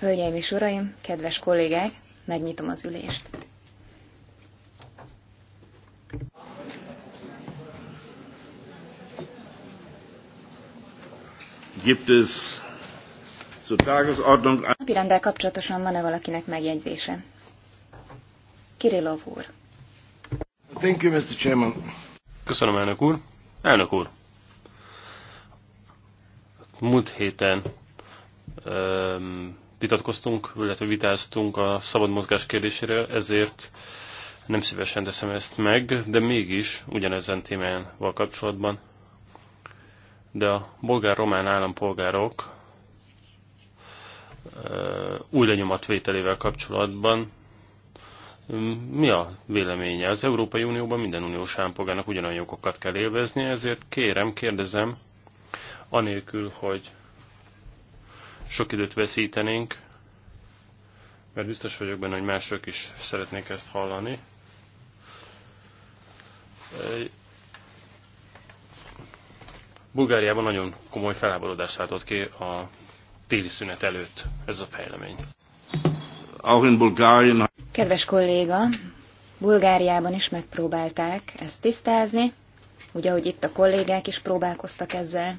Hölgyeim és uraim, kedves kollégák, megnyitom az ülést. Gibt es zur Tagesordnung... Napirendel kapcsolatosan van-e valakinek megjegyzése? Kirillov úr. Thank you, Mr. Chairman. Köszönöm, elnök úr. Elnök úr, Múlt héten vitatkoztunk, illetve vitáztunk a szabad mozgás kérdéséről, ezért nem szívesen teszem ezt meg, de mégis ugyanezen témával kapcsolatban. De a bolgár-román állampolgárok új lenyomatvételével kapcsolatban mi a véleménye? Az Európai Unióban minden uniós állampolgárnak ugyanolyan jogokat kell élvezni, ezért kérem, kérdezem, anélkül, hogy sok időt veszítenénk, mert biztos vagyok benne, hogy mások is szeretnék ezt hallani. Bulgáriában nagyon komoly felháborodást látott ki a téli szünet előtt ez a fejlemény. Kedves kolléga, Bulgáriában is megpróbálták ezt tisztázni, ugye, ahogy itt a kollégák is próbálkoztak ezzel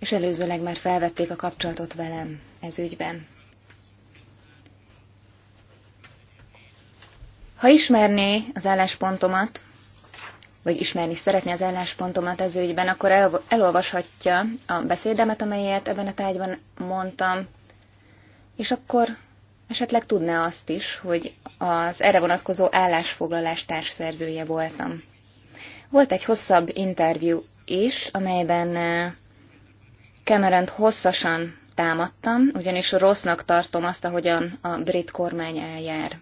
és előzőleg már felvették a kapcsolatot velem ez ügyben. Ha ismerné az álláspontomat, vagy ismerni szeretné az álláspontomat ez ügyben, akkor elolvashatja a beszédemet, amelyet ebben a tájban mondtam, és akkor esetleg tudná azt is, hogy az erre vonatkozó állásfoglalás társszerzője voltam. Volt egy hosszabb interjú is, amelyben Cameront hosszasan támadtam, ugyanis rossznak tartom azt, ahogyan a brit kormány eljár.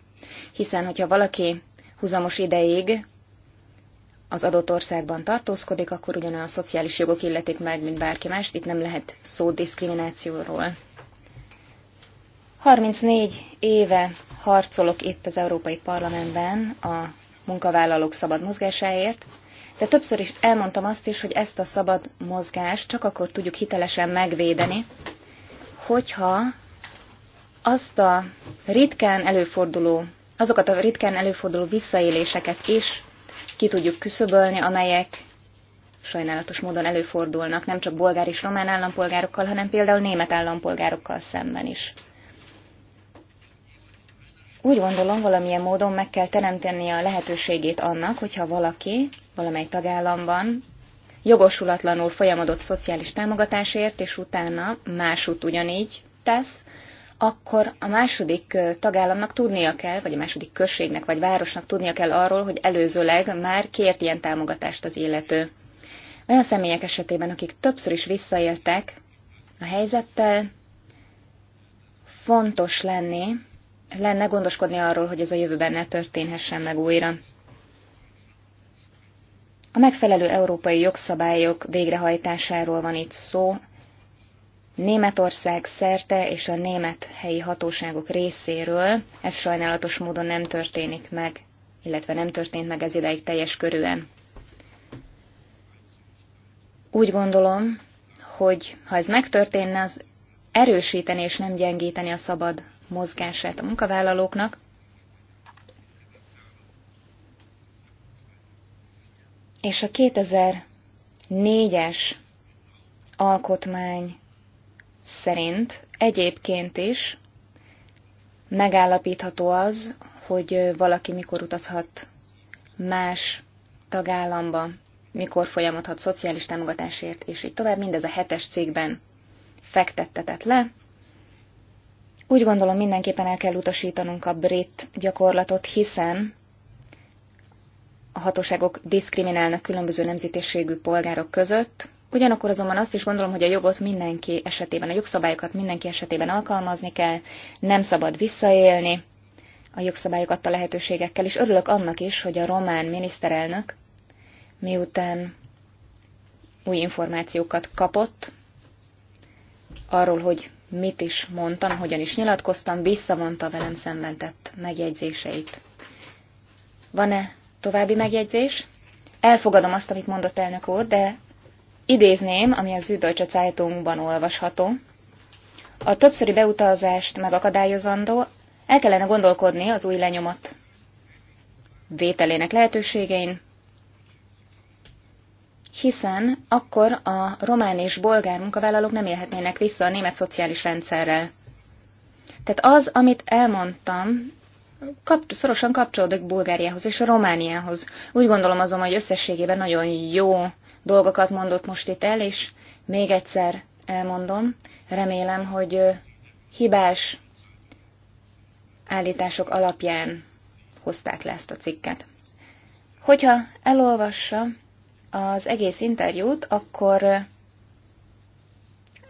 Hiszen, hogyha valaki huzamos ideig az adott országban tartózkodik, akkor ugyanolyan szociális jogok illetik meg, mint bárki más. Itt nem lehet szó diszkriminációról. 34 éve harcolok itt az Európai Parlamentben a munkavállalók szabad mozgásáért, de többször is elmondtam azt is, hogy ezt a szabad mozgást csak akkor tudjuk hitelesen megvédeni, hogyha azt a ritkán előforduló, azokat a ritkán előforduló visszaéléseket is ki tudjuk küszöbölni, amelyek sajnálatos módon előfordulnak nem csak bolgár és román állampolgárokkal, hanem például német állampolgárokkal szemben is. Úgy gondolom, valamilyen módon meg kell teremteni a lehetőségét annak, hogyha valaki valamely tagállamban jogosulatlanul folyamodott szociális támogatásért, és utána másút ugyanígy tesz, akkor a második tagállamnak tudnia kell, vagy a második községnek, vagy városnak tudnia kell arról, hogy előzőleg már kért ilyen támogatást az illető. Olyan személyek esetében, akik többször is visszaéltek a helyzettel, fontos lenni, lenne gondoskodni arról, hogy ez a jövőben ne történhessen meg újra. A megfelelő európai jogszabályok végrehajtásáról van itt szó. Németország szerte és a német helyi hatóságok részéről ez sajnálatos módon nem történik meg, illetve nem történt meg ez ideig teljes körűen. Úgy gondolom, hogy ha ez megtörténne, az erősíteni és nem gyengíteni a szabad mozgását a munkavállalóknak, és a 2004-es alkotmány szerint egyébként is megállapítható az, hogy valaki mikor utazhat más tagállamba, mikor folyamodhat szociális támogatásért, és így tovább. Mindez a hetes cégben fektettetett le, úgy gondolom mindenképpen el kell utasítanunk a brit gyakorlatot, hiszen a hatóságok diszkriminálnak különböző nemzetiségű polgárok között, ugyanakkor azonban azt is gondolom, hogy a jogot mindenki esetében, a jogszabályokat mindenki esetében alkalmazni kell, nem szabad visszaélni a jogszabályok adta lehetőségekkel, és örülök annak is, hogy a román miniszterelnök miután új információkat kapott arról, hogy mit is mondtam, hogyan is nyilatkoztam, visszavonta velem szemben tett megjegyzéseit. Van-e további megjegyzés? Elfogadom azt, amit mondott elnök úr, de idézném, ami a Süddeutsche Zeitungban olvasható. A többszöri beutazást megakadályozandó, el kellene gondolkodni az új lenyomat vételének lehetőségein, hiszen akkor a román és bolgár munkavállalók nem élhetnének vissza a német szociális rendszerrel. Tehát az, amit elmondtam, kap, szorosan kapcsolódik Bulgáriához és Romániához. Úgy gondolom azon, hogy összességében nagyon jó dolgokat mondott most itt el, és még egyszer elmondom, remélem, hogy hibás állítások alapján hozták le ezt a cikket. Hogyha elolvassa, az egész interjút, akkor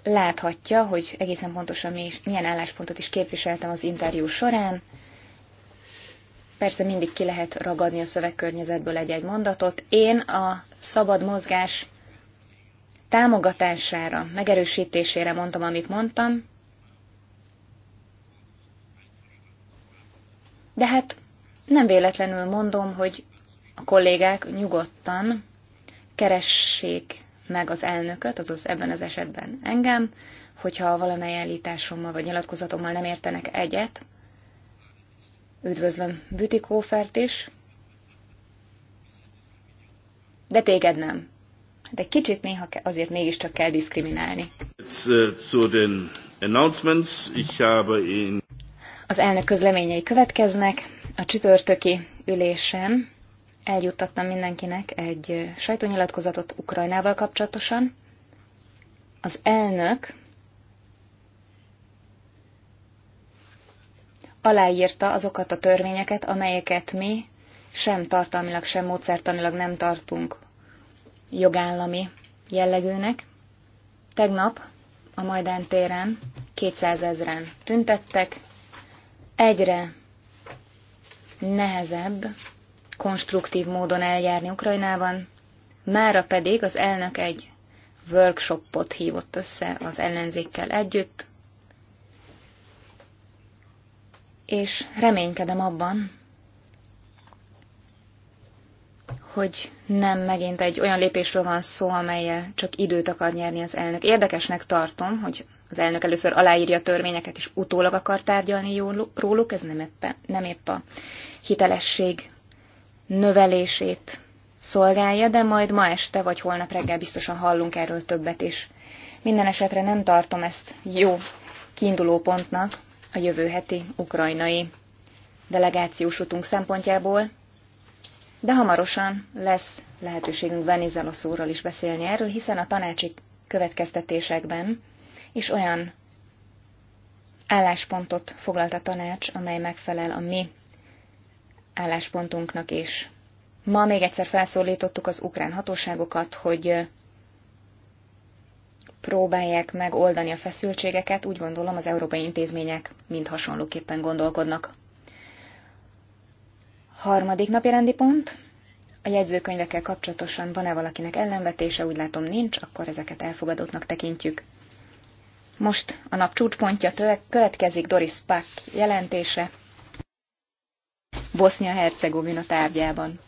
láthatja, hogy egészen pontosan mi is, milyen álláspontot is képviseltem az interjú során. Persze mindig ki lehet ragadni a szövegkörnyezetből egy-egy mondatot. Én a szabad mozgás támogatására, megerősítésére mondtam, amit mondtam, de hát nem véletlenül mondom, hogy a kollégák nyugodtan keressék meg az elnököt, azaz ebben az esetben engem, hogyha valamely állításommal vagy nyilatkozatommal nem értenek egyet. Üdvözlöm Bütikófert is, de téged nem. De hát kicsit néha azért mégiscsak kell diszkriminálni. Äh, az elnök közleményei következnek a csütörtöki ülésen eljuttattam mindenkinek egy sajtónyilatkozatot Ukrajnával kapcsolatosan. Az elnök aláírta azokat a törvényeket, amelyeket mi sem tartalmilag, sem módszertanilag nem tartunk jogállami jellegűnek. Tegnap a Majdán téren 200 ezeren tüntettek, egyre nehezebb konstruktív módon eljárni Ukrajnában. Mára pedig az elnök egy workshopot hívott össze az ellenzékkel együtt, és reménykedem abban, hogy nem megint egy olyan lépésről van szó, amelyel csak időt akar nyerni az elnök. Érdekesnek tartom, hogy az elnök először aláírja a törvényeket, és utólag akar tárgyalni róluk, ez nem éppen nem épp a hitelesség növelését szolgálja, de majd ma este vagy holnap reggel biztosan hallunk erről többet is. Minden esetre nem tartom ezt jó kiinduló pontnak a jövő heti ukrajnai delegációs utunk szempontjából, de hamarosan lesz lehetőségünk Venizeloszóról is beszélni erről, hiszen a tanácsi következtetésekben is olyan álláspontot foglalt a tanács, amely megfelel a mi álláspontunknak is. Ma még egyszer felszólítottuk az ukrán hatóságokat, hogy próbálják megoldani a feszültségeket, úgy gondolom az európai intézmények mind hasonlóképpen gondolkodnak. Harmadik napi rendi pont. A jegyzőkönyvekkel kapcsolatosan van-e valakinek ellenvetése, úgy látom nincs, akkor ezeket elfogadottnak tekintjük. Most a nap csúcspontja következik Doris Pack jelentése, bosnia hercegovina tárgyában.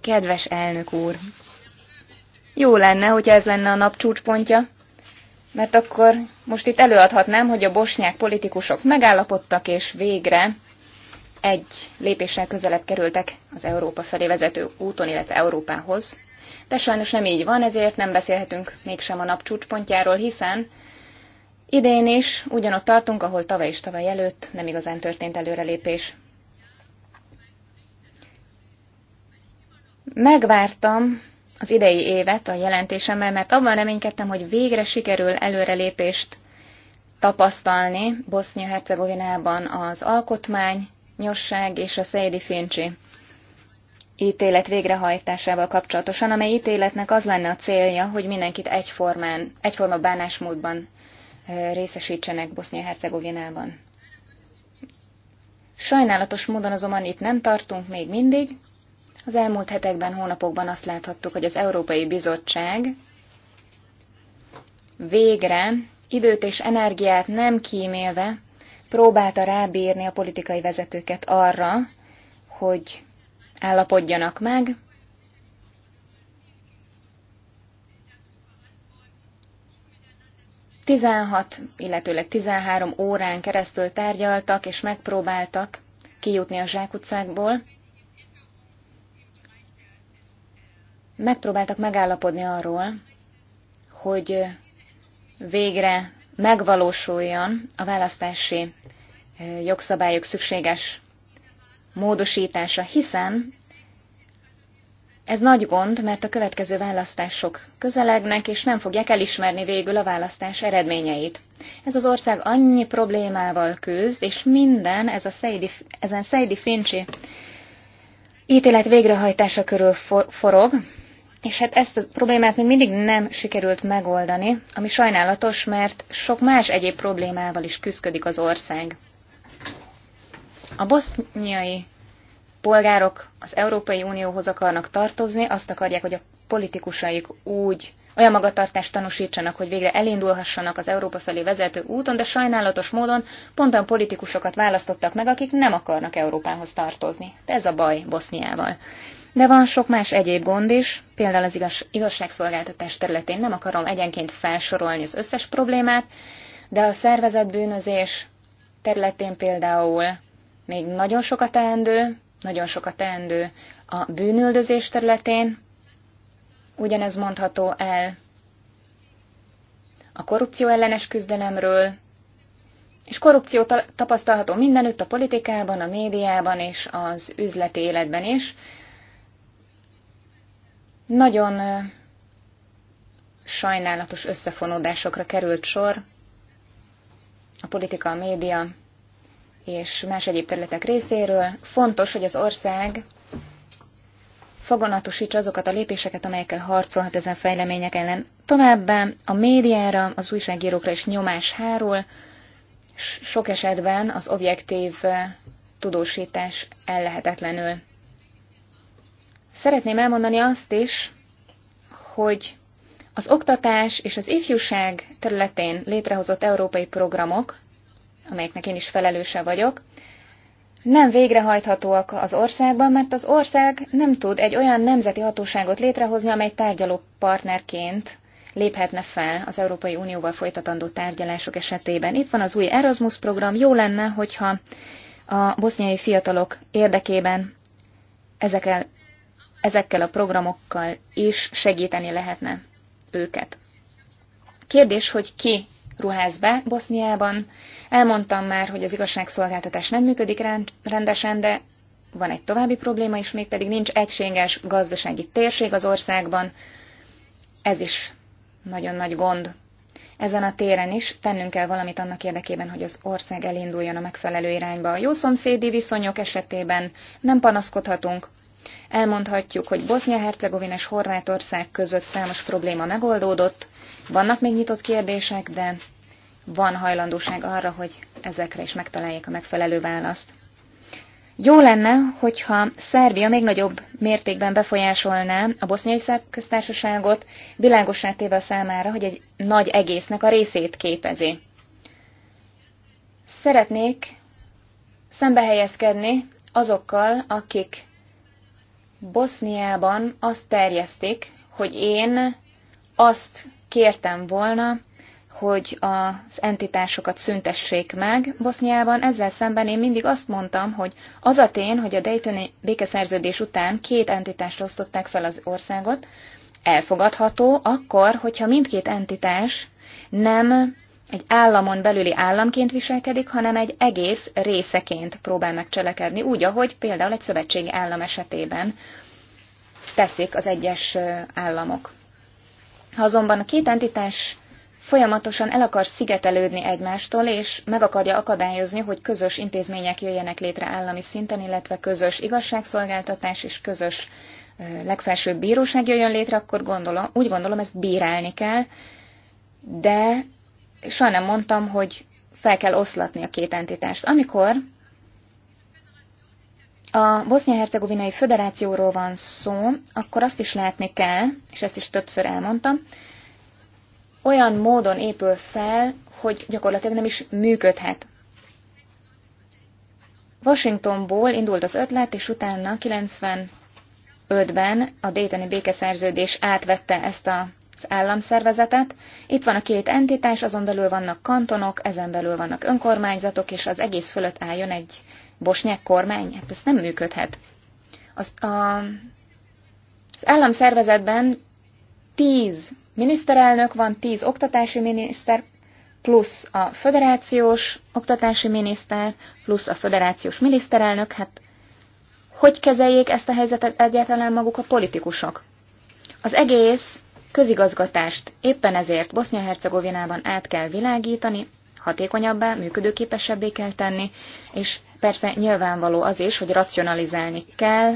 Kedves elnök úr! Jó lenne, hogy ez lenne a nap csúcspontja, mert akkor most itt előadhatnám, hogy a bosnyák politikusok megállapodtak, és végre egy lépéssel közelebb kerültek az Európa felé vezető úton, illetve Európához. De sajnos nem így van, ezért nem beszélhetünk mégsem a nap csúcspontjáról, hiszen Idén is ugyanott tartunk, ahol tavaly és tavaly előtt nem igazán történt előrelépés. Megvártam az idei évet a jelentésemmel, mert abban reménykedtem, hogy végre sikerül előrelépést tapasztalni Bosznia-Hercegovinában az alkotmány, nyosság és a Szédi Fincsi ítélet végrehajtásával kapcsolatosan, amely ítéletnek az lenne a célja, hogy mindenkit egyformán, egyforma bánásmódban részesítsenek Bosznia-Hercegovinában. Sajnálatos módon azonban itt nem tartunk még mindig. Az elmúlt hetekben, hónapokban azt láthattuk, hogy az Európai Bizottság végre időt és energiát nem kímélve próbálta rábírni a politikai vezetőket arra, hogy állapodjanak meg, 16, illetőleg 13 órán keresztül tárgyaltak és megpróbáltak kijutni a zsákutcákból. Megpróbáltak megállapodni arról, hogy végre megvalósuljon a választási eh, jogszabályok szükséges módosítása, hiszen ez nagy gond, mert a következő választások közelegnek, és nem fogják elismerni végül a választás eredményeit. Ez az ország annyi problémával küzd, és minden ez a Szeidi, ezen Szeidi Fincsi ítélet végrehajtása körül forog, és hát ezt a problémát még mindig nem sikerült megoldani, ami sajnálatos, mert sok más egyéb problémával is küzdik az ország. A boszniai polgárok az Európai Unióhoz akarnak tartozni, azt akarják, hogy a politikusaik úgy olyan magatartást tanúsítsanak, hogy végre elindulhassanak az Európa felé vezető úton, de sajnálatos módon pont olyan politikusokat választottak meg, akik nem akarnak Európához tartozni. De ez a baj Boszniával. De van sok más egyéb gond is, például az igaz, igazságszolgáltatás területén nem akarom egyenként felsorolni az összes problémát, de a szervezetbűnözés területén például még nagyon sokat teendő, nagyon sokat teendő a bűnüldözés területén, ugyanez mondható el a korrupció ellenes küzdelemről, és korrupció tapasztalható mindenütt a politikában, a médiában és az üzleti életben is. Nagyon sajnálatos összefonódásokra került sor a politika, a média és más egyéb területek részéről. Fontos, hogy az ország foganatosítsa azokat a lépéseket, amelyekkel harcolhat ezen fejlemények ellen. Továbbá a médiára, az újságírókra is nyomás hárul, sok esetben az objektív eh, tudósítás ellehetetlenül. Szeretném elmondani azt is, hogy az oktatás és az ifjúság területén létrehozott európai programok amelyeknek én is felelőse vagyok, nem végrehajthatóak az országban, mert az ország nem tud egy olyan nemzeti hatóságot létrehozni, amely tárgyaló partnerként léphetne fel az Európai Unióval folytatandó tárgyalások esetében. Itt van az új Erasmus program, jó lenne, hogyha a boszniai fiatalok érdekében ezekkel, ezekkel a programokkal is segíteni lehetne őket. Kérdés, hogy ki ruház be Boszniában, Elmondtam már, hogy az igazságszolgáltatás nem működik rendesen, de van egy további probléma is, mégpedig nincs egységes gazdasági térség az országban. Ez is nagyon nagy gond. Ezen a téren is tennünk kell valamit annak érdekében, hogy az ország elinduljon a megfelelő irányba. A jó szomszédi viszonyok esetében nem panaszkodhatunk. Elmondhatjuk, hogy Bosznia-Hercegovina és Horvátország között számos probléma megoldódott, vannak még nyitott kérdések, de van hajlandóság arra, hogy ezekre is megtalálják a megfelelő választ. Jó lenne, hogyha Szerbia még nagyobb mértékben befolyásolná a boszniai szerb köztársaságot, világosá téve számára, hogy egy nagy egésznek a részét képezi. Szeretnék szembehelyezkedni azokkal, akik Boszniában azt terjesztik, hogy én azt kértem volna, hogy az entitásokat szüntessék meg Boszniában. Ezzel szemben én mindig azt mondtam, hogy az a tény, hogy a Daytoni békeszerződés után két entitásra osztották fel az országot, elfogadható akkor, hogyha mindkét entitás nem egy államon belüli államként viselkedik, hanem egy egész részeként próbál megcselekedni, úgy, ahogy például egy szövetségi állam esetében teszik az egyes államok. Ha azonban a két entitás folyamatosan el akar szigetelődni egymástól, és meg akarja akadályozni, hogy közös intézmények jöjjenek létre állami szinten, illetve közös igazságszolgáltatás és közös legfelsőbb bíróság jöjjön létre, akkor gondolom, úgy gondolom, ezt bírálni kell, de soha nem mondtam, hogy fel kell oszlatni a két entitást. Amikor a Bosznia-Hercegovinai Föderációról van szó, akkor azt is látni kell, és ezt is többször elmondtam, olyan módon épül fel, hogy gyakorlatilag nem is működhet. Washingtonból indult az ötlet, és utána 95-ben a Daytoni békeszerződés átvette ezt a az államszervezetet. Itt van a két entitás, azon belül vannak kantonok, ezen belül vannak önkormányzatok, és az egész fölött álljon egy bosnyák kormány. Hát ez nem működhet. Az, a, az államszervezetben tíz miniszterelnök van, 10 oktatási miniszter, plusz a föderációs oktatási miniszter, plusz a föderációs miniszterelnök, hát hogy kezeljék ezt a helyzetet egyáltalán maguk a politikusok? Az egész közigazgatást éppen ezért Bosznia-Hercegovinában át kell világítani, hatékonyabbá, működőképesebbé kell tenni, és persze nyilvánvaló az is, hogy racionalizálni kell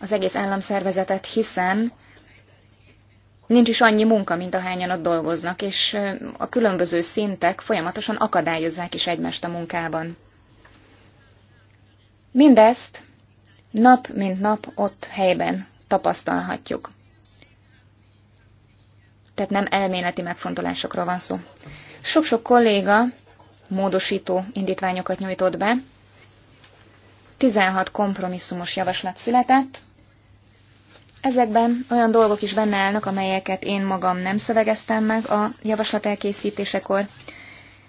az egész államszervezetet, hiszen nincs is annyi munka, mint ahányan ott dolgoznak, és a különböző szintek folyamatosan akadályozzák is egymást a munkában. Mindezt nap mint nap ott helyben tapasztalhatjuk. Tehát nem elméleti megfontolásokról van szó. Sok-sok kolléga módosító indítványokat nyújtott be, 16 kompromisszumos javaslat született, Ezekben olyan dolgok is benne állnak, amelyeket én magam nem szövegeztem meg a javaslat elkészítésekor.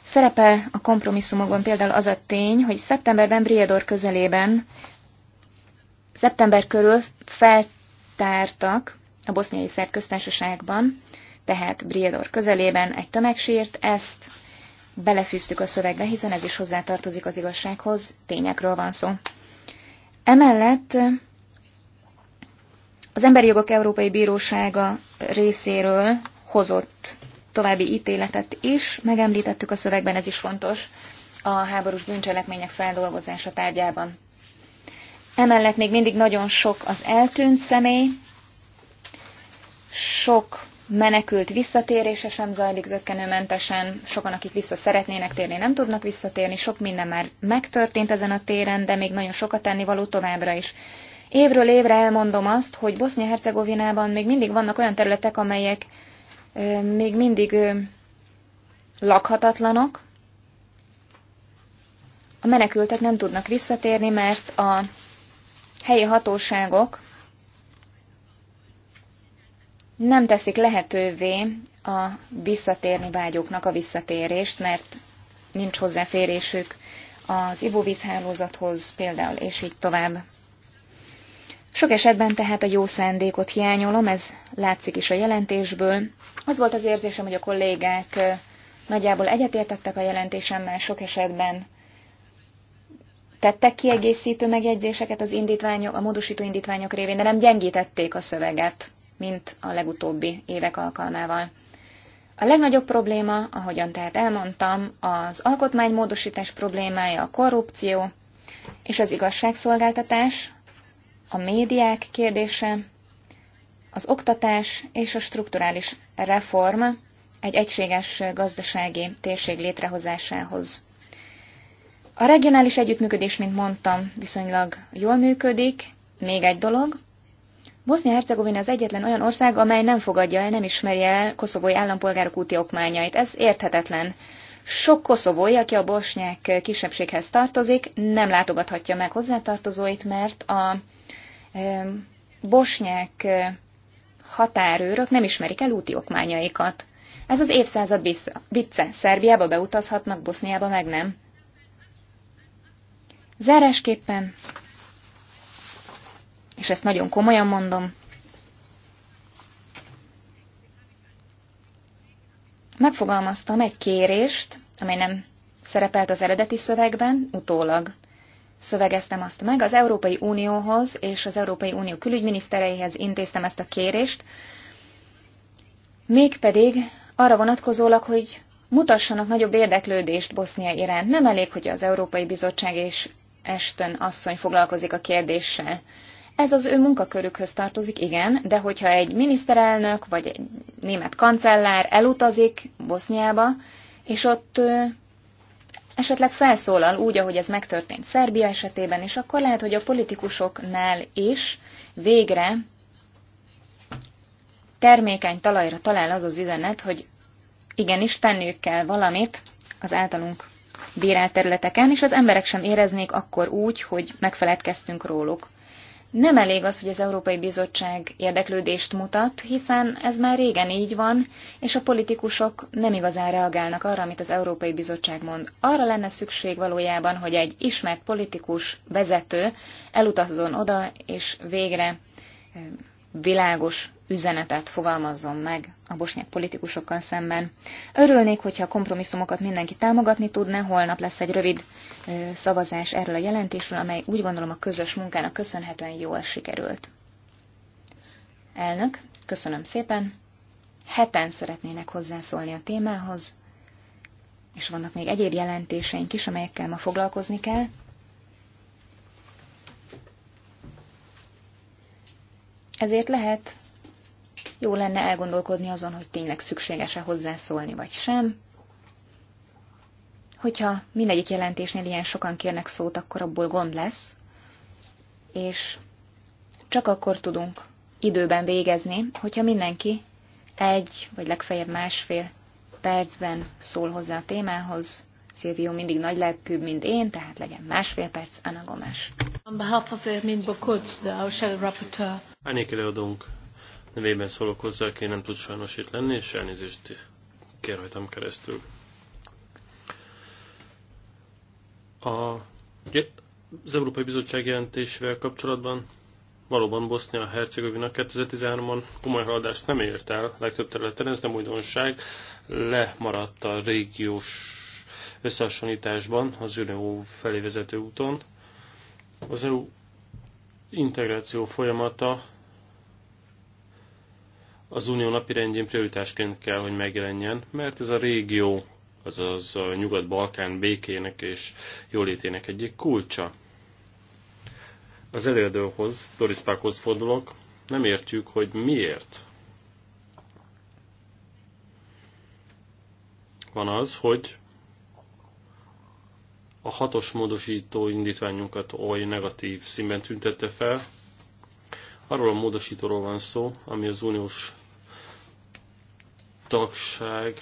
Szerepel a kompromisszumokban például az a tény, hogy szeptemberben Briador közelében, szeptember körül feltártak a boszniai szerb köztársaságban, tehát Briador közelében egy tömegsírt, ezt belefűztük a szövegbe, hiszen ez is hozzátartozik az igazsághoz, tényekről van szó. Emellett az Emberi Jogok Európai Bírósága részéről hozott további ítéletet is, megemlítettük a szövegben, ez is fontos, a háborús bűncselekmények feldolgozása tárgyában. Emellett még mindig nagyon sok az eltűnt személy, sok menekült visszatérése sem zajlik zöggenőmentesen, sokan, akik vissza szeretnének térni, nem tudnak visszatérni, sok minden már megtörtént ezen a téren, de még nagyon sokat való továbbra is. Évről évre elmondom azt, hogy Bosznia-Hercegovinában még mindig vannak olyan területek, amelyek még mindig lakhatatlanok. A menekültek nem tudnak visszatérni, mert a helyi hatóságok nem teszik lehetővé a visszatérni vágyóknak a visszatérést, mert nincs hozzáférésük az ivóvízhálózathoz például, és így tovább. Sok esetben tehát a jó szándékot hiányolom, ez látszik is a jelentésből. Az volt az érzésem, hogy a kollégák nagyjából egyetértettek a jelentésemmel, sok esetben tettek kiegészítő megjegyzéseket az indítványok, a módosító indítványok révén, de nem gyengítették a szöveget, mint a legutóbbi évek alkalmával. A legnagyobb probléma, ahogyan tehát elmondtam, az alkotmánymódosítás problémája a korrupció és az igazságszolgáltatás, a médiák kérdése, az oktatás és a strukturális reform egy egységes gazdasági térség létrehozásához. A regionális együttműködés, mint mondtam, viszonylag jól működik. Még egy dolog. Bosznia-Hercegovina az egyetlen olyan ország, amely nem fogadja el, nem ismeri el koszovói állampolgárok úti okmányait. Ez érthetetlen. Sok koszovói, aki a bosnyák kisebbséghez tartozik, nem látogathatja meg hozzátartozóit, mert a bosnyák határőrök nem ismerik el úti okmányaikat. Ez az évszázad vicce. Szerbiába beutazhatnak, Boszniába meg nem. Zárásképpen, és ezt nagyon komolyan mondom, megfogalmaztam egy kérést, amely nem szerepelt az eredeti szövegben, utólag szövegeztem azt meg, az Európai Unióhoz és az Európai Unió külügyminisztereihez intéztem ezt a kérést, mégpedig arra vonatkozólag, hogy mutassanak nagyobb érdeklődést Bosznia iránt. Nem elég, hogy az Európai Bizottság és Ashton asszony foglalkozik a kérdéssel. Ez az ő munkakörükhöz tartozik, igen, de hogyha egy miniszterelnök vagy egy német kancellár elutazik Boszniába, és ott esetleg felszólal úgy, ahogy ez megtörtént Szerbia esetében, és akkor lehet, hogy a politikusoknál is végre termékeny talajra talál az az üzenet, hogy igenis tenniük kell valamit az általunk bírált területeken, és az emberek sem éreznék akkor úgy, hogy megfeledkeztünk róluk. Nem elég az, hogy az Európai Bizottság érdeklődést mutat, hiszen ez már régen így van, és a politikusok nem igazán reagálnak arra, amit az Európai Bizottság mond. Arra lenne szükség valójában, hogy egy ismert politikus, vezető elutazzon oda, és végre eh, világos üzenetet fogalmazzon meg a bosnyák politikusokkal szemben. Örülnék, hogyha a kompromisszumokat mindenki támogatni tudna. holnap lesz egy rövid szavazás erről a jelentésről, amely úgy gondolom a közös munkának köszönhetően jól sikerült. Elnök, köszönöm szépen. Heten szeretnének hozzászólni a témához, és vannak még egyéb jelentéseink is, amelyekkel ma foglalkozni kell. Ezért lehet, jó lenne elgondolkodni azon, hogy tényleg szükséges-e hozzászólni, vagy sem. Hogyha mindegyik jelentésnél ilyen sokan kérnek szót, akkor abból gond lesz, és csak akkor tudunk időben végezni, hogyha mindenki egy, vagy legfeljebb másfél percben szól hozzá a témához. Szilvió mindig nagy lelkűbb, mint én, tehát legyen másfél perc, Anna Gomes. On behalf of Ermin Bokoc, the Shell Rapporteur. Árnyék előadónk nevében szólok hozzá, aki nem tud sajnos itt lenni, és elnézést kér rajtam keresztül. A, az Európai Bizottság jelentésével kapcsolatban valóban Bosznia-Hercegovina 2013-ban komoly haladást nem ért el legtöbb területen, ez nem újdonság, lemaradt a régiós összehasonlításban az Unió felé vezető úton. Az EU integráció folyamata az unió napirendjén prioritásként kell, hogy megjelenjen, mert ez a régió, azaz a Nyugat-Balkán békének és jólétének egyik kulcsa. Az előadóhoz, Doris Pákhoz fordulok, nem értjük, hogy miért van az, hogy a hatos módosító indítványunkat oly negatív színben tüntette fel. Arról a módosítóról van szó, ami az uniós tagság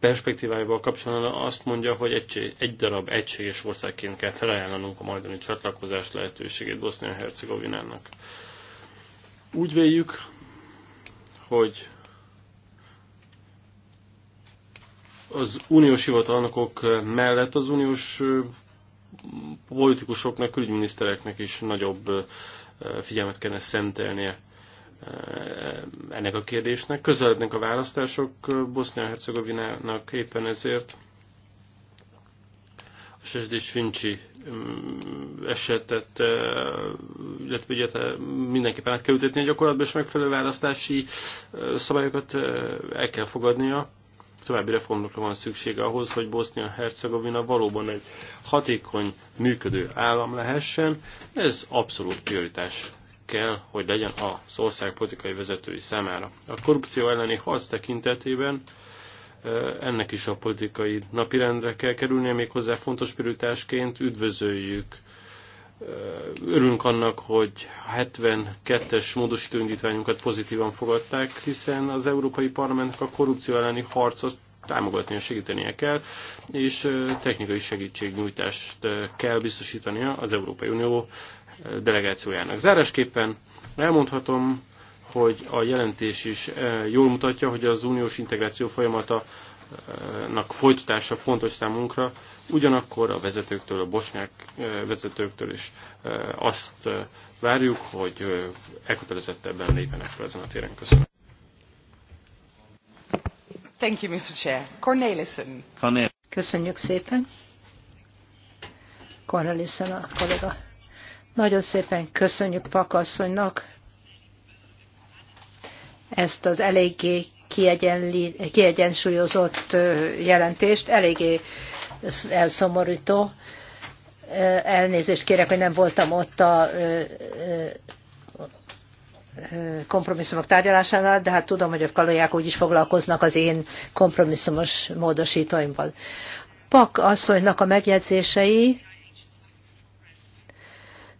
perspektívájával kapcsolatban azt mondja, hogy egy, egy darab egységes országként kell felajánlanunk a majdani csatlakozás lehetőségét Bosznia-Hercegovinának. Úgy véljük, hogy az uniós hivatalnokok mellett az uniós politikusoknak, külügyminisztereknek is nagyobb figyelmet kellene szentelnie Eh, ennek a kérdésnek. Közelednek a választások Bosznia-Hercegovinának éppen ezért. A Sesdés Fincsi mm, esetet, eh, illetve ugye hát, mindenképpen át kell ütetni a gyakorlatban, és megfelelő választási eh, szabályokat el kell fogadnia. További reformokra van szüksége ahhoz, hogy Bosznia-Hercegovina valóban egy hatékony, működő állam lehessen. Ez abszolút prioritás kell, hogy legyen az ország politikai vezetői számára. A korrupció elleni harc tekintetében ennek is a politikai napirendre kell kerülnie, hozzá fontos prioritásként üdvözöljük. Örülünk annak, hogy 72-es módosító indítványunkat pozitívan fogadták, hiszen az Európai Parlamentnek a korrupció elleni harcot támogatnia, segítenie kell, és technikai segítségnyújtást kell biztosítania az Európai Unió delegációjának. Zárásképpen elmondhatom, hogy a jelentés is jól mutatja, hogy az uniós integráció folyamata nak folytatása fontos számunkra, ugyanakkor a vezetőktől, a bosnyák vezetőktől is azt várjuk, hogy elkötelezettebben lépjenek fel ezen a téren. Köszönöm. Köszönjük szépen. Cornelissen a kollega. Nagyon szépen köszönjük Pakasszonynak ezt az eléggé kiegyensúlyozott jelentést, eléggé elszomorító. Elnézést kérek, hogy nem voltam ott a kompromisszumok tárgyalásánál, de hát tudom, hogy a kalóják is foglalkoznak az én kompromisszumos módosítóimmal. Pak asszonynak a megjegyzései,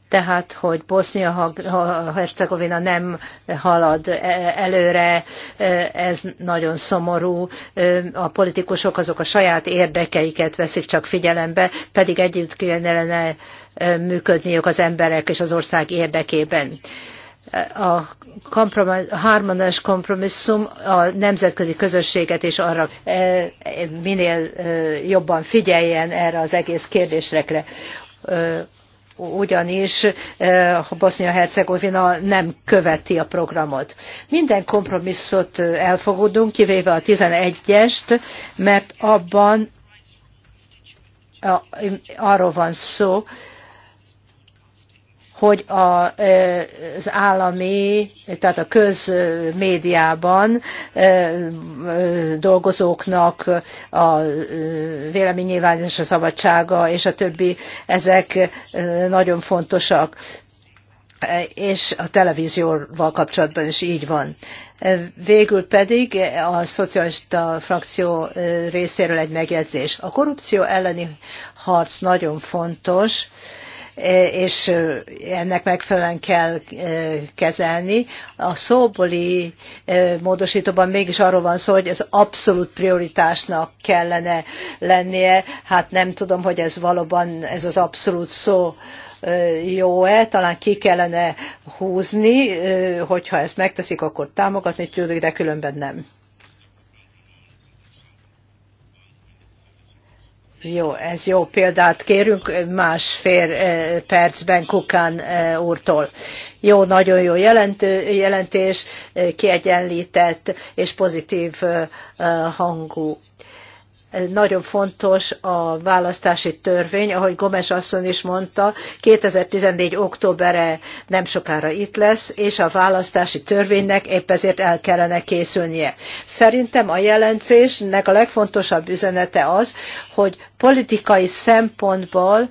tehát, hogy Bosznia-Hercegovina nem halad e- előre, e- ez nagyon szomorú. E, a politikusok azok a saját érdekeiket veszik csak figyelembe, pedig együtt kellene működniük az emberek és az ország érdekében a, kompromiss, a kompromisszum a nemzetközi közösséget is arra e, minél e, jobban figyeljen erre az egész kérdésre. E, ugyanis Bosznia-Hercegovina nem követi a programot. Minden kompromisszot elfogadunk, kivéve a 11-est, mert abban arról van szó, hogy a, az állami, tehát a közmédiában dolgozóknak a véleménynyilvánítása szabadsága és a többi, ezek nagyon fontosak és a televízióval kapcsolatban is így van. Végül pedig a szocialista frakció részéről egy megjegyzés. A korrupció elleni harc nagyon fontos, és ennek megfelelően kell kezelni. A szóbeli módosítóban mégis arról van szó, hogy ez abszolút prioritásnak kellene lennie. Hát nem tudom, hogy ez valóban ez az abszolút szó jó-e, talán ki kellene húzni, hogyha ezt megteszik, akkor támogatni tudjuk, de különben nem. Jó, ez jó példát kérünk másfél eh, percben Kukán eh, úrtól. Jó, nagyon jó jelentő, jelentés, eh, kiegyenlített és pozitív hangú nagyon fontos a választási törvény, ahogy Gomes asszony is mondta, 2014. októberre nem sokára itt lesz, és a választási törvénynek épp ezért el kellene készülnie. Szerintem a jelentésnek a legfontosabb üzenete az, hogy politikai szempontból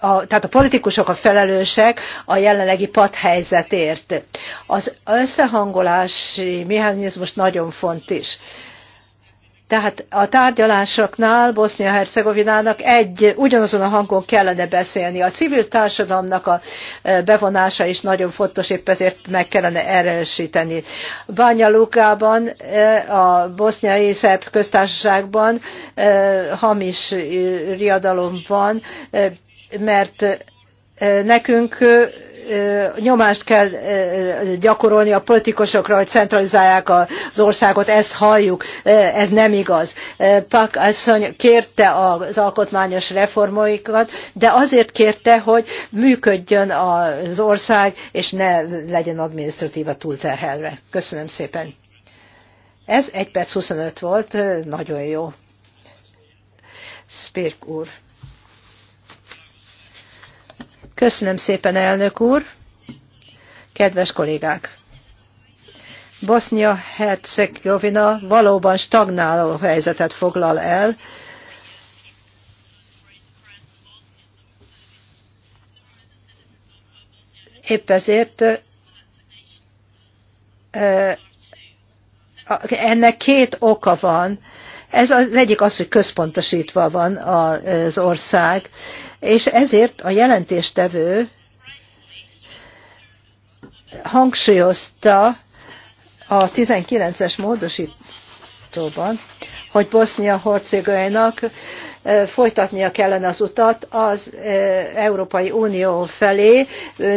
a, tehát a politikusok a felelősek a jelenlegi padhelyzetért. Az összehangolási mechanizmus nagyon fontos. Tehát a tárgyalásoknál Bosznia-Hercegovinának egy ugyanazon a hangon kellene beszélni. A civil társadalomnak a e, bevonása is nagyon fontos, épp ezért meg kellene erősíteni. Bánya Lukában, e, a boszniai szerb köztársaságban e, hamis riadalom van, mert nekünk nyomást kell gyakorolni a politikusokra, hogy centralizálják az országot, ezt halljuk, ez nem igaz. Pak asszony kérte az alkotmányos reformoikat, de azért kérte, hogy működjön az ország, és ne legyen adminisztratíva túlterhelve. Köszönöm szépen. Ez 1 perc 25 volt, nagyon jó. Spirk úr. Köszönöm szépen, elnök úr! Kedves kollégák! Bosnia-Hercegovina valóban stagnáló helyzetet foglal el, Épp ezért ennek két oka van. Ez az egyik az, hogy központosítva van az ország, és ezért a jelentéstevő hangsúlyozta a 19-es módosítóban, hogy Bosznia-Hercegovinának folytatnia kellene az utat az Európai Unió felé,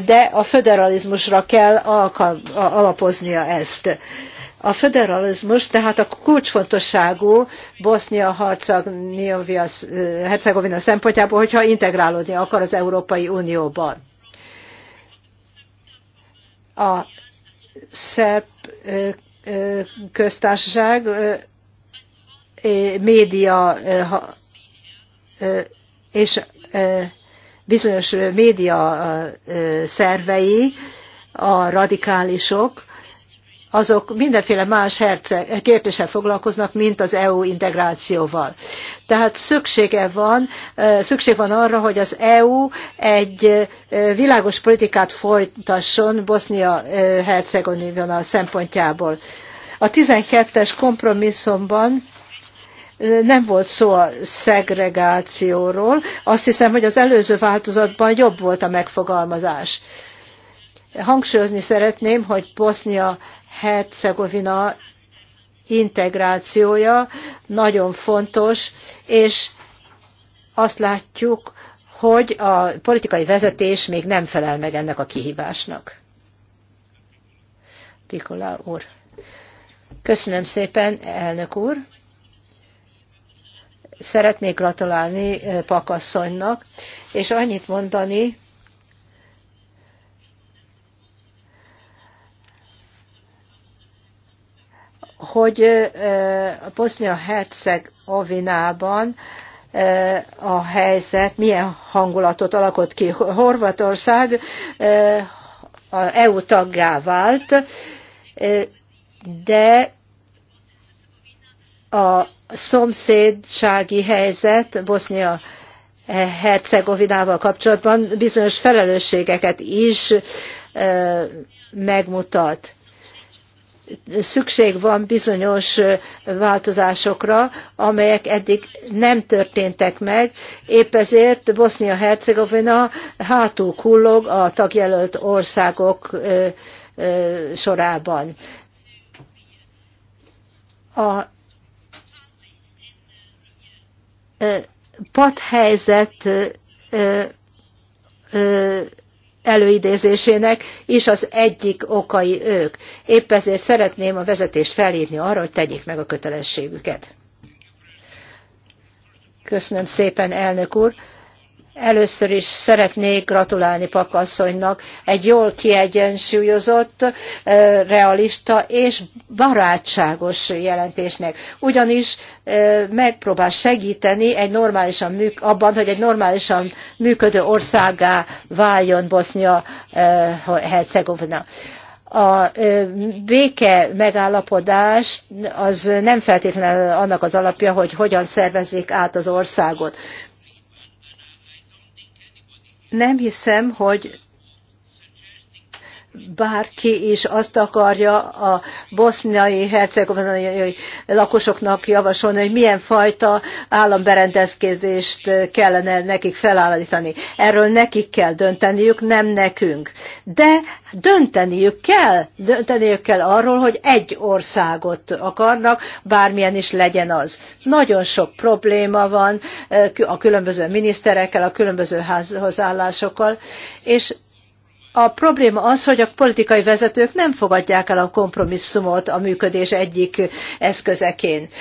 de a föderalizmusra kell alapoznia ezt a federalizmus tehát a kulcsfontosságú Bosznia-Hercegovina eh, szempontjából, hogyha integrálódni akar az Európai Unióban. A szerb eh, eh, köztársaság média és bizonyos média szervei, a radikálisok, azok mindenféle más herceg, kérdéssel foglalkoznak, mint az EU integrációval. Tehát szüksége van, szükség van arra, hogy az EU egy világos politikát folytasson Bosznia-Hercegovina szempontjából. A 12-es kompromisszumban nem volt szó a szegregációról. Azt hiszem, hogy az előző változatban jobb volt a megfogalmazás. Hangsúlyozni szeretném, hogy Bosznia-Hercegovina integrációja nagyon fontos, és azt látjuk, hogy a politikai vezetés még nem felel meg ennek a kihívásnak. Pikola úr. Köszönöm szépen, elnök úr. Szeretnék gratulálni Pakasszonynak, és annyit mondani, hogy a Bosznia-Herceg Avinában a helyzet milyen hangulatot alakott ki. Horvatország a EU taggá vált, de a szomszédsági helyzet Bosznia Hercegovinával kapcsolatban bizonyos felelősségeket is megmutat szükség van bizonyos változásokra, amelyek eddig nem történtek meg. Épp ezért Bosznia-Hercegovina hátul kullog a tagjelölt országok sorában. A padhelyzet előidézésének is az egyik okai ők. Épp ezért szeretném a vezetést felhívni arra, hogy tegyék meg a kötelességüket. Köszönöm szépen, elnök úr. Először is szeretnék gratulálni Pakasszonynak egy jól kiegyensúlyozott, realista és barátságos jelentésnek. Ugyanis megpróbál segíteni egy normálisan műk, abban, hogy egy normálisan működő országá váljon Bosznia-Hercegovina a béke megállapodás az nem feltétlenül annak az alapja, hogy hogyan szervezzék át az országot nem hiszem, hogy bárki is azt akarja a boszniai hercegovinai lakosoknak javasolni, hogy milyen fajta államberendezkedést kellene nekik felállítani. Erről nekik kell dönteniük, nem nekünk. De dönteniük kell, dönteniük kell arról, hogy egy országot akarnak, bármilyen is legyen az. Nagyon sok probléma van eh, a különböző miniszterekkel, a különböző házhozállásokkal, és a probléma az, hogy a politikai vezetők nem fogadják el a kompromisszumot a működés egyik eszközeként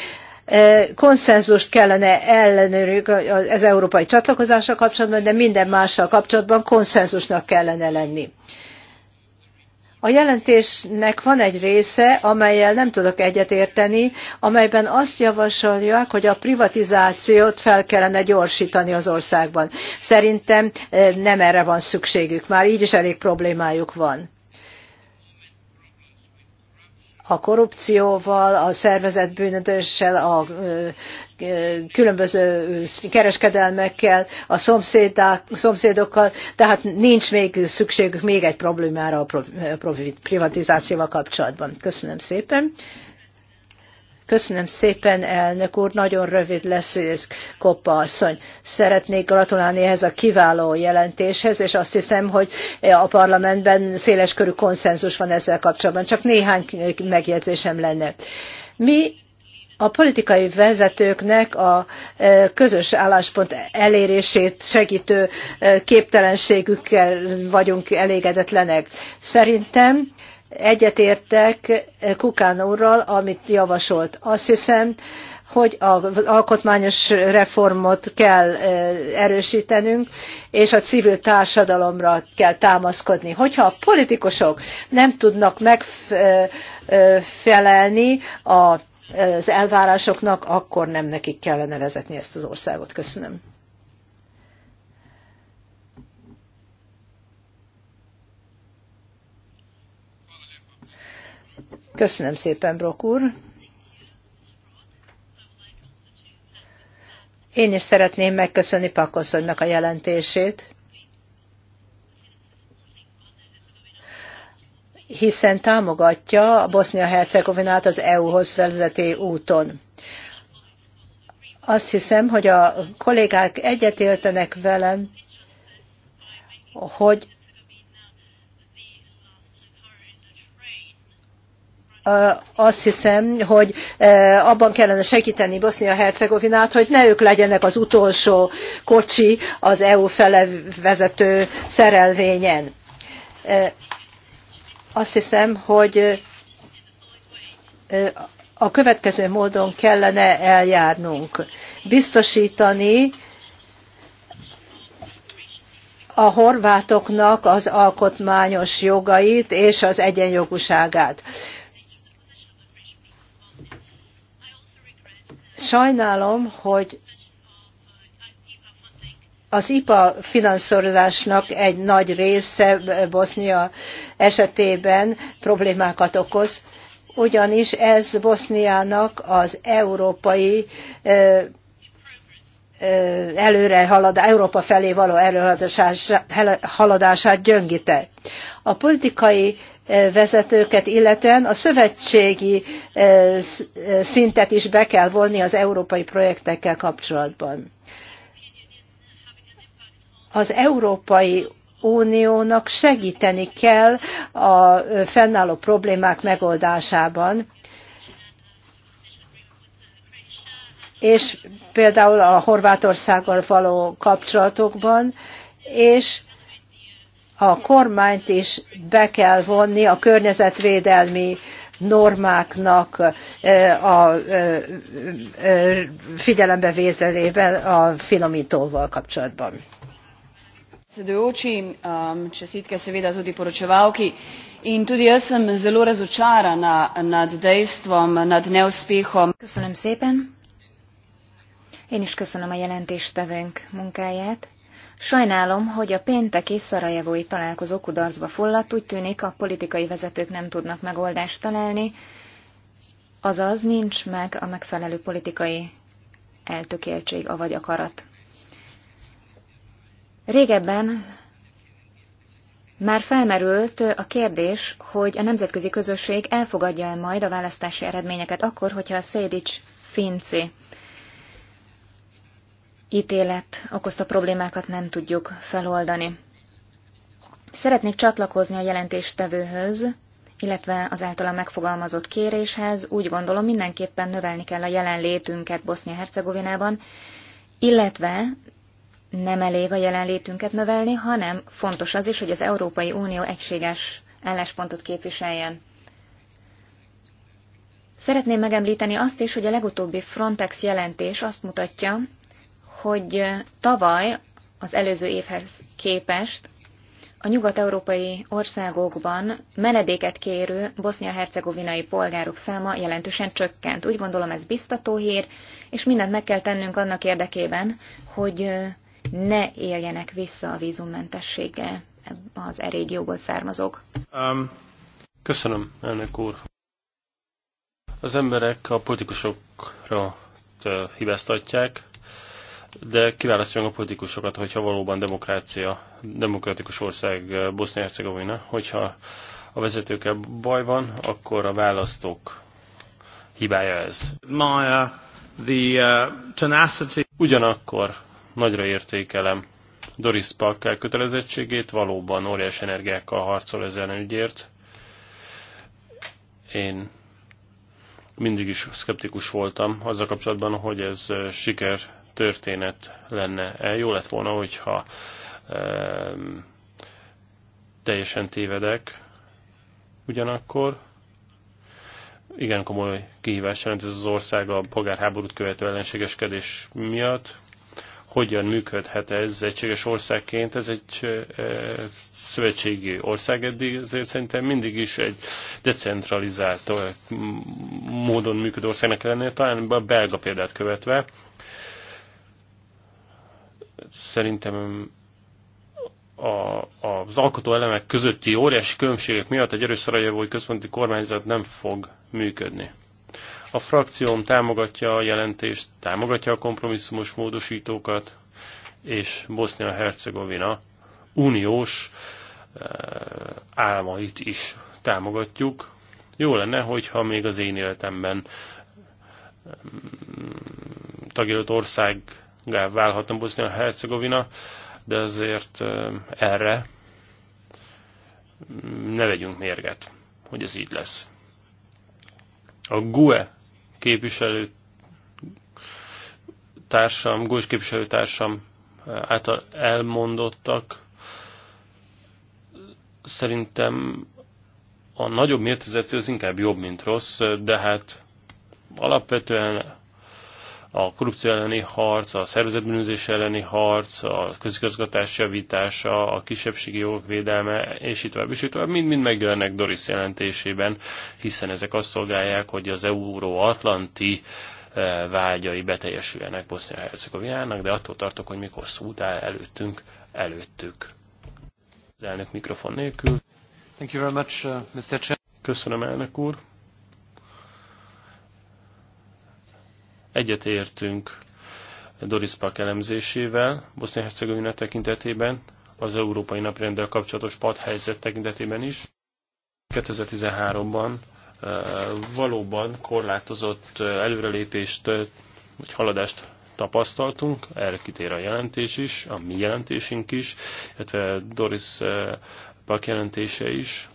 e, konszenzust kellene ellenőrizni az európai csatlakozással kapcsolatban, de minden mással kapcsolatban konszenzusnak kellene lenni. A jelentésnek van egy része, amelyel nem tudok egyetérteni, amelyben azt javasolják, hogy a privatizációt fel kellene gyorsítani az országban. Szerintem eh, nem erre van szükségük, már így is elég problémájuk van a korrupcióval, a szervezett bűnözéssel, a eh, különböző kereskedelmekkel, a szomszédokkal, tehát nincs még szükségük még egy problémára a privatizációval kapcsolatban. Köszönöm szépen. Köszönöm szépen, elnök úr, nagyon rövid lesz ez, Koppa asszony. Szeretnék gratulálni ehhez a kiváló jelentéshez, és azt hiszem, hogy a parlamentben széleskörű konszenzus van ezzel kapcsolatban. Csak néhány megjegyzésem lenne. Mi a politikai vezetőknek a e, közös álláspont elérését segítő e, képtelenségükkel vagyunk elégedetlenek. Szerintem egyetértek e, Kukán úrral, amit javasolt. Azt hiszem, hogy az alkotmányos reformot kell erősítenünk, és a civil társadalomra kell támaszkodni. Hogyha a politikusok nem tudnak megfelelni a az elvárásoknak, akkor nem nekik kellene vezetni ezt az országot. Köszönöm. Köszönöm szépen, Brok úr. Én is szeretném megköszönni Pakoszonynak a jelentését hiszen támogatja a Bosznia-Hercegovinát az EU-hoz vezető úton. Azt hiszem, hogy a kollégák egyetértenek velem, hogy azt hiszem, hogy abban kellene segíteni Bosznia-Hercegovinát, hogy ne ők legyenek az utolsó kocsi az EU fele vezető szerelvényen azt hiszem, hogy a következő módon kellene eljárnunk. Biztosítani a horvátoknak az alkotmányos jogait és az egyenjogúságát. Sajnálom, hogy az IPA finanszírozásnak egy nagy része Bosznia esetében problémákat okoz, ugyanis ez Boszniának az európai előrehaladás, Európa felé való előrehaladását gyöngíte. A politikai vezetőket illetően a szövetségi szintet is be kell vonni az európai projektekkel kapcsolatban az Európai Uniónak segíteni kell a fennálló problémák megoldásában. És például a Horvátországgal való kapcsolatokban, és a kormányt is be kell vonni a környezetvédelmi normáknak a figyelembevételével a finomítóval kapcsolatban predsedujoči um, čestitke seveda tudi poročevalki in tudi jaz sem zelo razočarana nad dejstvom nad neuspehom. köszönöm szépen én is köszönöm a jelentéstevőnk munkáját. Sajnálom, hogy a pénteki szarajevói találkozó kudarcba fulladt, úgy tűnik a politikai vezetők nem tudnak megoldást találni, azaz nincs meg a megfelelő politikai eltökéltség, avagy akarat. Régebben már felmerült a kérdés, hogy a nemzetközi közösség elfogadja-e majd a választási eredményeket akkor, hogyha a Szédics Finci ítélet okozta problémákat nem tudjuk feloldani. Szeretnék csatlakozni a jelentéstevőhöz, illetve az általa megfogalmazott kéréshez. Úgy gondolom, mindenképpen növelni kell a jelenlétünket Bosznia-Hercegovinában, illetve nem elég a jelenlétünket növelni, hanem fontos az is, hogy az Európai Unió egységes álláspontot képviseljen. Szeretném megemlíteni azt is, hogy a legutóbbi Frontex jelentés azt mutatja, hogy tavaly az előző évhez képest a nyugat-európai országokban menedéket kérő bosznia-hercegovinai polgárok száma jelentősen csökkent. Úgy gondolom ez biztató hír, és mindent meg kell tennünk annak érdekében, hogy ne éljenek vissza a vízummentességgel az jogot származók. Um, köszönöm, elnök úr. Az emberek a politikusokra hibáztatják, de kiválasztjuk a politikusokat, hogyha valóban demokrácia, demokratikus ország Bosznia-Hercegovina, hogyha a vezetőkkel baj van, akkor a választók hibája ez. the, uh, tenacity. Ugyanakkor Nagyra értékelem Doris Pack elkötelezettségét, valóban óriás energiákkal harcol ezen ügyért. Én mindig is szkeptikus voltam azzal kapcsolatban, hogy ez siker történet lenne. E, jó lett volna, hogyha um, teljesen tévedek. Ugyanakkor igen komoly kihívás jelent ez az ország a polgárháborút követő ellenségeskedés miatt hogyan működhet ez egységes országként, ez egy szövetségi ország eddig, ezért szerintem mindig is egy decentralizált módon működő országnak lenne, talán a belga példát követve. Szerintem a, az alkotó elemek közötti óriási különbségek miatt egy erős szarajevói központi kormányzat nem fog működni. A frakcióm támogatja a jelentést, támogatja a kompromisszumos módosítókat, és Bosznia-Hercegovina uniós eh, álmait is támogatjuk. Jó lenne, hogyha még az én életemben mm, tagjelölt országgá válhatna Bosznia-Hercegovina, de azért eh, erre ne vegyünk mérget, hogy ez így lesz. A GUE képviselő társam, képviselő képviselőtársam eh, által elmondottak, szerintem a nagyobb mértizáció az inkább jobb, mint rossz, de hát alapvetően a korrupció elleni harc, a szervezetbűnözés elleni harc, a közigazgatás javítása, a kisebbségi jogok védelme, és így tovább, és így tovább, mind-mind megjelennek Doris jelentésében, hiszen ezek azt szolgálják, hogy az euróatlanti eh, vágyai beteljesüljenek Bosznia-Hercegovinának, de attól tartok, hogy mikor szót áll előttünk, előttük. Az elnök mikrofon nélkül. Thank you very much, uh, Mr. Köszönöm, elnök úr. Egyetértünk Doris Park elemzésével Bosznia-Hercegovina tekintetében, az európai naprenddel kapcsolatos padhelyzet tekintetében is. 2013-ban valóban korlátozott előrelépést vagy haladást tapasztaltunk, erre kitér a jelentés is, a mi jelentésünk is, illetve Doris Pak jelentése is,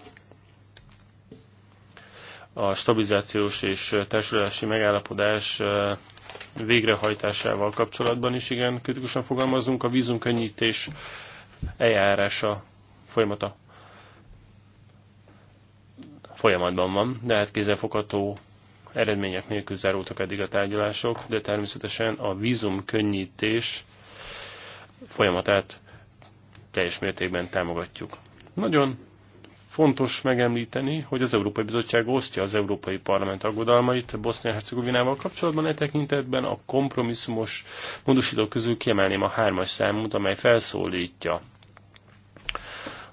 a stabilizációs és társulási megállapodás végrehajtásával kapcsolatban is igen kritikusan fogalmazunk. A vízumkönnyítés eljárása folyamata folyamatban van, de hát kézzelfogható eredmények nélkül zárultak eddig a tárgyalások, de természetesen a vízumkönnyítés folyamatát teljes mértékben támogatjuk. Nagyon Fontos megemlíteni, hogy az Európai Bizottság osztja az Európai Parlament aggodalmait Bosznia-Hercegovinával kapcsolatban, e tekintetben a kompromisszumos módosítók közül kiemelném a hármas számot, amely felszólítja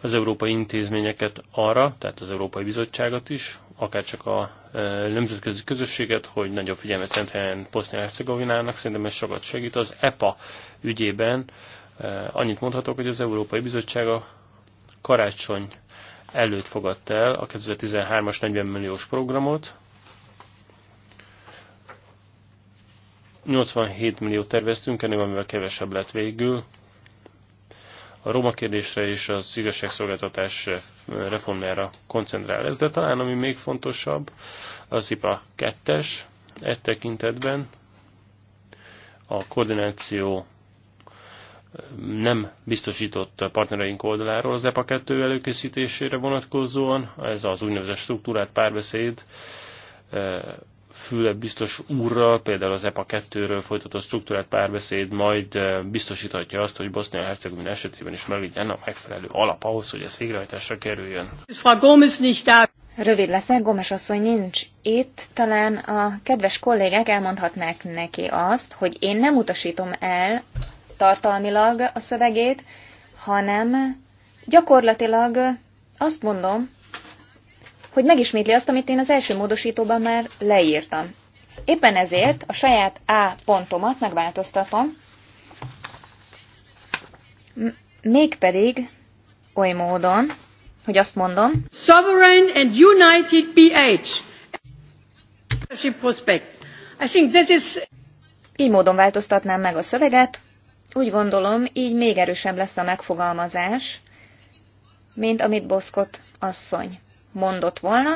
az európai intézményeket arra, tehát az Európai Bizottságot is, akár csak a e, nemzetközi közösséget, hogy nagyobb figyelmet szenteljen Bosznia-Hercegovinának, szerintem ez sokat segít. Az EPA ügyében e, annyit mondhatok, hogy az Európai Bizottság a karácsony előtt fogadta el a 2013-as 40 milliós programot. 87 millió terveztünk, ennél amivel kevesebb lett végül. A roma kérdésre és az igazságszolgáltatás reformjára koncentrál ez, de talán ami még fontosabb, az IPA 2-es, e tekintetben a koordináció nem biztosított partnereink oldaláról az EPA 2 előkészítésére vonatkozóan. Ez az úgynevezett struktúrát párbeszéd eh, Főleg biztos úrral, például az EPA 2-ről folytatott struktúrát párbeszéd majd eh, biztosíthatja azt, hogy Bosznia-Hercegovina esetében is meglegyen a megfelelő alap ahhoz, hogy ez végrehajtásra kerüljön. Rövid leszek, Gomes asszony nincs itt. Talán a kedves kollégák elmondhatnák neki azt, hogy én nem utasítom el tartalmilag a szövegét, hanem gyakorlatilag azt mondom, hogy megismétli azt, amit én az első módosítóban már leírtam. Éppen ezért a saját A pontomat megváltoztatom, mégpedig oly módon, hogy azt mondom, Sovereign and United PH. I think this is... Így módon változtatnám meg a szöveget, úgy gondolom, így még erősebb lesz a megfogalmazás, mint amit Boszkot asszony mondott volna.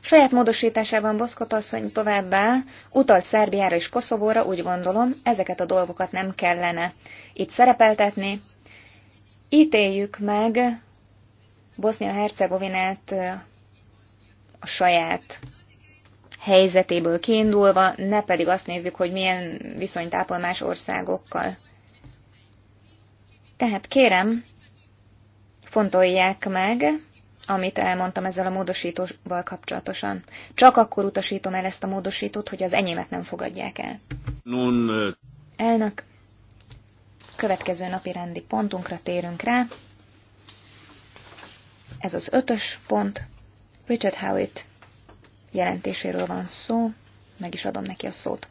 Saját módosításában Boszkot asszony továbbá utalt Szerbiára és Koszovóra, úgy gondolom, ezeket a dolgokat nem kellene itt szerepeltetni. Ítéljük meg Bosznia-Hercegovinát a saját helyzetéből kiindulva, ne pedig azt nézzük, hogy milyen viszonyt ápol más országokkal. Tehát kérem, fontolják meg, amit elmondtam ezzel a módosítóval kapcsolatosan. Csak akkor utasítom el ezt a módosítót, hogy az enyémet nem fogadják el. Nun, Elnök, következő napi rendi pontunkra térünk rá. Ez az ötös pont. Richard Howitt jelentéséről van szó, meg is adom neki a szót.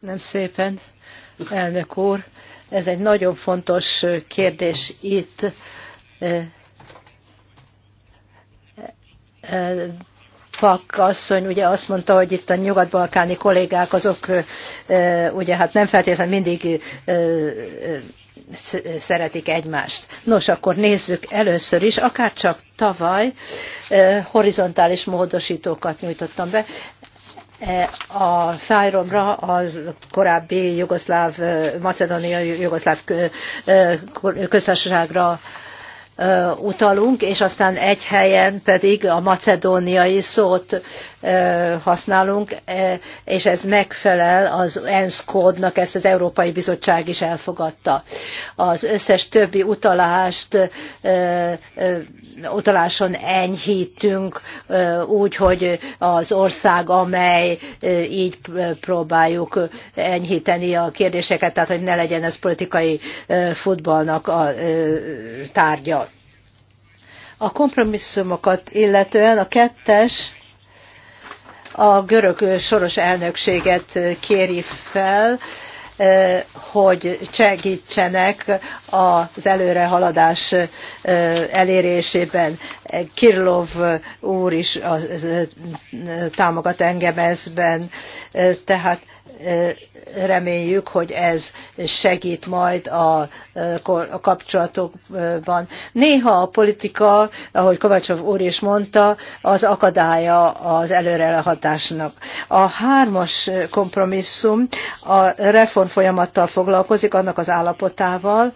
Nem szépen elnök úr. Ez egy nagyon fontos kérdés itt. Fak e, e, asszony ugye azt mondta, hogy itt a nyugat-balkáni kollégák azok e, ugye hát nem feltétlenül mindig szeretik egymást. Nos, akkor nézzük először is, akár csak tavaly horizontális módosítókat nyújtottam be a fájromra az korábbi jugoszláv, macedóniai jugoszláv köztársaságra utalunk, és aztán egy helyen pedig a macedóniai szót használunk, és ez megfelel az ENSZ kódnak, ezt az Európai Bizottság is elfogadta. Az összes többi utalást, utaláson enyhítünk úgy, hogy az ország, amely így próbáljuk enyhíteni a kérdéseket, tehát hogy ne legyen ez politikai futballnak a tárgya. A kompromisszumokat illetően a kettes a görög soros elnökséget kéri fel, eh, hogy segítsenek az előrehaladás eh, elérésében. Kirlov úr is eh, támogat engem ezben, tehát reméljük, hogy ez segít majd a, kapcsolatokban. Néha a politika, ahogy Kovácsov úr is mondta, az akadálya az előrelehatásnak. A hármas kompromisszum a reform folyamattal foglalkozik, annak az állapotával,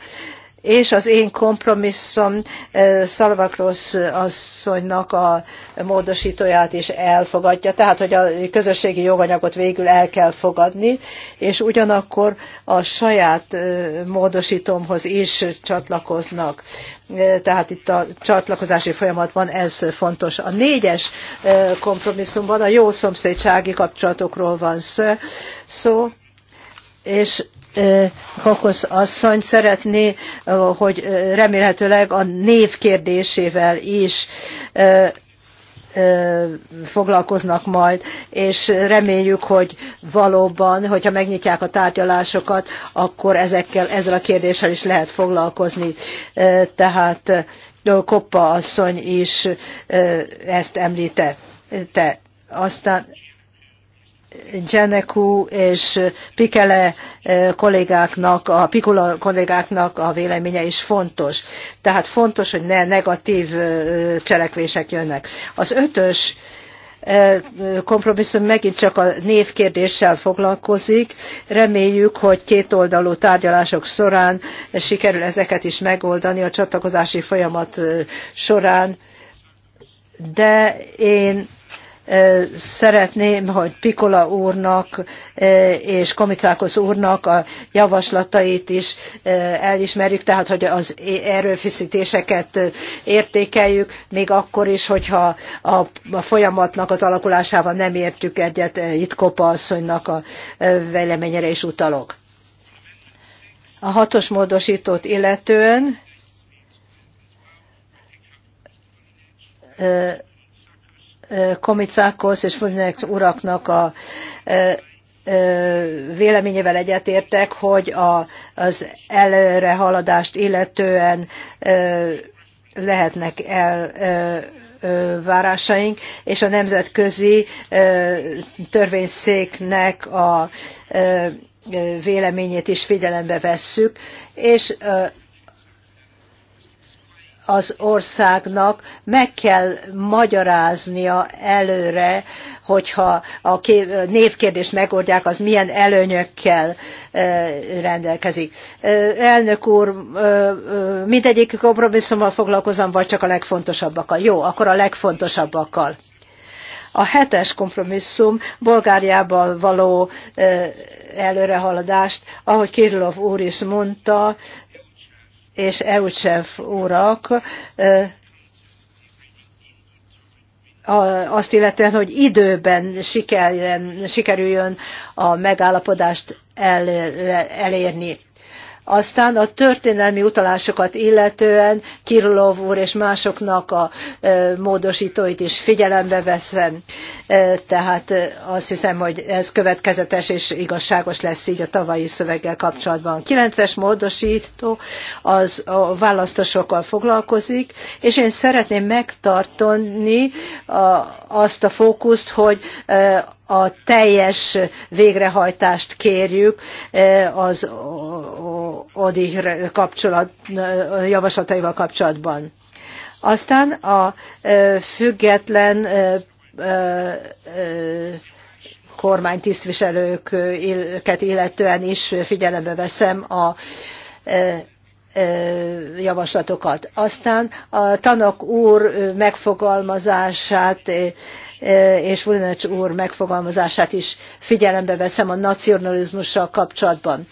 és az én kompromisszom eh, Szalvakrosz asszonynak a módosítóját is elfogadja, tehát hogy a közösségi joganyagot végül el kell fogadni, és ugyanakkor a saját eh, módosítomhoz is csatlakoznak eh, tehát itt a csatlakozási folyamatban ez fontos. A négyes kompromisszumban a jó szomszédsági kapcsolatokról van szó, és Kokosz asszony szeretné, hogy remélhetőleg a név kérdésével is foglalkoznak majd, és reméljük, hogy valóban, hogyha megnyitják a tárgyalásokat, akkor ezekkel, ezzel a kérdéssel is lehet foglalkozni. Tehát Koppa asszony is ezt említette. Aztán Genekú és Pikele eh, kollégáknak, a Pikula kollégáknak a véleménye is fontos. Tehát fontos, hogy ne negatív eh, cselekvések jönnek. Az ötös eh, kompromisszum megint csak a névkérdéssel foglalkozik. Reméljük, hogy kétoldalú tárgyalások során sikerül ezeket is megoldani a csatlakozási folyamat során, de én Szeretném, hogy Pikola úrnak és Komicákos úrnak a javaslatait is elismerjük, tehát hogy az erőfeszítéseket értékeljük, még akkor is, hogyha a folyamatnak az alakulásával nem értük egyet, itt Kopa asszonynak a véleményére is utalok. A hatos módosítót illetően komicákhoz és Fuzinek uraknak a véleményével egyetértek, hogy a, az előrehaladást illetően lehetnek elvárásaink, és a nemzetközi törvényszéknek a véleményét is figyelembe vesszük, és az országnak meg kell magyaráznia előre, hogyha a névkérdést megoldják, az milyen előnyökkel rendelkezik. Elnök úr, mindegyik kompromisszummal foglalkozom, vagy csak a legfontosabbakkal? Jó, akkor a legfontosabbakkal. A hetes kompromisszum Bulgáriával való előrehaladást, ahogy Kirillov úr is mondta, és Eucsef urak azt illetően, hogy időben sikerüljön a megállapodást elérni. Aztán a történelmi utalásokat illetően Kirillov úr és másoknak a módosítóit is figyelembe veszem. Tehát azt hiszem, hogy ez következetes és igazságos lesz így a tavalyi szöveggel kapcsolatban. kilences es módosító az a választásokkal foglalkozik, és én szeretném megtartani azt a fókuszt, hogy a teljes végrehajtást kérjük e, az ODI kapcsolat, e, javaslataival kapcsolatban. Aztán a e, független kormánytisztviselőket illetően is figyelembe veszem a javaslatokat. Aztán a tanok úr megfogalmazását és Vulinacs úr megfogalmazását is figyelembe veszem a nacionalizmussal kapcsolatban.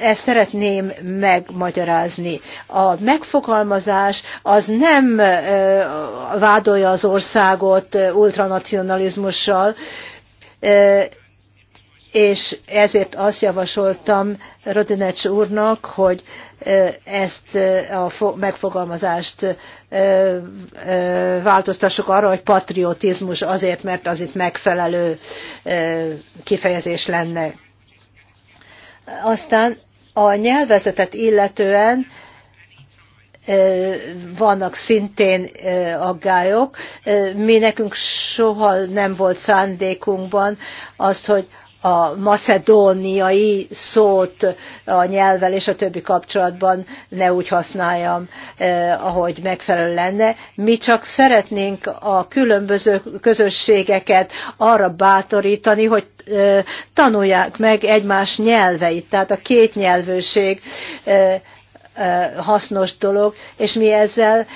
Ezt szeretném megmagyarázni. A megfogalmazás az nem vádolja az országot ultranacionalizmussal, és ezért azt javasoltam Rodinec úrnak, hogy ezt a megfogalmazást változtassuk arra, hogy patriotizmus azért, mert az itt megfelelő kifejezés lenne. Aztán a nyelvezetet illetően vannak szintén aggályok. Mi nekünk soha nem volt szándékunkban azt, hogy a macedóniai szót a nyelvvel és a többi kapcsolatban ne úgy használjam, eh, ahogy megfelelő lenne. Mi csak szeretnénk a különböző közösségeket arra bátorítani, hogy eh, tanulják meg egymás nyelveit, tehát a kétnyelvőség eh, eh, hasznos dolog, és mi ezzel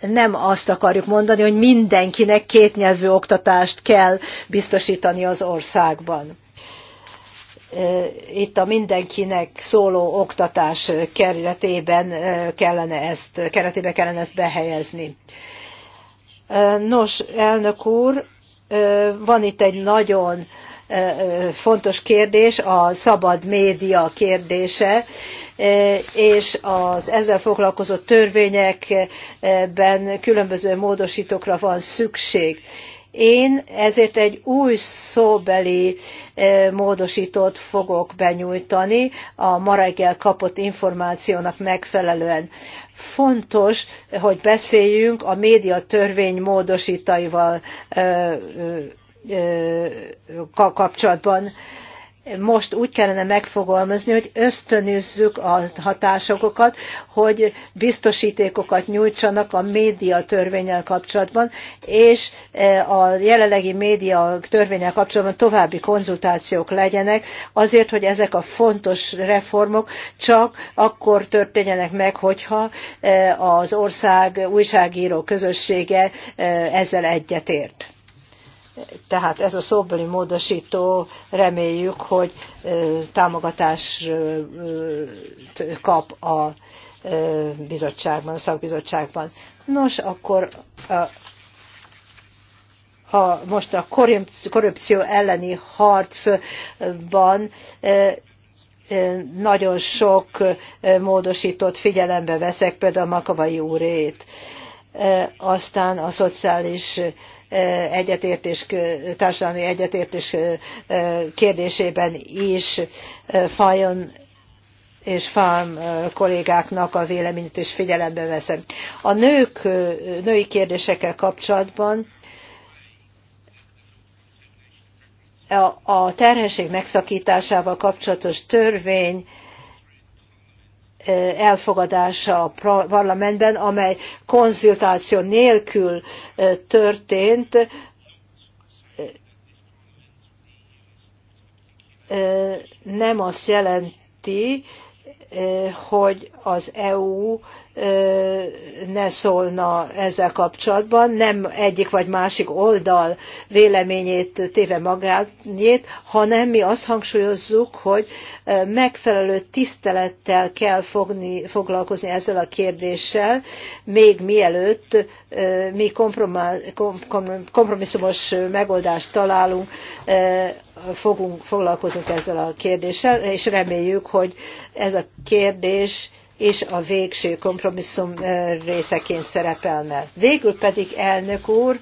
nem azt akarjuk mondani, hogy mindenkinek kétnyelvű oktatást kell biztosítani az országban itt a mindenkinek szóló oktatás keretében kellene ezt, keretében kellene ezt behelyezni. Nos, elnök úr, van itt egy nagyon fontos kérdés, a szabad média kérdése, és az ezzel foglalkozó törvényekben különböző módosítókra van szükség én ezért egy új szóbeli e, módosítót fogok benyújtani a ma reggel kapott információnak megfelelően. Fontos, hogy beszéljünk a média törvény módosítaival e, e, kapcsolatban most úgy kellene megfogalmazni, hogy ösztönözzük a hatásokat, hogy biztosítékokat nyújtsanak a média törvényel kapcsolatban, és e, a jelenlegi média törvényel kapcsolatban további konzultációk legyenek, azért, hogy ezek a fontos reformok csak akkor történjenek meg, hogyha e, az ország újságíró közössége e, ezzel egyetért. Tehát ez a szóbeli módosító reméljük, hogy támogatást kap a bizottságban, a szakbizottságban. Nos, akkor ha most a korrupció elleni harcban nagyon sok módosított figyelembe veszek, például a Makavai úrét, aztán a szociális egyetértés, társadalmi egyetértés kérdésében is Fajon és Farm kollégáknak a véleményét is figyelembe veszem. A nők, női kérdésekkel kapcsolatban a terhesség megszakításával kapcsolatos törvény elfogadása a parlamentben, amely konzultáció nélkül történt, nem azt jelenti, hogy az EU ne szólna ezzel kapcsolatban, nem egyik vagy másik oldal véleményét téve magányét, hanem mi azt hangsúlyozzuk, hogy megfelelő tisztelettel kell fogni, foglalkozni ezzel a kérdéssel, még mielőtt mi kompromisszumos megoldást találunk, fogunk, foglalkozunk ezzel a kérdéssel, és reméljük, hogy ez a kérdés és a végső kompromisszum részeként szerepelne. Végül pedig, elnök úr,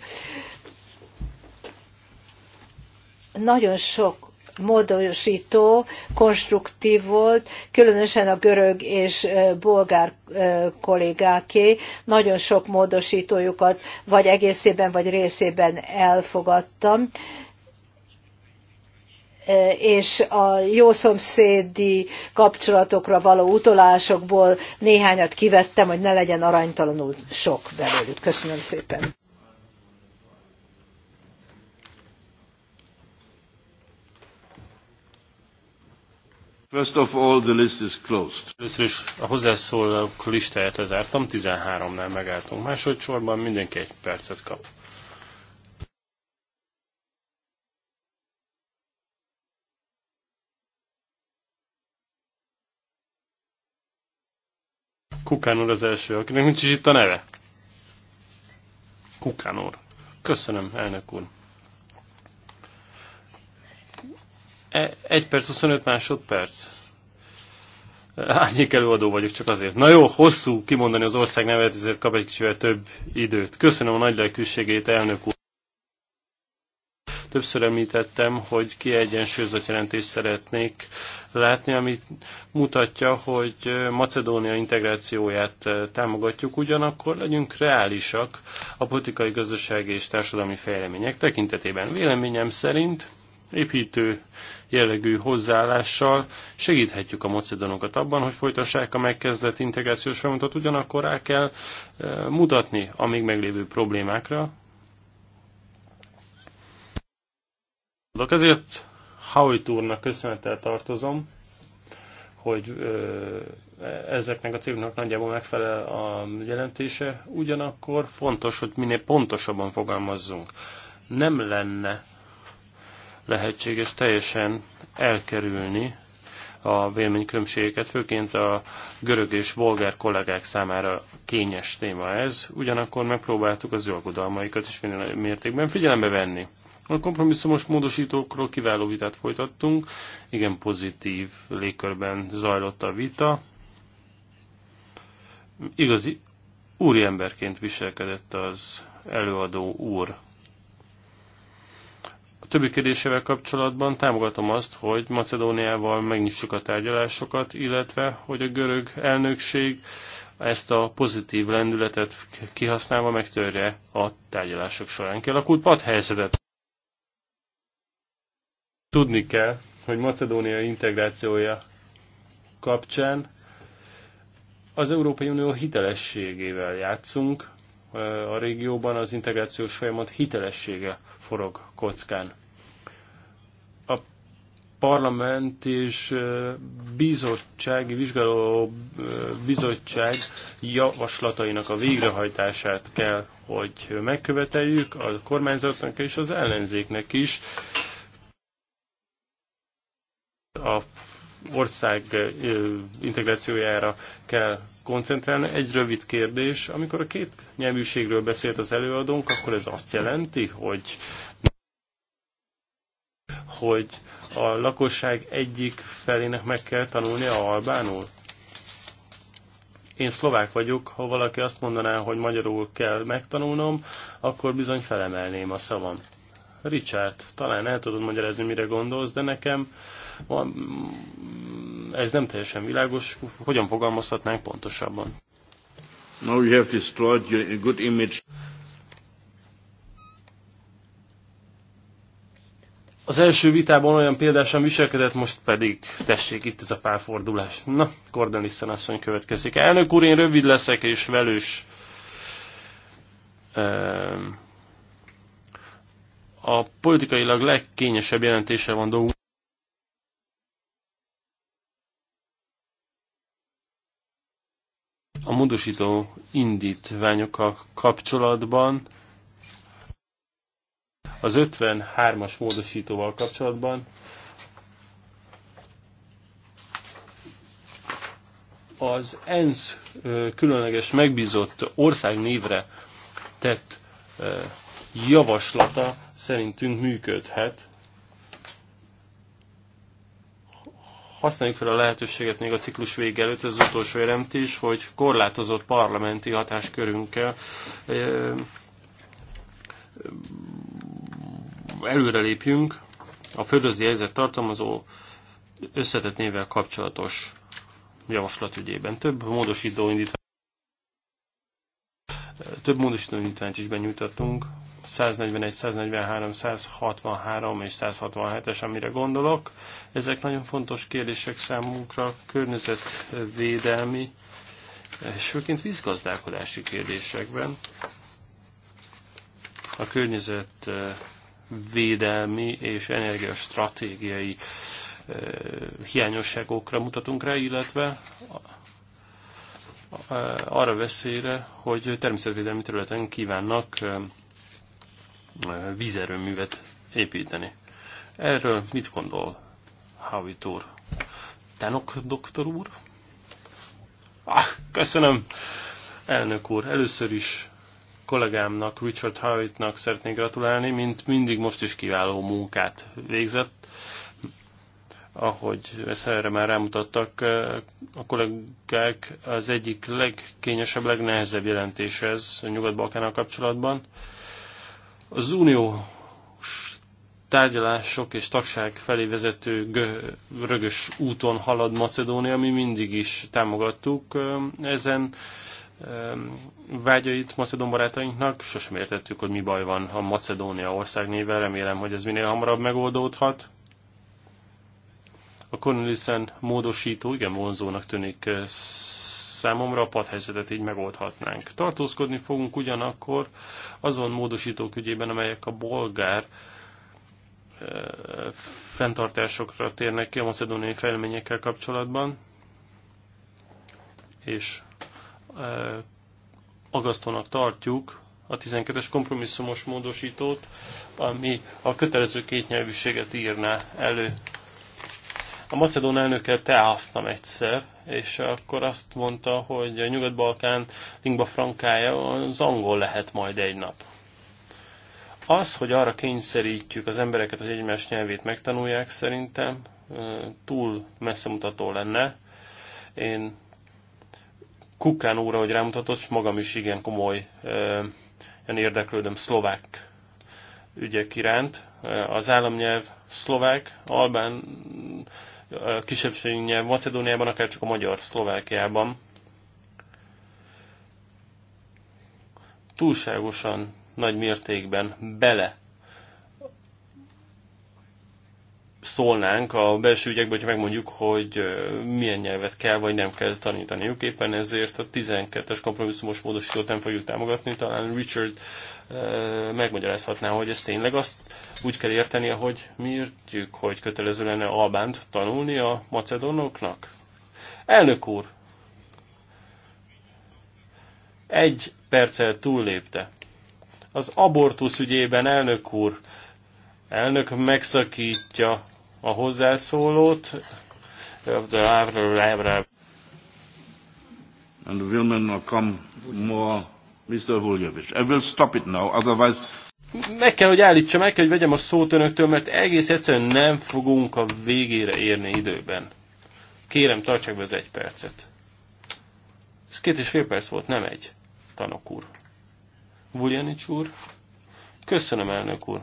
nagyon sok módosító konstruktív volt, különösen a görög és bolgár kollégáké. Nagyon sok módosítójukat vagy egészében, vagy részében elfogadtam, és a jószomszédi kapcsolatokra való utolásokból néhányat kivettem, hogy ne legyen aránytalanul sok belőlük. Köszönöm szépen. First of all, the list is closed. Először is a hozzászólók listáját lezártam, 13-nál megálltunk. Másodszorban mindenki egy percet kap. Kukán úr az első, akinek nincs is itt a neve. Kukán úr. Köszönöm, elnök úr. E, egy perc 25 másodperc. Árnyék előadó vagyok csak azért. Na jó, hosszú kimondani az ország nevet, ezért kap egy kicsivel több időt. Köszönöm a nagy lelkűségét, elnök úr. Többször említettem, hogy kiegyensúlyozott jelentést szeretnék látni, ami mutatja, hogy Macedónia integrációját támogatjuk, ugyanakkor legyünk reálisak a politikai, gazdasági és társadalmi fejlemények tekintetében. Véleményem szerint építő jellegű hozzáállással segíthetjük a macedonokat abban, hogy folytassák a megkezdett integrációs folyamatot, ugyanakkor rá kell eh, mutatni a még meglévő problémákra, Azok ezért Howie Tournak köszönettel tartozom, hogy ezeknek a cégnek nagyjából megfelel a jelentése, ugyanakkor fontos, hogy minél pontosabban fogalmazzunk. Nem lenne lehetséges teljesen elkerülni a véleménykülönbségeket, főként a görög és bolgár kollégák számára kényes téma ez, ugyanakkor megpróbáltuk az jogodalmaikat is minél mértékben figyelembe venni. A kompromisszumos módosítókról kiváló vitát folytattunk, igen pozitív légkörben zajlott a vita. Igazi úriemberként viselkedett az előadó úr. A többi kérdésével kapcsolatban támogatom azt, hogy Macedóniával megnyissuk a tárgyalásokat, illetve hogy a görög elnökség ezt a pozitív lendületet kihasználva megtörje a tárgyalások során kialakult padhelyzetet. Tudni kell, hogy Macedónia integrációja kapcsán az Európai Unió hitelességével játszunk, a régióban az integrációs folyamat hitelessége forog kockán. A parlament és bizottsági vizsgáló bizottság javaslatainak a végrehajtását kell, hogy megköveteljük a kormányzatnak és az ellenzéknek is, a ország integrációjára kell koncentrálni. Egy rövid kérdés, amikor a két nyelvűségről beszélt az előadónk, akkor ez azt jelenti, hogy hogy a lakosság egyik felének meg kell tanulnia albánul? Én szlovák vagyok, ha valaki azt mondaná, hogy magyarul kell megtanulnom, akkor bizony felemelném a szavam. Richard, talán el tudod magyarázni, mire gondolsz, de nekem uh, Mm, ez nem teljesen világos. Hogyan fogalmazhatnánk pontosabban? Now you have destroyed your good image. Az első vitában olyan példásan viselkedett, most pedig tessék itt ez a párfordulás. Na, Cordelisszen asszony következik. Elnök úr, én rövid leszek és velős. Ehm, a politikailag legkényesebb jelentése van dolgunk. módosító indítványokkal kapcsolatban, az 53-as módosítóval kapcsolatban az ENSZ különleges megbízott országnévre tett javaslata szerintünk működhet. használjuk fel a lehetőséget még a ciklus vége előtt, ez az utolsó jelentés, hogy korlátozott parlamenti hatáskörünkkel előrelépjünk a földözi helyzet tartalmazó összetett névvel kapcsolatos javaslat ügyében. Több módosító több módosító indítványt is benyújtottunk, 141, 143, 163 és 167-es, amire gondolok. Ezek nagyon fontos kérdések számunkra, környezetvédelmi és főként vízgazdálkodási kérdésekben. A környezetvédelmi eh, és energiastratégiai eh, hiányosságokra mutatunk rá, illetve arra veszélyre, hogy természetvédelmi területen kívánnak eh, vízerőművet építeni. Erről mit gondol Howitt úr? Tenok doktor úr? Ah, köszönöm, elnök úr. Először is kollégámnak, Richard Howittnak szeretnék gratulálni, mint mindig most is kiváló munkát végzett. Ahogy ezt erre már rámutattak, a kollégák az egyik legkényesebb, legnehezebb jelentés ez a Nyugat-Balkánnal kapcsolatban. Az unió tárgyalások és tagság felé vezető rögös úton halad Macedónia, mi mindig is támogattuk ezen vágyait macedón barátainknak. Sosem értettük, hogy mi baj van a Macedónia ország néven. Remélem, hogy ez minél hamarabb megoldódhat. A Cornelissen módosító igen vonzónak tűnik számomra a padhelyzetet így megoldhatnánk. Tartózkodni fogunk ugyanakkor azon módosítók ügyében, amelyek a bolgár fenntartásokra térnek ki a macedóniai fejleményekkel kapcsolatban, és agasztónak tartjuk a 12-es kompromisszumos módosítót, ami a kötelező kétnyelvűséget írná elő. A macedón elnöke te egyszer, és akkor azt mondta, hogy a Nyugat-Balkán lingba frankája az angol lehet majd egy nap. Az, hogy arra kényszerítjük az embereket, hogy egymás nyelvét megtanulják, szerintem túl messzemutató lenne. Én Kukán óra, hogy rámutatott, és magam is igen komoly én érdeklődöm szlovák ügyek iránt. Az államnyelv szlovák, albán kisebbségi nyelv Macedóniában, akár csak a magyar Szlovákiában. Túlságosan nagy mértékben bele szólnánk a belső ügyekben, hogy megmondjuk, hogy milyen nyelvet kell vagy nem kell tanítaniuk. Éppen ezért a 12-es kompromisszumos módosítót nem fogjuk támogatni. Talán Richard megmagyarázhatná, hogy ezt tényleg azt úgy kell érteni, ahogy mi értjük, hogy kötelező lenne albánt tanulni a macedonoknak. Elnök úr! Egy perccel túllépte. Az abortusz ügyében elnök úr elnök megszakítja a hozzászólót. And the women will come more, Mr. Vuljevich. I will stop it now, otherwise... Meg kell, hogy állítsa, meg kell, hogy vegyem a szót önöktől, mert egész egyszerűen nem fogunk a végére érni időben. Kérem, tartsák be az egy percet. Ez két és fél perc volt, nem egy, tanok úr. Vuljanics úr. Köszönöm, elnök úr.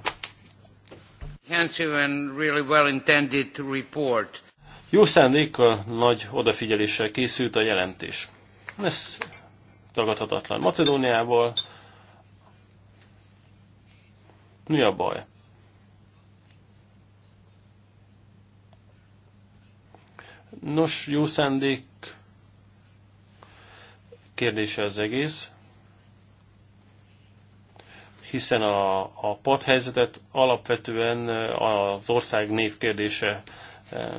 Jó szándékkal, nagy odafigyeléssel készült a jelentés. Ez tagadhatatlan. Macedóniával mi a baj? Nos, jó szándék kérdése az egész hiszen a, a padhelyzetet alapvetően az ország névkérdése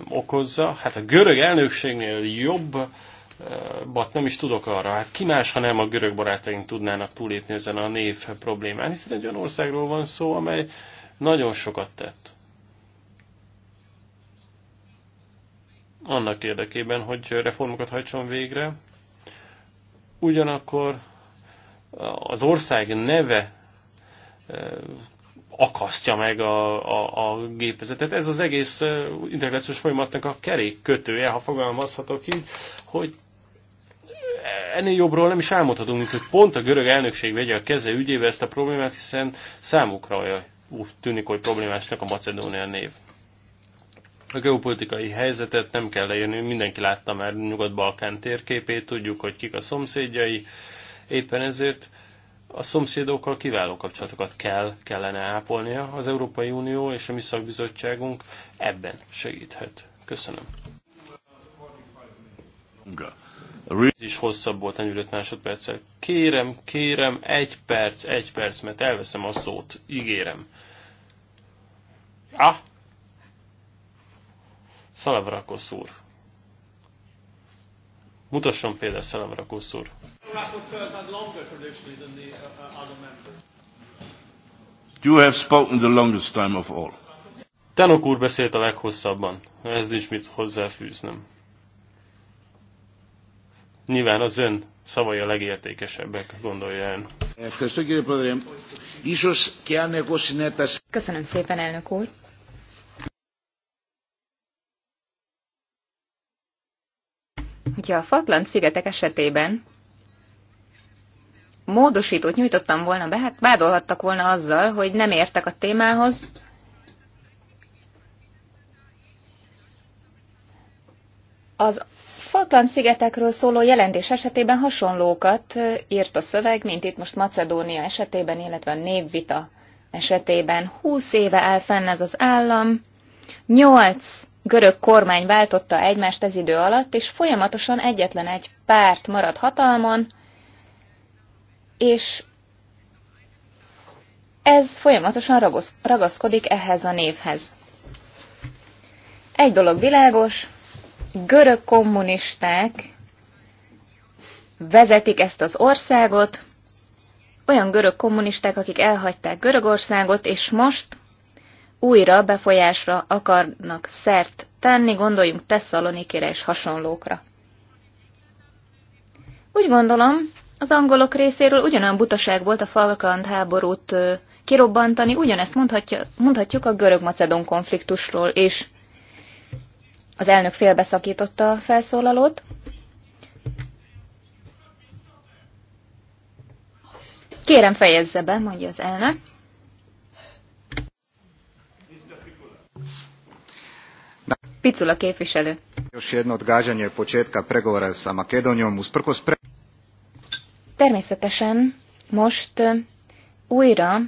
okozza. Hát a görög elnökségnél jobb, bat nem is tudok arra. Hát ki más, ha nem a görög barátaink tudnának túlépni ezen a név problémán, hiszen egy olyan országról van szó, amely nagyon sokat tett. Annak érdekében, hogy reformokat hajtson végre. Ugyanakkor az ország neve akasztja meg a, a, a gépezetet. Ez az egész integrációs folyamatnak a kerék kötője, ha fogalmazhatok így, hogy ennél jobbról nem is álmodhatunk, mint hogy pont a görög elnökség vegye a keze ügyébe ezt a problémát, hiszen számukra olyan úgy tűnik, hogy problémásnak a Macedónia név. A geopolitikai helyzetet nem kell leírni, mindenki látta már Nyugat-Balkán térképét, tudjuk, hogy kik a szomszédjai, éppen ezért uh, a szomszédokkal kiváló kapcsolatokat kell, kellene ápolnia. Az Európai Unió és a mi szakbizottságunk ebben segíthet. Köszönöm. Ez is hosszabb volt, 45 másodperccel. Kérem, kérem, egy perc, egy perc, mert elveszem a szót. Ígérem. Ah! Szalavrakosz úr. Mutasson például Szalavrakosz úr. Uh, uh, you have spoken the longest time of all. Tenok úr beszélt a leghosszabban. Ez is mit hozzáfűznem. Nyilván az ön szavai a legértékesebbek, gondolja ön. Köszönöm szépen, elnök úr. Hogyha a Falkland szigetek esetében módosítót nyújtottam volna be, hát vádolhattak volna azzal, hogy nem értek a témához. Az Falkland-szigetekről szóló jelentés esetében hasonlókat írt a szöveg, mint itt most Macedónia esetében, illetve a névvita esetében. Húsz éve áll fenn ez az állam, nyolc görög kormány váltotta egymást ez idő alatt, és folyamatosan egyetlen egy párt marad hatalmon, és ez folyamatosan ragaszkodik ehhez a névhez. Egy dolog világos, görög kommunisták vezetik ezt az országot, olyan görög kommunisták, akik elhagyták Görögországot, és most újra befolyásra akarnak szert tenni, gondoljunk Tesszalonikére és hasonlókra. Úgy gondolom, az angolok részéről ugyanolyan butaság volt a Falkland háborút kirobbantani, ugyanezt mondhatja, mondhatjuk a görög-macedon konfliktusról is. Az elnök félbeszakította a felszólalót. Kérem fejezze be, mondja az elnök. Picula képviselő. Još jedno odgađanje početka pregovora sa Makedonijom usprkos pre... Természetesen most újra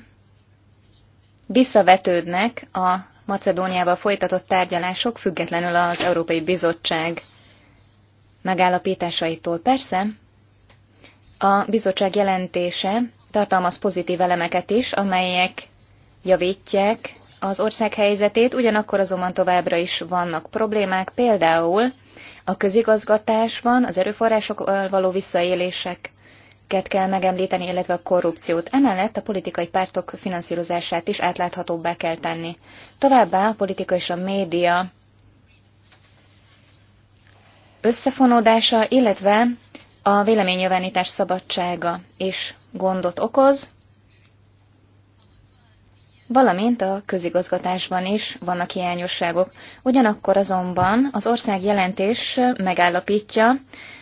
visszavetődnek a Macedóniával folytatott tárgyalások, függetlenül az Európai Bizottság megállapításaitól. Persze, a bizottság jelentése tartalmaz pozitív elemeket is, amelyek javítják az ország helyzetét, ugyanakkor azonban továbbra is vannak problémák, például a közigazgatásban, az erőforrásokkal való visszaélések kell megemlíteni, illetve a korrupciót. Emellett a politikai pártok finanszírozását is átláthatóbbá kell tenni. Továbbá a politika és a média összefonódása, illetve a véleménynyilvánítás szabadsága is gondot okoz, valamint a közigazgatásban is vannak hiányosságok. Ugyanakkor azonban az ország jelentés megállapítja,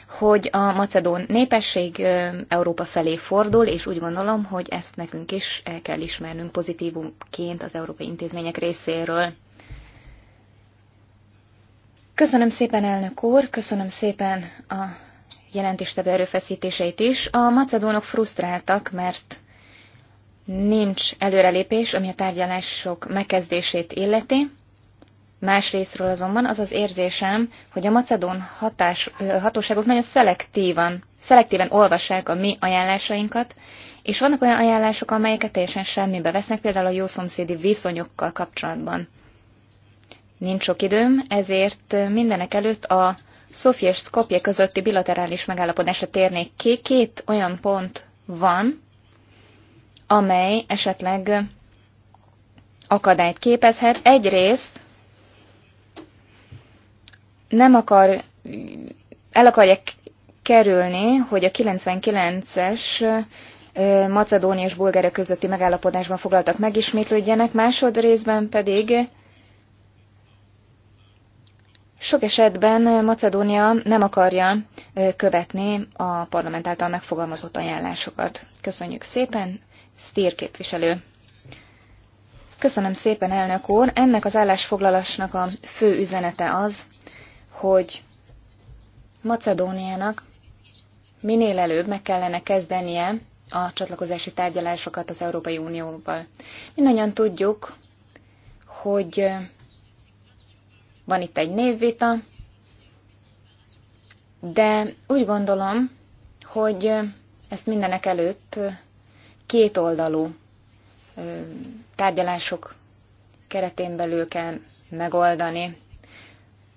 hogy a macedón népesség Európa felé fordul, és úgy gondolom, hogy ezt nekünk is el kell ismernünk pozitívumként az európai intézmények részéről. Köszönöm szépen, elnök úr, köszönöm szépen a jelentéstevő erőfeszítéseit is. A macedónok frusztráltak, mert nincs előrelépés, ami a tárgyalások megkezdését illeti. Másrésztről azonban az az érzésem, hogy a macedón hatás, hatóságok nagyon szelektívan, szelektíven olvassák a mi ajánlásainkat, és vannak olyan ajánlások, amelyeket teljesen semmibe vesznek, például a jó szomszédi viszonyokkal kapcsolatban. Nincs sok időm, ezért mindenek előtt a Szofia és Skopje közötti bilaterális megállapodásra térnék ki. Két olyan pont van, amely esetleg akadályt képezhet. Egyrészt nem akar, el akarják kerülni, hogy a 99-es Macedónia és Bulgária közötti megállapodásban foglaltak megismétlődjenek, másodrészben pedig sok esetben Macedónia nem akarja követni a parlament által megfogalmazott ajánlásokat. Köszönjük szépen, Stier képviselő. Köszönöm szépen, elnök úr. Ennek az állásfoglalásnak a fő üzenete az, hogy Macedóniának minél előbb meg kellene kezdenie a csatlakozási tárgyalásokat az Európai Unióval. Mindannyian tudjuk, hogy van itt egy névvita, de úgy gondolom, hogy ezt mindenek előtt kétoldalú tárgyalások keretén belül kell megoldani.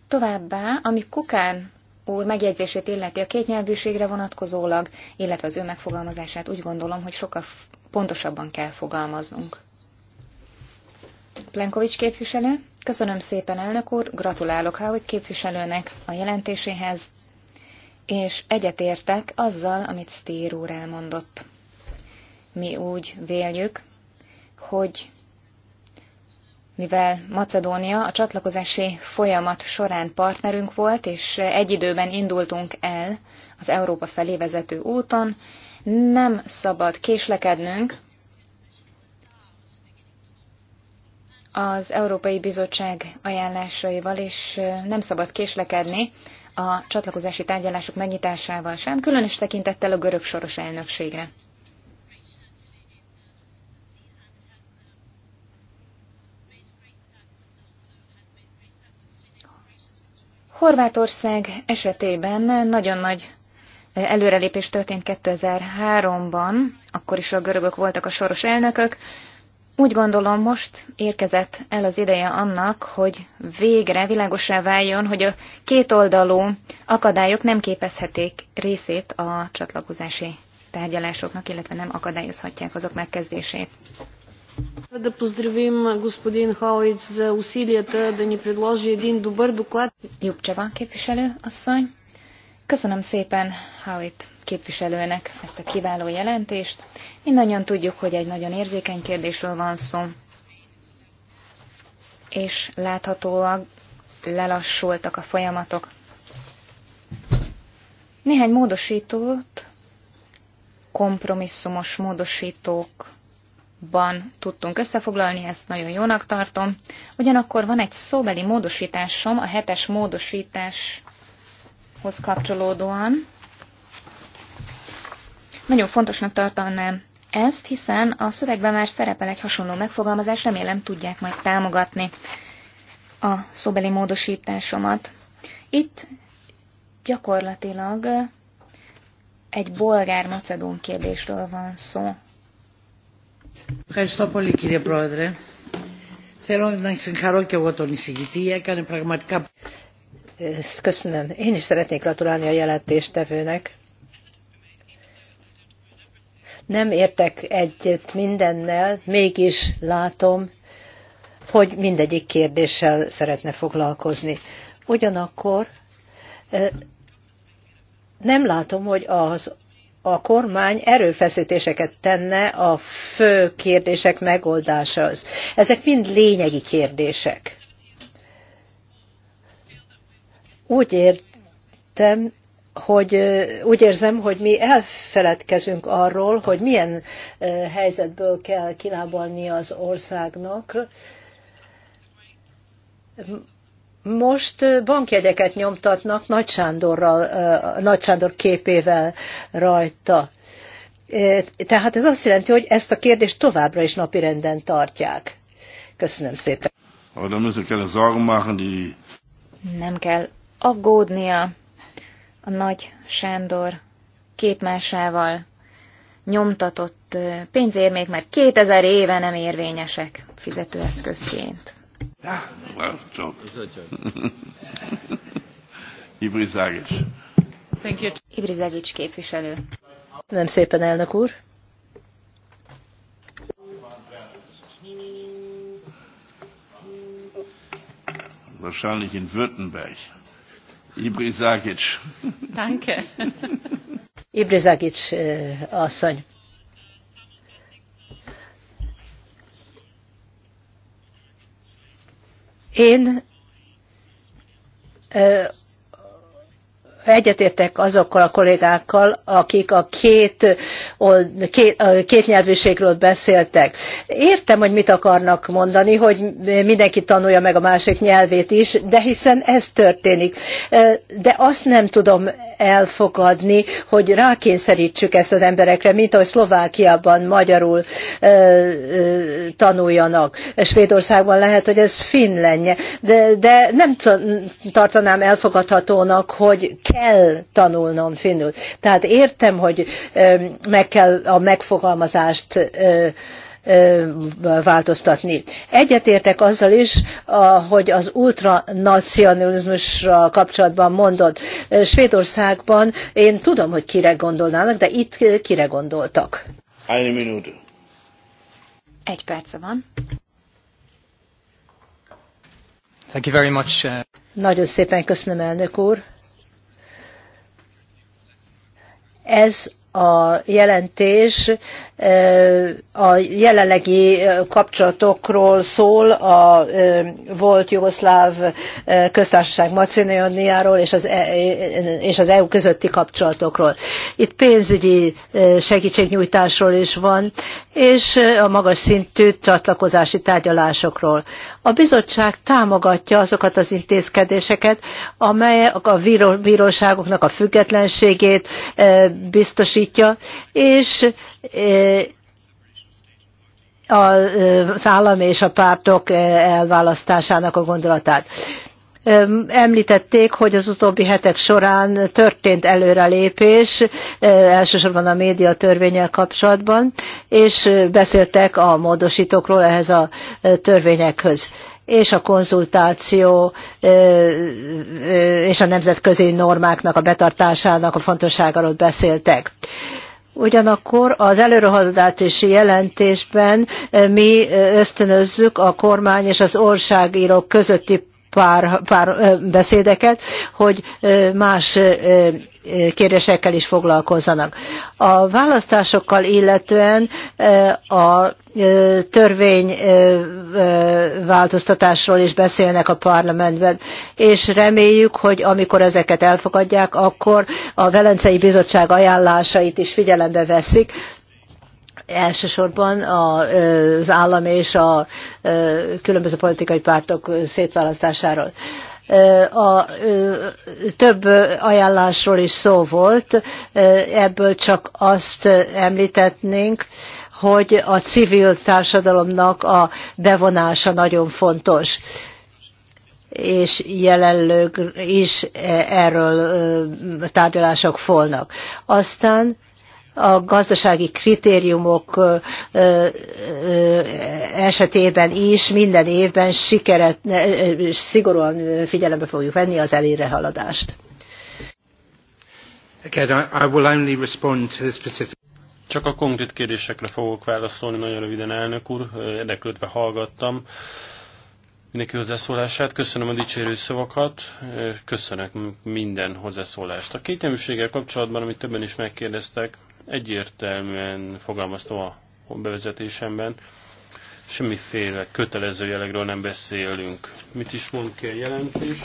Továbbá, ami Kukán úr megjegyzését illeti a kétnyelvűségre vonatkozólag, illetve az ő megfogalmazását úgy gondolom, hogy sokkal pontosabban kell fogalmaznunk. Plenkovics képviselő, köszönöm szépen elnök úr, gratulálok Howitt képviselőnek a jelentéséhez, és egyetértek azzal, amit Stér úr elmondott. Mi úgy véljük, hogy mivel Macedónia a csatlakozási folyamat során partnerünk volt, és egy időben indultunk el az Európa felé vezető úton, nem szabad késlekednünk, az Európai Bizottság ajánlásaival, és nem szabad késlekedni a csatlakozási tárgyalások megnyitásával sem, különös tekintettel a görög soros elnökségre. Horvátország esetében nagyon nagy előrelépés történt 2003-ban, akkor is a görögök voltak a soros elnökök. Úgy gondolom, most érkezett el az ideje annak, hogy végre világosá váljon, hogy a kétoldalú akadályok nem képezhetik részét a csatlakozási tárgyalásoknak, illetve nem akadályozhatják azok megkezdését. Да поздравим господин Холиц за усилията да ни предложи един добър доклад. Jubcseva képviselő asszony. Köszönöm szépen Howitt képviselőnek ezt a kiváló jelentést. Mindannyian tudjuk, hogy egy nagyon érzékeny kérdésről van szó, és láthatóan lelassultak a folyamatok. Néhány módosítót kompromisszumos módosítók ban tudtunk összefoglalni, ezt nagyon jónak tartom. Ugyanakkor van egy szóbeli módosításom a hetes módosításhoz kapcsolódóan. Nagyon fontosnak tartanám ezt, hiszen a szövegben már szerepel egy hasonló megfogalmazás, remélem tudják majd támogatni a szóbeli módosításomat. Itt gyakorlatilag egy bolgár-macedón kérdésről van szó κύριε Πρόεδρε. Θέλω να συγχαρώ και εγώ τον εισηγητή. Έκανε πραγματικά... Köszönöm. Én is szeretnék gratulálni a jelentéstevőnek. Nem értek együtt mindennel, mégis látom, hogy mindegyik kérdéssel szeretne foglalkozni. Ugyanakkor nem látom, hogy az a kormány erőfeszítéseket tenne a fő kérdések megoldásához. Ezek mind lényegi kérdések. Úgy értem, hogy úgy érzem, hogy mi elfeledkezünk arról, hogy milyen helyzetből kell kilábalni az országnak, most bankjegyeket nyomtatnak Nagy, Sándorral, Nagy Sándor képével rajta. Tehát ez azt jelenti, hogy ezt a kérdést továbbra is napirenden tartják. Köszönöm szépen. Nem kell aggódnia a Nagy Sándor képmásával nyomtatott pénzérmék már 2000 éve nem érvényesek fizetőeszközként. Ja, well, so. Ibrizágics. Thank you. képviselő. Nem szépen, elnök úr. Wahrscheinlich in Württemberg. Ibrizágics. Danke. Ibrizágics eh, asszony. Én egyetértek azokkal a kollégákkal, akik a két, két, két nyelvűségről beszéltek. Értem, hogy mit akarnak mondani, hogy mindenki tanulja meg a másik nyelvét is, de hiszen ez történik. De azt nem tudom elfogadni, hogy rákényszerítsük ezt az emberekre, mint ahogy Szlovákiában magyarul tanuljanak. Svédországban lehet, hogy ez finn lenne, de, de nem tartanám elfogadhatónak, hogy kell tanulnom finnül. Tehát értem, hogy meg kell a megfogalmazást változtatni. Egyetértek azzal is, hogy az ultranacionalizmusra kapcsolatban mondott Svédországban, én tudom, hogy kire gondolnának, de itt kire gondoltak. Egy minút. Egy perc van. Thank you very much. Uh, Nagyon szépen köszönöm, elnök úr. Ez a jelentés a jelenlegi kapcsolatokról szól a volt jugoszláv köztársaság Macedóniáról és az, EU e közötti kapcsolatokról. Itt pénzügyi segítségnyújtásról is van, és a magas szintű csatlakozási tárgyalásokról. A bizottság támogatja azokat az intézkedéseket, amelyek a bíróságoknak a függetlenségét e, biztosítja, és e, e, az állam és a pártok elválasztásának a gondolatát. Említették, hogy az utóbbi hetek során történt előrelépés, elsősorban a média törvényel kapcsolatban, és beszéltek a módosítókról ehhez a törvényekhöz és a konzultáció és a nemzetközi normáknak a betartásának a fontosságáról beszéltek. Ugyanakkor az előrehaladási jelentésben mi ösztönözzük a kormány és az országírók közötti pár, pár beszédeket, hogy más kérdésekkel is foglalkozzanak. A választásokkal illetően a törvény változtatásról is beszélnek a parlamentben, és reméljük, hogy amikor ezeket elfogadják, akkor a Velencei Bizottság ajánlásait is figyelembe veszik, elsősorban az állam és a különböző politikai pártok szétválasztásáról. A több ajánlásról is szó volt, ebből csak azt említetnénk, hogy a civil társadalomnak a bevonása nagyon fontos és jelenleg is e, erről tárgyalások folynak. Aztán a gazdasági kritériumok esetében is minden évben sikeret, szigorúan figyelembe fogjuk venni az előrehaladást. Csak a konkrét kérdésekre fogok válaszolni, nagyon röviden elnök úr, érdeklődve hallgattam mindenki hozzászólását. Köszönöm a dicsérő szavakat, köszönök minden hozzászólást. A kétnyelvűséggel kapcsolatban, amit többen is megkérdeztek, egyértelműen fogalmaztam a bevezetésemben, semmiféle kötelező jellegről nem beszélünk. Mit is mond ki a jelentés?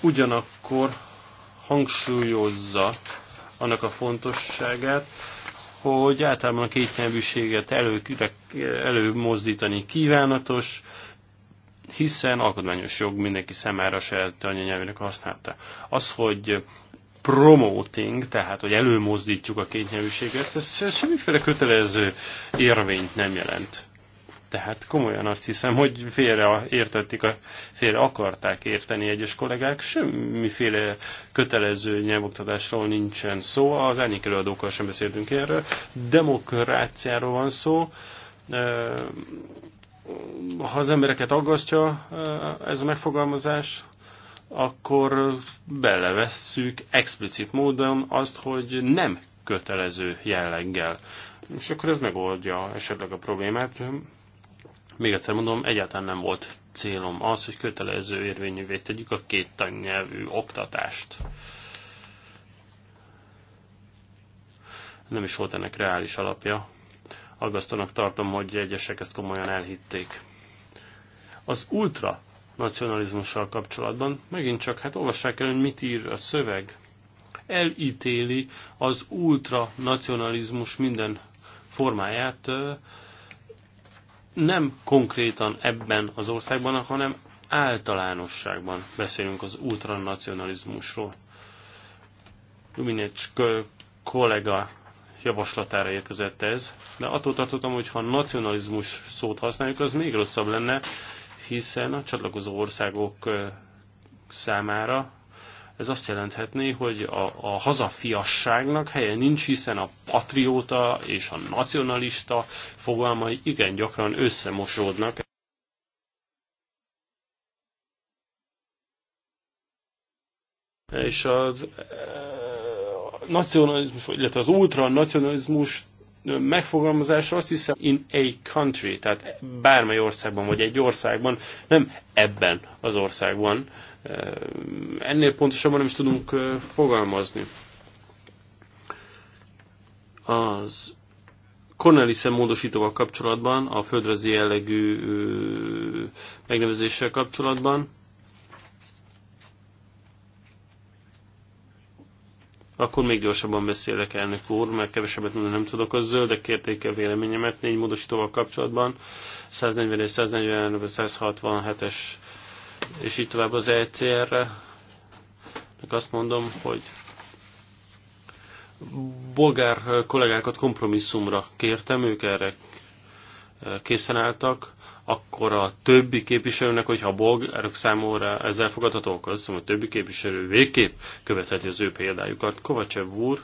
Ugyanakkor hangsúlyozza annak a fontosságát, hogy általában a kétnyelvűséget elő, előmozdítani kívánatos, hiszen alkotmányos jog mindenki számára saját anyanyelvének használta. Az, hogy promoting, tehát hogy előmozdítjuk a kétnyelvűséget, ez, ez semmiféle kötelező érvényt nem jelent. Tehát komolyan azt hiszem, hogy félre értették, a, félre akarták érteni egyes kollégák, semmiféle kötelező nyelvoktatásról nincsen szó, az ennyi előadókkal sem beszéltünk erről, demokráciáról van szó, ha az embereket aggasztja ez a megfogalmazás, akkor belevesszük explicit módon azt, hogy nem kötelező jelleggel. És akkor ez megoldja esetleg a problémát. Még egyszer mondom, egyáltalán nem volt célom az, hogy kötelező érvényűvé tegyük a két tannyelvű oktatást. Nem is volt ennek reális alapja. Aggasztónak tartom, hogy egyesek ezt komolyan elhitték. Az ultra nacionalizmussal kapcsolatban. Megint csak, hát olvassák el, hogy mit ír a szöveg. Elítéli az ultranacionalizmus minden formáját, nem konkrétan ebben az országban, hanem általánosságban beszélünk az ultranacionalizmusról. Luminecs kollega javaslatára érkezett ez, de attól tartottam, hogy ha nacionalizmus szót használjuk, az még rosszabb lenne, hiszen a csatlakozó országok számára ez azt jelenthetné, hogy a, a hazafiasságnak helye nincs, hiszen a patrióta és a nacionalista fogalmai igen gyakran összemosódnak. És az nacionalizmus, illetve az ultranacionalizmus megfogalmazása azt hiszem in a country, tehát bármely országban vagy egy országban, nem ebben az országban. Ennél pontosabban nem is tudunk fogalmazni. Az Cornelissen módosítóval kapcsolatban, a földrajzi jellegű megnevezéssel kapcsolatban Akkor még gyorsabban beszélek, elnök úr, mert kevesebbet mondani nem tudok. A zöldek kérték a véleményemet négy módosítóval kapcsolatban. 141, 140, 167-es és így tovább az ECR-re. Azt mondom, hogy bolgár kollégákat kompromisszumra kértem, ők erre készen álltak akkor a többi képviselőnek, hogyha a bolgárok számúra ez elfogadható, akkor azt hiszem, a többi képviselő végképp követheti az ő példájukat. Kovacsev úr,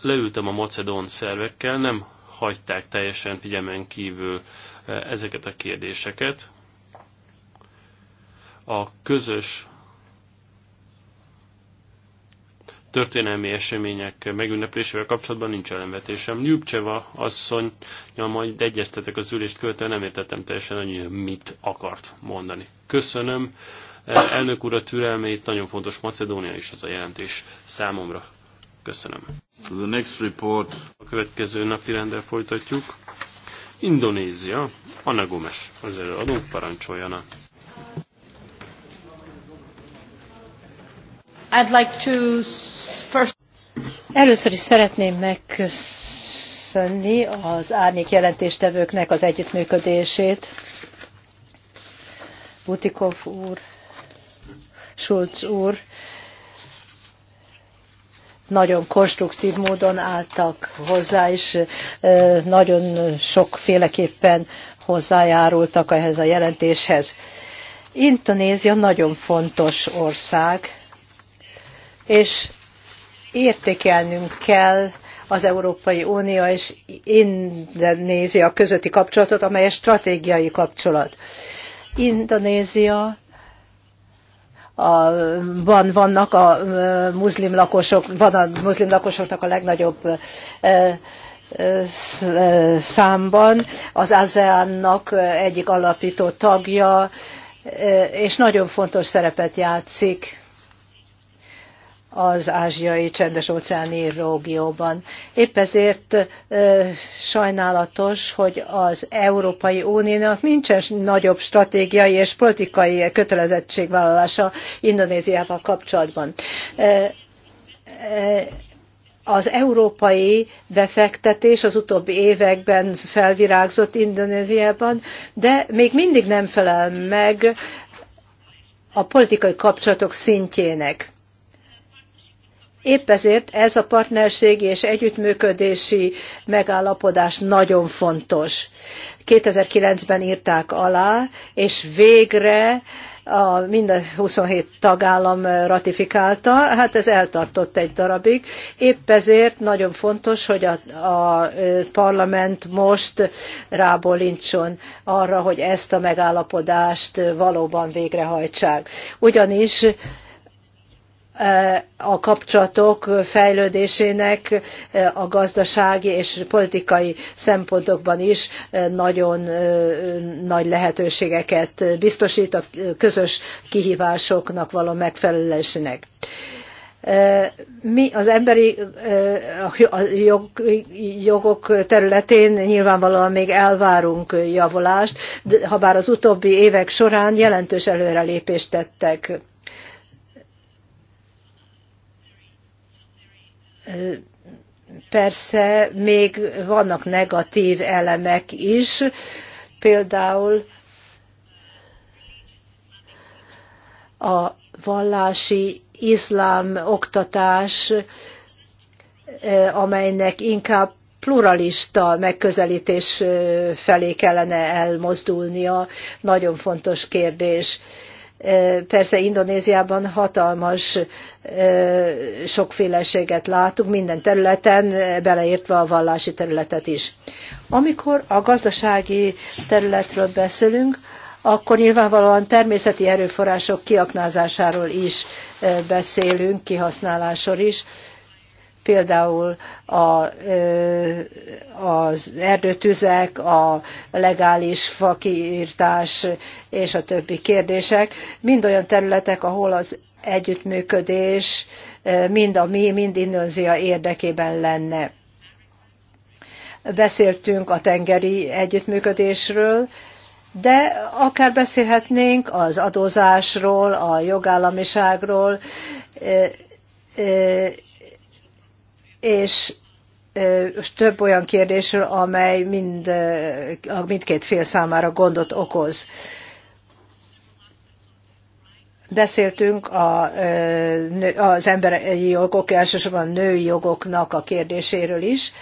leültem a macedón szervekkel, nem hagyták teljesen figyelmen kívül eh, ezeket a kérdéseket. A közös történelmi események megünneplésével kapcsolatban nincs ellenvetésem. Nyugcseva asszony, ja, majd egyeztetek az ülést követően, nem értettem teljesen, hogy mit akart mondani. Köszönöm. Elnök úr a türelmét, nagyon fontos Macedónia is az a jelentés számomra. Köszönöm. So the next report. A következő napi rendel folytatjuk. Indonézia, Anna Gomes, az előadó parancsoljana. Először is szeretném megköszönni az árnyék jelentéstevőknek az együttműködését. Butikov úr, Schulz úr nagyon konstruktív módon álltak hozzá, és nagyon sokféleképpen hozzájárultak ehhez a jelentéshez. Indonézia nagyon fontos ország, és értékelnünk kell az Európai Unió és Indonézia közötti kapcsolatot, amely egy stratégiai kapcsolat. Indonézia a, van, vannak a muszlim lakosok, van a muszlim lakosoknak a legnagyobb e, számban, az ASEAN-nak egyik alapító tagja, és nagyon fontos szerepet játszik az ázsiai csendes-óceáni régióban. Épp ezért sajnálatos, hogy az Európai Uniónak nincsen nagyobb stratégiai és politikai kötelezettségvállalása Indonéziával kapcsolatban. Az európai befektetés az utóbbi években felvirágzott Indonéziában, de még mindig nem felel meg a politikai kapcsolatok szintjének Épp ezért ez a partnerségi és együttműködési megállapodás nagyon fontos. 2009-ben írták alá, és végre a minden 27 tagállam ratifikálta, hát ez eltartott egy darabig. Épp ezért nagyon fontos, hogy a, a parlament most rábolincson arra, hogy ezt a megállapodást valóban végrehajtsák. Ugyanis a kapcsolatok fejlődésének a gazdasági és politikai szempontokban is nagyon nagy lehetőségeket biztosít a közös kihívásoknak való megfelelésének mi az emberi a jogok területén nyilvánvalóan még elvárunk javulást, ha bár az utóbbi évek során jelentős előrelépést tettek. Persze még vannak negatív elemek is, például a vallási iszlám oktatás, amelynek inkább pluralista megközelítés felé kellene elmozdulnia, nagyon fontos kérdés Persze Indonéziában hatalmas sokféleséget látunk minden területen, beleértve a vallási területet is. Amikor a gazdasági területről beszélünk, akkor nyilvánvalóan természeti erőforrások kiaknázásáról is beszélünk, kihasználásról is például a, az erdőtüzek, a legális fakírtás és a többi kérdések, mind olyan területek, ahol az együttműködés mind a mi, mind indonézia érdekében lenne. Beszéltünk a tengeri együttműködésről, de akár beszélhetnénk az adózásról, a jogállamiságról, és több olyan kérdésről, amely mind, mindkét fél számára gondot okoz. Beszéltünk a, az emberi jogok, elsősorban a női jogoknak a kérdéséről is,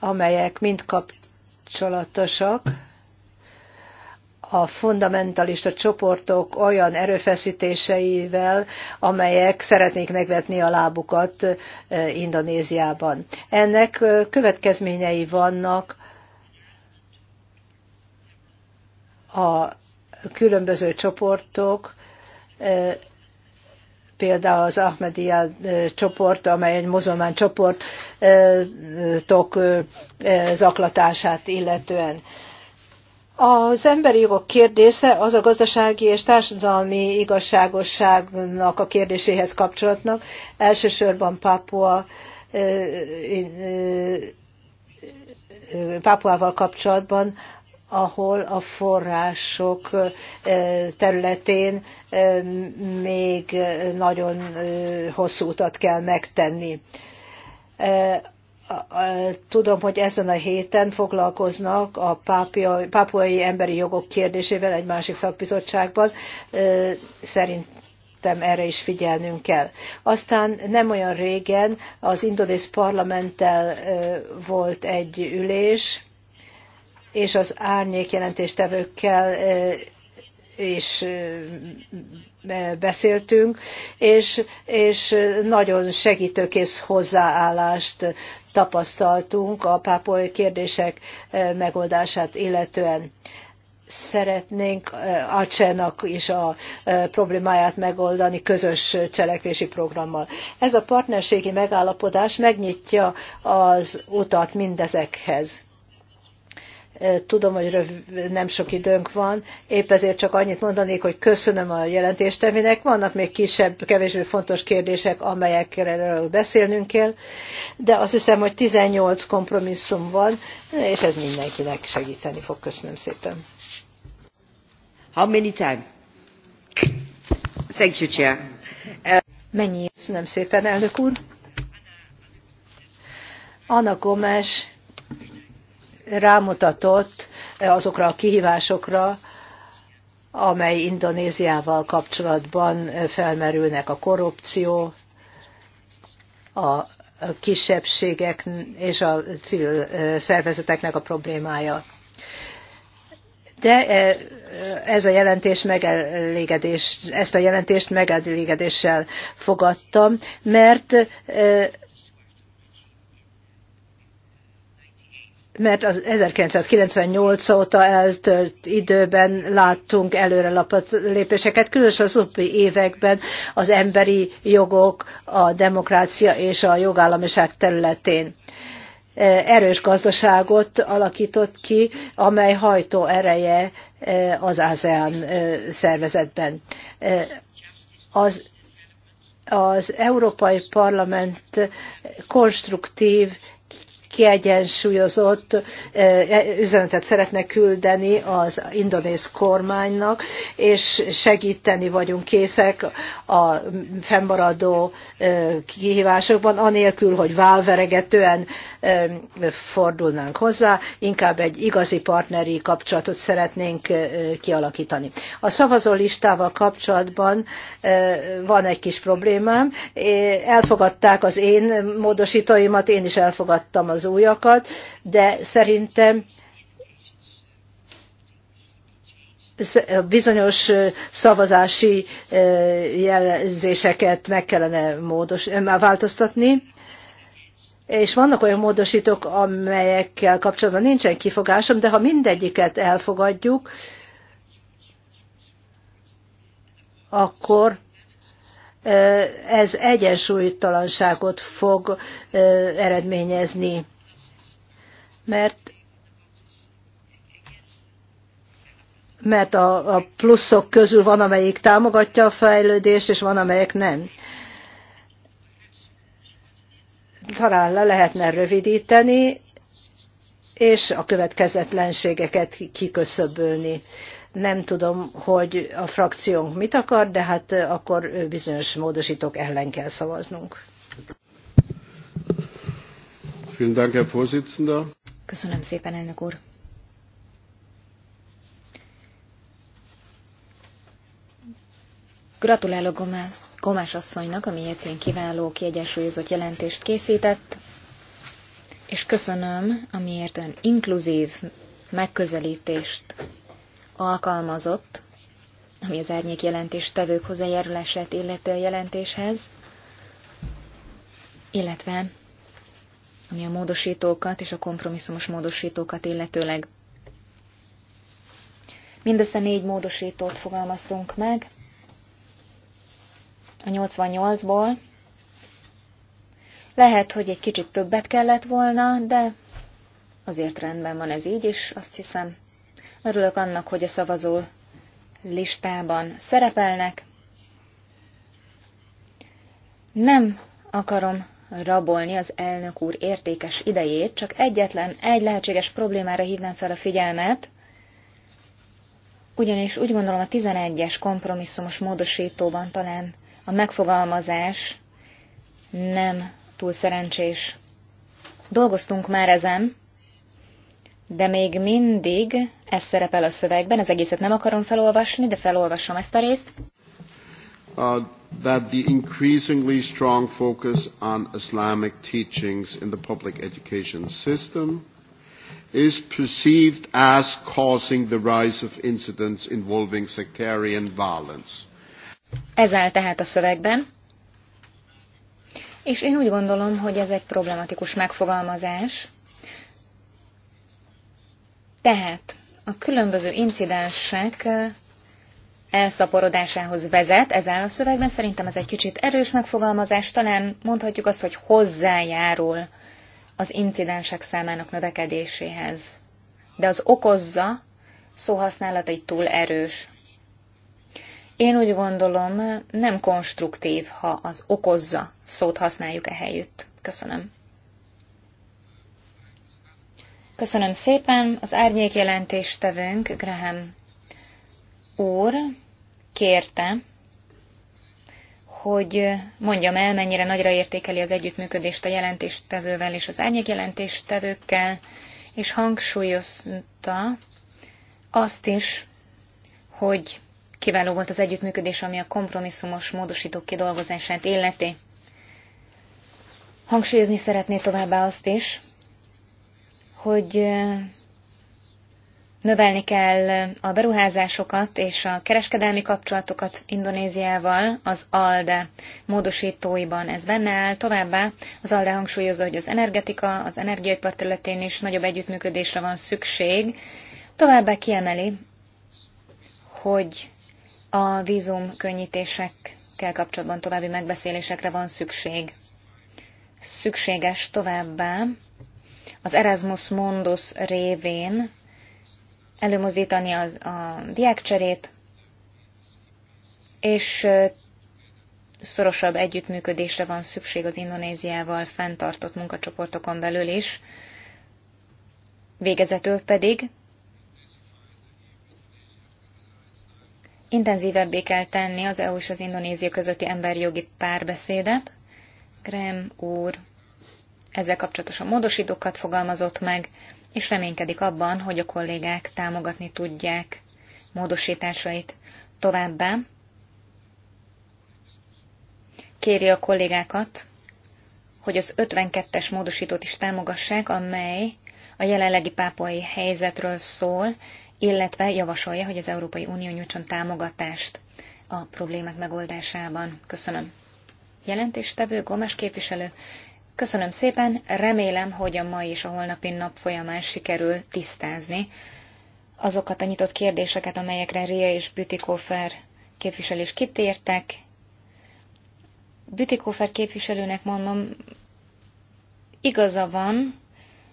amelyek mind kapcsolatosak a fundamentalista csoportok olyan erőfeszítéseivel, amelyek szeretnék megvetni a lábukat Indonéziában. Ennek következményei vannak a különböző csoportok, például az Ahmedia csoport, amely egy muzulmán csoportok zaklatását illetően. Az emberi jogok kérdése az a gazdasági és társadalmi igazságosságnak a kérdéséhez kapcsolatnak, elsősorban Pápua Pápuával kapcsolatban, ahol a források területén még nagyon hosszú utat kell megtenni tudom, hogy ezen a héten foglalkoznak a pápuai emberi jogok kérdésével egy másik szakbizottságban. Szerintem erre is figyelnünk kell. Aztán nem olyan régen az indonész parlamenttel volt egy ülés, és az árnyék jelentéstevőkkel és beszéltünk, és, és nagyon segítőkész hozzáállást tapasztaltunk a pápoly kérdések eh, megoldását illetően. Szeretnénk eh, Acsenak is a eh, problémáját megoldani közös cselekvési programmal. Ez a partnerségi megállapodás megnyitja az utat mindezekhez Tudom, hogy röv, nem sok időnk van, épp ezért csak annyit mondanék, hogy köszönöm a jelentéstevének. Vannak még kisebb, kevésbé fontos kérdések, amelyekről beszélnünk kell, de azt hiszem, hogy 18 kompromisszum van, és ez mindenkinek segíteni fog. Köszönöm szépen. How many time? Thank you, Chair. Uh, Mennyi? Köszönöm szépen, elnök úr. Anna Gomes rámutatott eh, azokra a kihívásokra, amely Indonéziával kapcsolatban eh, felmerülnek a korrupció, a kisebbségek és a civil eh, szervezeteknek a problémája. De ez a jelentés megelégedés, ezt a jelentést megelégedéssel fogadtam, mert mert az 1998 óta eltölt időben láttunk lapott lépéseket, különösen az utóbbi években az emberi jogok, a demokrácia és a jogállamiság területén e, erős gazdaságot alakított ki, amely hajtó ereje e, az ASEAN e, szervezetben. Az, az Európai Parlament konstruktív kiegyensúlyozott e, e, üzenetet szeretne küldeni az indonéz kormánynak, és segíteni vagyunk készek a fennmaradó e, kihívásokban, anélkül, hogy válveregetően fordulnánk hozzá, inkább egy igazi partneri kapcsolatot szeretnénk kialakítani. A szavazó listával kapcsolatban van egy kis problémám. Elfogadták az én módosítóimat, én is elfogadtam az az újakat, de szerintem bizonyos szavazási jelzéseket meg kellene módos, változtatni, és vannak olyan módosítók, amelyekkel kapcsolatban nincsen kifogásom, de ha mindegyiket elfogadjuk, akkor ez egyensúlytalanságot fog eredményezni mert mert a, a pluszok közül van, amelyik támogatja a fejlődést, és van, amelyik nem. Talán le lehetne rövidíteni, és a következetlenségeket kiköszöbölni. Nem tudom, hogy a frakciónk mit akar, de hát akkor bizonyos módosítók ellen kell szavaznunk. Vielen Dank, Herr Vorsitzender. Köszönöm szépen, elnök úr. Gratulálok Gomás, Gomás asszonynak, amiért én kiváló, kiegyensúlyozott jelentést készített, és köszönöm, amiért ön inkluzív megközelítést alkalmazott, ami az árnyék jelentés tevők hozzájárulását illeti a jelentéshez, illetve ami a módosítókat és a kompromisszumos módosítókat illetőleg. Mindössze négy módosítót fogalmaztunk meg. A 88-ból lehet, hogy egy kicsit többet kellett volna, de azért rendben van ez így, és azt hiszem, örülök annak, hogy a szavazó listában szerepelnek. Nem akarom rabolni az elnök úr értékes idejét, csak egyetlen egy lehetséges problémára hívnám fel a figyelmet, ugyanis úgy gondolom a 11-es kompromisszumos módosítóban talán a megfogalmazás nem túl szerencsés. Dolgoztunk már ezen, de még mindig ez szerepel a szövegben, az egészet nem akarom felolvasni, de felolvasom ezt a részt. A that the increasingly strong focus on Islamic teachings in the public education system is perceived as causing the rise of incidents involving sectarian violence. Ez áll tehát a szövegben. És én úgy gondolom, hogy ez egy problematikus megfogalmazás. Tehát a különböző incidensek elszaporodásához vezet, ez áll a szövegben, szerintem ez egy kicsit erős megfogalmazás, talán mondhatjuk azt, hogy hozzájárul az incidensek számának növekedéséhez. De az okozza szóhasználata egy túl erős. Én úgy gondolom, nem konstruktív, ha az okozza szót használjuk ehelyütt. Köszönöm. Köszönöm szépen. Az árnyék jelentéstevőnk Graham úr kérte, hogy mondjam el, mennyire nagyra értékeli az együttműködést a jelentéstevővel és az árnyék jelentéstevőkkel, és hangsúlyozta azt is, hogy kiváló volt az együttműködés, ami a kompromisszumos módosítók kidolgozását illeti. Hangsúlyozni szeretné továbbá azt is, hogy Növelni kell a beruházásokat és a kereskedelmi kapcsolatokat Indonéziával az ALDE módosítóiban. Ez benne áll. Továbbá az ALDE hangsúlyozza, hogy az energetika, az energiaipar területén is nagyobb együttműködésre van szükség. Továbbá kiemeli, hogy a vízum könnyítésekkel kapcsolatban további megbeszélésekre van szükség. Szükséges továbbá az Erasmus Mundus révén előmozdítani a, a diákcserét, és szorosabb együttműködésre van szükség az Indonéziával fenntartott munkacsoportokon belül is. Végezetül pedig intenzívebbé kell tenni az EU és az Indonézia közötti emberjogi párbeszédet. Graham úr ezzel kapcsolatosan módosítókat fogalmazott meg, és reménykedik abban, hogy a kollégák támogatni tudják módosításait továbbá. Kéri a kollégákat, hogy az 52-es módosítót is támogassák, amely a jelenlegi pápai helyzetről szól, illetve javasolja, hogy az Európai Unió nyújtson támogatást a problémák megoldásában. Köszönöm. Jelentéstevő Gomes képviselő, Köszönöm szépen, remélem, hogy a mai és a holnapi nap folyamán sikerül tisztázni azokat a nyitott kérdéseket, amelyekre Ria és Bütikófer képviselés kitértek. Bütikófer képviselőnek mondom, igaza van,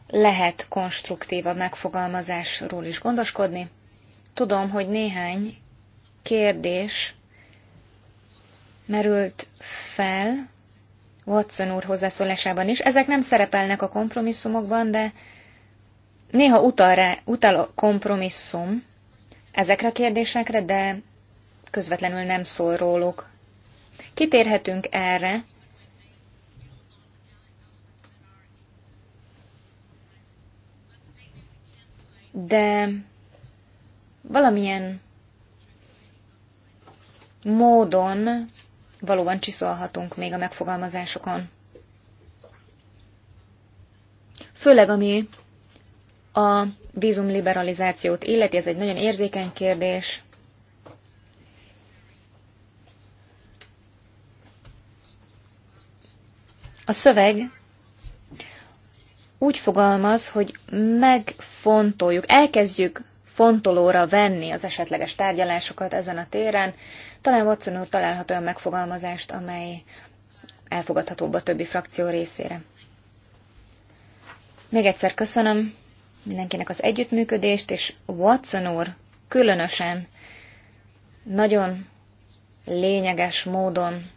lehet konstruktív a megfogalmazásról is gondoskodni. Tudom, hogy néhány kérdés merült fel, Watson úr hozzászólásában is. Ezek nem szerepelnek a kompromisszumokban, de néha utal, rá, utal a kompromisszum ezekre a kérdésekre, de közvetlenül nem szól róluk. Kitérhetünk erre, de valamilyen módon valóban csiszolhatunk még a megfogalmazásokon. Főleg ami a vízumliberalizációt illeti, ez egy nagyon érzékeny kérdés. A szöveg úgy fogalmaz, hogy megfontoljuk, elkezdjük fontolóra venni az esetleges tárgyalásokat ezen a téren, talán Watson úr találhat olyan megfogalmazást, amely elfogadhatóbb a többi frakció részére. Még egyszer köszönöm mindenkinek az együttműködést, és Watson úr különösen nagyon lényeges módon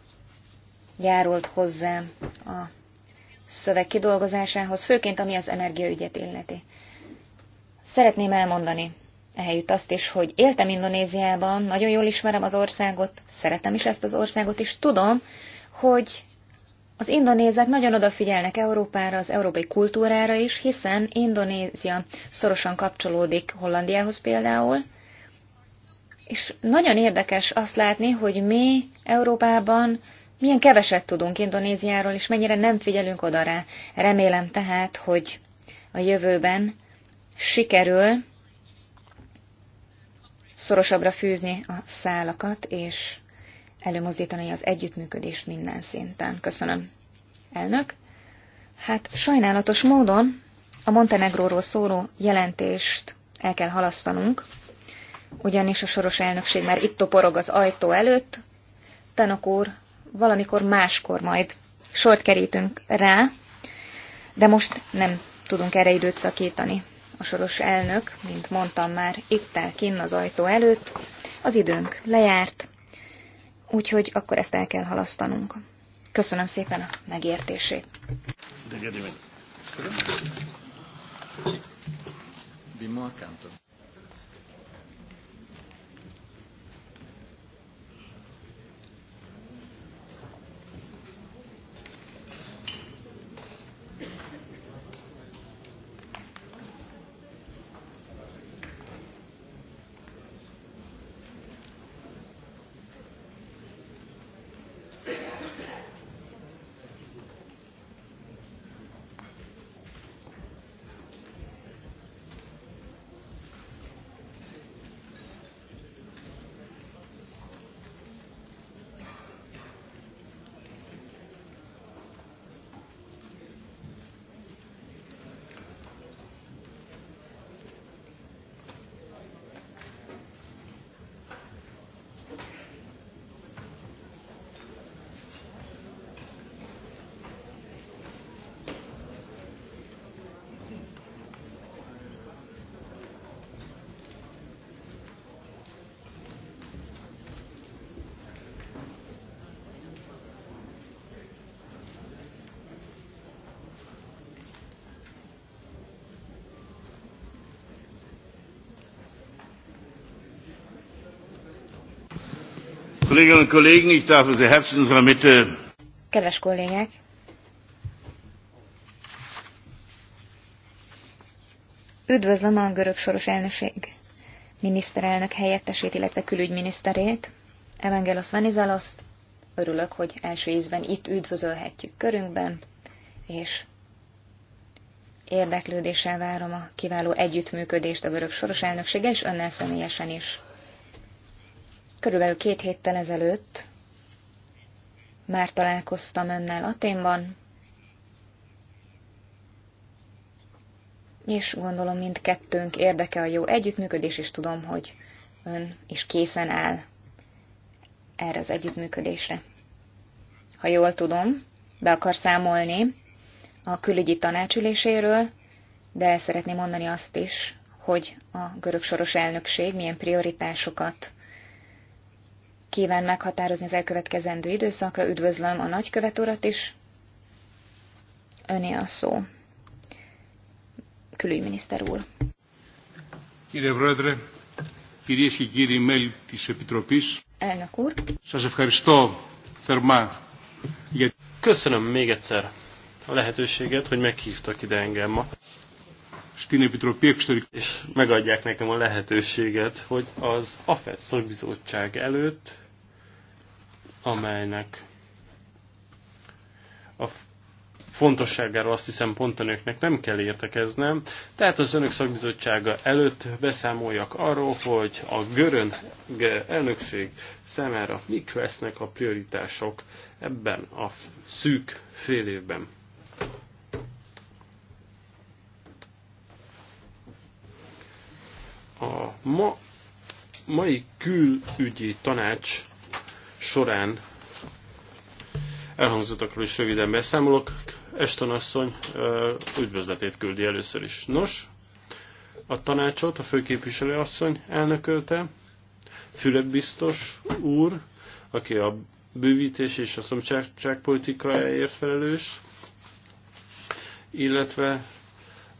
járult hozzá a szöveg kidolgozásához, főként ami az energiaügyet illeti. Szeretném elmondani, Eljut azt is, hogy éltem Indonéziában, nagyon jól ismerem az országot, szeretem is ezt az országot, és tudom, hogy az indonézek nagyon odafigyelnek Európára, az európai kultúrára is, hiszen Indonézia szorosan kapcsolódik Hollandiához például, és nagyon érdekes azt látni, hogy mi Európában milyen keveset tudunk Indonéziáról, és mennyire nem figyelünk oda rá. Remélem tehát, hogy a jövőben sikerül szorosabbra fűzni a szálakat, és előmozdítani az együttműködést minden szinten. Köszönöm. Elnök. Hát sajnálatos módon a Montenegróról szóló jelentést el kell halasztanunk, ugyanis a soros elnökség már itt toporog az ajtó előtt. Tanok úr, valamikor máskor majd sort kerítünk rá, de most nem tudunk erre időt szakítani a soros elnök, mint mondtam már, itt áll kinn az ajtó előtt, az időnk lejárt, úgyhogy akkor ezt el kell halasztanunk. Köszönöm szépen a megértését. Köszönöm. Kolleginnen Kedves kollégák! Üdvözlöm a görög soros elnökség miniszterelnök helyettesét, illetve külügyminiszterét, Evangelos Venizeloszt. Örülök, hogy első ízben itt üdvözölhetjük körünkben, és érdeklődéssel várom a kiváló együttműködést a görög soros elnökséggel, és önnel személyesen is. Körülbelül két héttel ezelőtt már találkoztam önnel Aténban, és gondolom mindkettőnk érdeke a jó együttműködés, és tudom, hogy ön is készen áll erre az együttműködésre. Ha jól tudom, be akar számolni a külügyi tanácsüléséről, de el szeretném mondani azt is, hogy a görög soros elnökség milyen prioritásokat kíván meghatározni az elkövetkezendő időszakra. Üdvözlöm a nagykövet urat is. Öné a szó. Külügyminiszter úr. Kire Vrödre, κυρίες και κύριοι μέλη της Elnök úr. Σας ευχαριστώ θερμά. Köszönöm még egyszer a lehetőséget, hogy meghívtak ide engem ma. És megadják nekem a lehetőséget, hogy az AFET szakbizottság előtt amelynek a fontosságáról azt hiszem pont önöknek nem kell értekeznem. Tehát az önök szakbizottsága előtt beszámoljak arról, hogy a görön elnökség számára mik lesznek a prioritások ebben a szűk fél évben. A ma, mai külügyi tanács során elhangzottakról is röviden beszámolok. Eston asszony üdvözletét küldi először is. Nos, a tanácsot a főképviselő asszony elnökölte, Fülöp biztos úr, aki a bővítés és a szomszédságpolitikáért felelős, illetve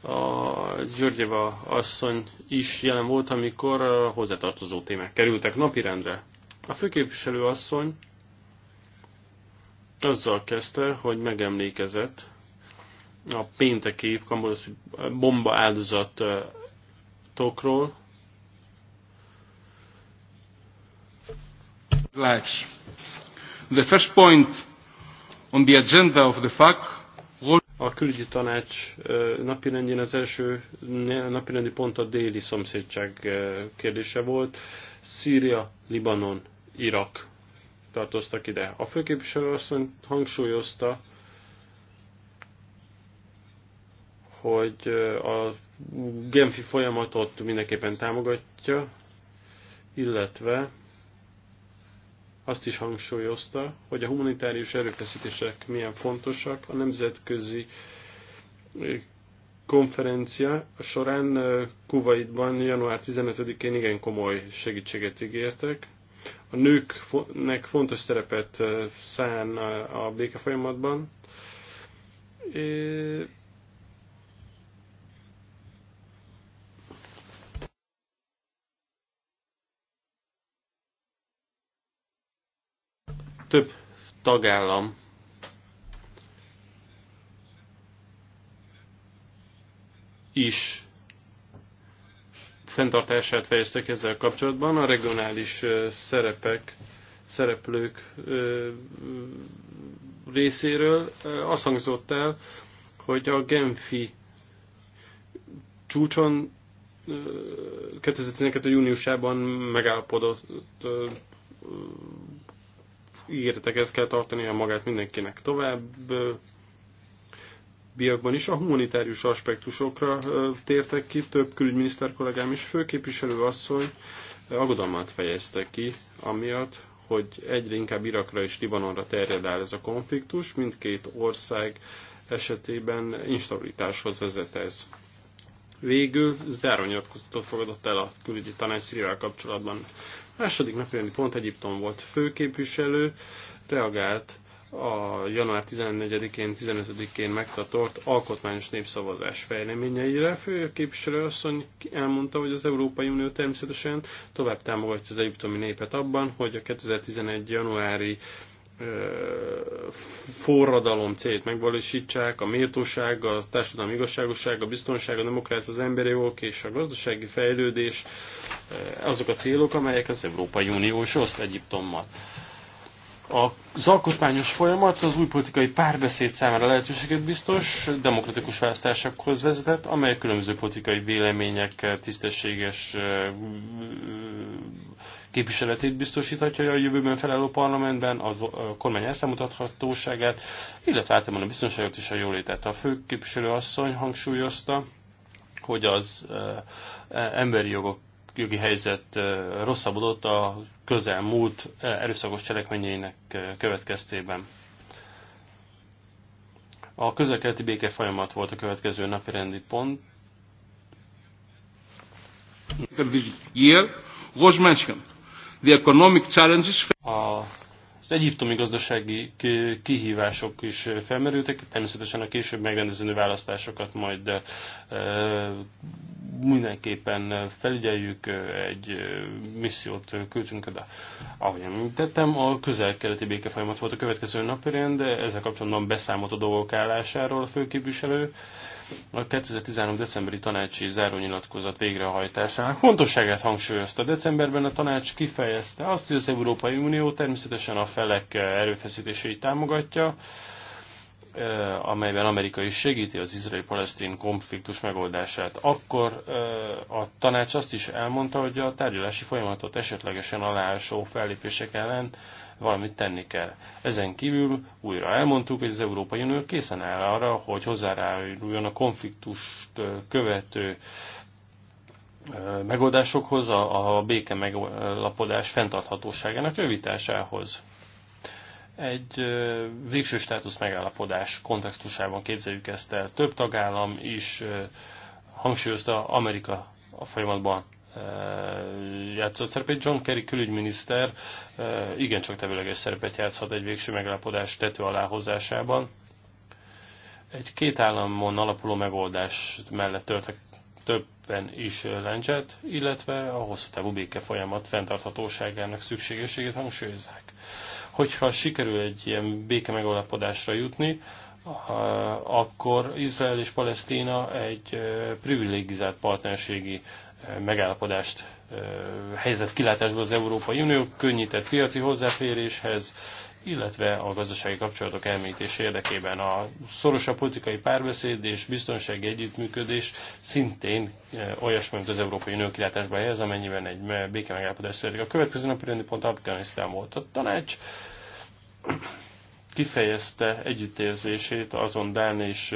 a Györgyeva asszony is jelen volt, amikor a hozzátartozó témák kerültek napirendre. A főképviselő asszony azzal kezdte, hogy megemlékezett a pénteki kambodoszi bomba áldozatokról. Lives. The first point on the agenda of the FAC a külügyi tanács napirendjén az első napirendi pont a déli szomszédság kérdése volt. Szíria, Libanon, Irak tartoztak ide. A főképviselő azt hangsúlyozta, hogy a Genfi folyamatot mindenképpen támogatja, illetve azt is hangsúlyozta, hogy a humanitárius erőfeszítések milyen fontosak. A nemzetközi eh, konferencia során eh, Kuwaitban január 15-én igen komoly segítséget ígértek. A nőknek fontos szerepet szán a béke folyamatban. Több tagállam is fenntartását fejezte ki ezzel kapcsolatban. A regionális szerepek, szereplők részéről azt hangzott el, hogy a Genfi csúcson 2012. júniusában megállapodott ígéretekhez kell tartania magát mindenkinek tovább továbbiakban is a humanitárius aspektusokra tértek ki, több külügyminiszter kollégám és főképviselő asszony aggodalmat fejezte ki, amiatt, hogy egyre inkább Irakra és Libanonra terjed el ez a konfliktus, mindkét ország esetében instabilitáshoz vezet ez. Végül zárónyilatkozatot fogadott el a külügyi tanács Szirivel kapcsolatban. Második napi pont Egyiptom volt főképviselő, reagált a január 14-én, 15-én megtartott alkotmányos népszavazás fejleményeire. Főképviselő asszony elmondta, hogy az Európai Unió természetesen tovább támogatja az egyiptomi népet abban, hogy a 2011. januári forradalom célt megvalósítsák, a méltóság, a társadalmi igazságosság, a biztonság, a demokrácia, az emberi jogok és a gazdasági fejlődés azok a célok, amelyek az Európai Unió és Egyiptommal az alkotmányos folyamat az új politikai párbeszéd számára lehetőséget biztos, demokratikus választásokhoz vezetett, amely különböző politikai vélemények tisztességes képviseletét biztosíthatja a jövőben felálló parlamentben, a kormány elszámutathatóságát, illetve általában a biztonságot és a jólétet. A főképviselő asszony hangsúlyozta, hogy az emberi jogok jogi helyzet rosszabbodott a közelmúlt erőszakos cselekményeinek következtében. A közelkeleti béke folyamat volt a következő napi rendi pont. A az egyiptomi gazdasági kihívások is felmerültek, természetesen a később megrendezendő választásokat majd e, mindenképpen felügyeljük, e, egy e, missziót küldtünk oda. Ahogy említettem, a közel-keleti békefolyamat volt a következő napirend, ezzel kapcsolatban beszámolt a dolgok állásáról a főképviselő, a 2013. decemberi tanácsi zárónyilatkozat végrehajtásának fontosságát hangsúlyozta. Decemberben a tanács kifejezte azt, hogy az Európai Unió természetesen a felek erőfeszítéseit támogatja, eh, amelyben Amerika is segíti az izraeli-palesztin konfliktus megoldását. Akkor eh, a tanács azt is elmondta, hogy a tárgyalási folyamatot esetlegesen aláásó fellépések ellen valamit tenni kell. Ezen kívül újra elmondtuk, hogy az Európai Unió készen áll arra, hogy hozzárájuljon a konfliktust követő megoldásokhoz, a, a béke megalapodás fenntarthatóságának javításához. Egy végső státusz megállapodás kontextusában képzeljük ezt el. Több tagállam is hangsúlyozta Amerika a folyamatban játszott szerepét. John Kerry külügyminiszter igencsak tevőleges szerepet játszhat egy végső megállapodás tető aláhozásában. Egy két államon alapuló megoldás mellett törtek többen is lencset, illetve a hosszú távú béke folyamat fenntarthatóságának szükségességét hangsúlyozzák. Hogyha sikerül egy ilyen béke megalapodásra jutni, akkor Izrael és Palesztina egy privilegizált partnerségi megállapodást helyzet kilátásba az Európai Unió, könnyített piaci hozzáféréshez, illetve a gazdasági kapcsolatok elmélyítés érdekében a szorosabb politikai párbeszéd és biztonsági együttműködés szintén olyasmi, mint az Európai Unió kilátásba helyez, amennyiben egy béke megállapodás születik. A következő napi rendi pont Afganisztán volt a tanács kifejezte együttérzését azon Dán és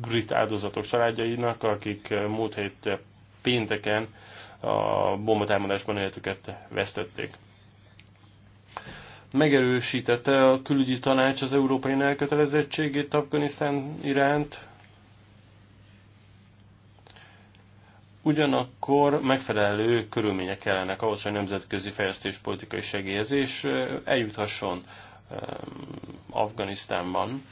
brit áldozatok családjainak, akik múlt hét pénteken a bombatámadásban életüket vesztették. Megerősítette a külügyi tanács az európai elkötelezettségét Afganisztán iránt, Ugyanakkor megfelelő körülmények kellenek ahhoz, hogy a nemzetközi fejlesztéspolitikai segélyezés eljuthasson Ehm, Afganisztánban.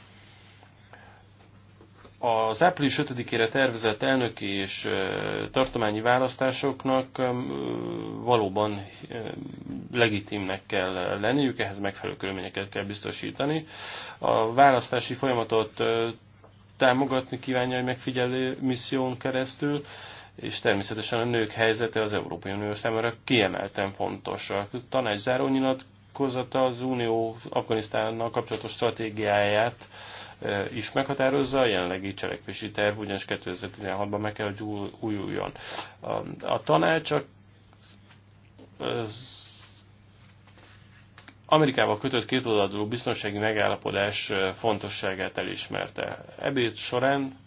Az április 5-ére tervezett elnöki és tartományi választásoknak ehm, valóban ehm, legitimnek kell lenniük, ehhez megfelelő körülményeket kell biztosítani. A választási folyamatot támogatni kívánja egy megfigyelő misszión keresztül, és természetesen a nők helyzete az Európai Unió számára kiemelten fontos. A tanács nyilatkozata az Unió Afganisztánnal kapcsolatos stratégiáját is meghatározza, a jelenlegi cselekvési terv ugyanis 2016-ban meg kell, hogy újuljon. A, tanács a, Amerikával kötött kétoldalú biztonsági megállapodás fontosságát elismerte. Ebéd során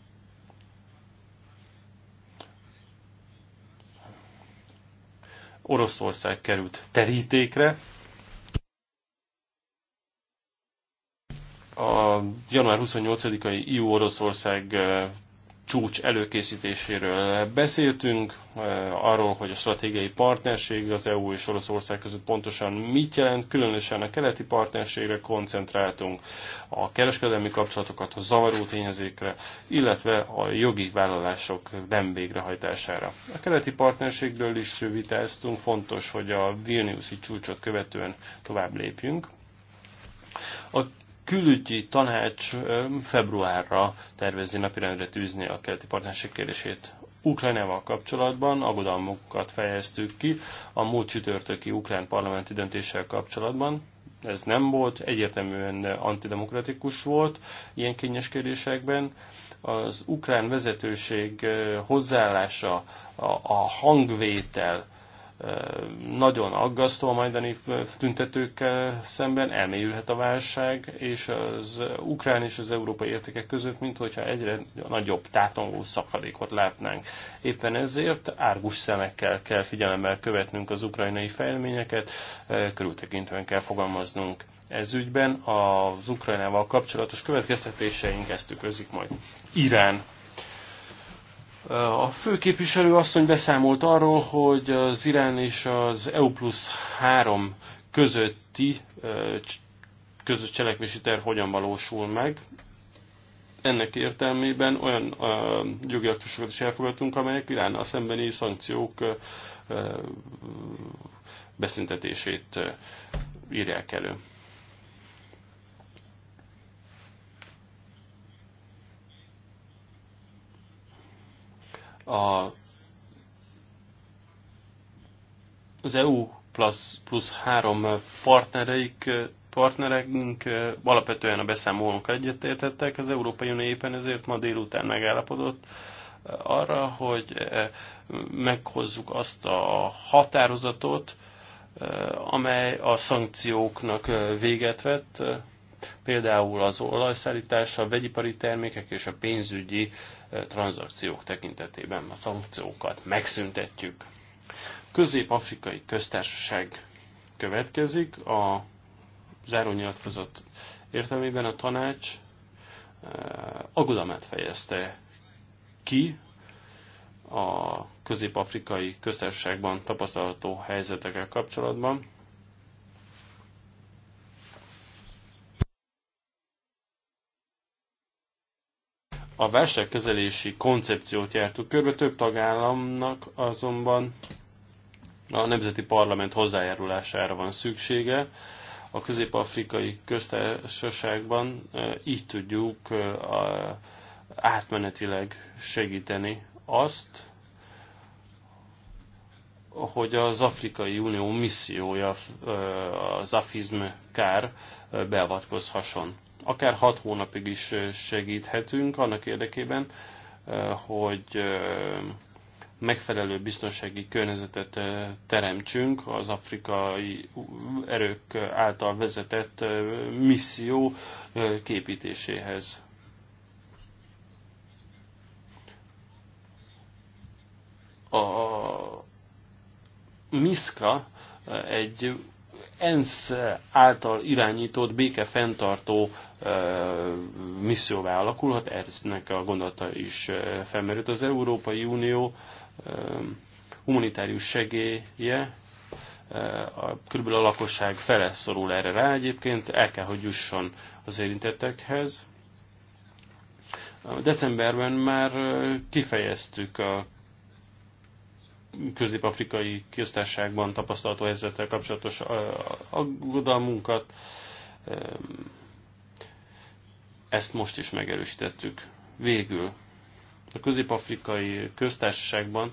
Oroszország került terítékre, a január 28-ai EU-Oroszország csúcs előkészítéséről beszéltünk, arról, hogy a stratégiai partnerség az EU és Oroszország között pontosan mit jelent, különösen a keleti partnerségre koncentráltunk, a kereskedelmi kapcsolatokat, a zavaró tényezékre, illetve a jogi vállalások nem végrehajtására. A keleti partnerségből is vitáztunk, fontos, hogy a Vilniuszi csúcsot követően tovább lépjünk. A külügyi tanács februárra tervezi napirendre tűzni a keleti partnerség kérdését. Ukrajnával kapcsolatban aggodalmukat fejeztük ki a múlt csütörtöki ukrán parlamenti döntéssel kapcsolatban. Ez nem volt, egyértelműen antidemokratikus volt ilyen kényes kérdésekben. Az ukrán vezetőség hozzáállása, a hangvétel nagyon aggasztó a majdani tüntetőkkel szemben, elmélyülhet a válság, és az ukrán és az európai értékek között, mint hogyha egyre nagyobb tátongó szakadékot látnánk. Éppen ezért árgus szemekkel kell figyelemmel követnünk az ukrajnai fejleményeket, körültekintően kell fogalmaznunk ez ügyben. Az Ukrajnával kapcsolatos következtetéseink ezt tükrözik majd. Irán a főképviselő asszony beszámolt arról, hogy az Irán és az EU plusz 3 közötti közös cselekvési terv hogyan valósul meg. Ennek értelmében olyan jogi aktusokat is elfogadtunk, amelyek Irán a szembeni szankciók beszüntetését írják elő. A, az EU plusz, plusz három partnereik, partnereink alapvetően a beszámolónkkal egyetértettek, az Európai Unió éppen ezért ma délután megállapodott arra, hogy meghozzuk azt a határozatot, amely a szankcióknak véget vett, például az olajszállítás, a vegyipari termékek és a pénzügyi tranzakciók tekintetében a szankciókat megszüntetjük. Közép-afrikai köztársaság következik, a zárónyilatkozat értelmében a tanács aggodalmát fejezte ki a közép-afrikai köztársaságban tapasztalható helyzetekkel kapcsolatban. a válságkezelési koncepciót jártuk körbe, több tagállamnak azonban a nemzeti parlament hozzájárulására van szüksége. A közép-afrikai köztársaságban e, így tudjuk e, átmenetileg segíteni azt, hogy az Afrikai Unió missziója, e, az afizm kár beavatkozhasson akár hat hónapig is segíthetünk annak érdekében, hogy megfelelő biztonsági környezetet teremtsünk az afrikai erők által vezetett misszió képítéséhez. A MISZKA egy ENSZ által irányított békefenntartó misszióvá alakulhat, ennek a gondolata is felmerült. Az Európai Unió humanitárius segélye körülbelül a lakosság fele szorul erre rá egyébként, el kell, hogy jusson az érintettekhez. Decemberben már kifejeztük a közép-afrikai köztársaságban tapasztalható helyzettel kapcsolatos aggodalmunkat. Ezt most is megerősítettük. Végül a közép-afrikai köztársaságban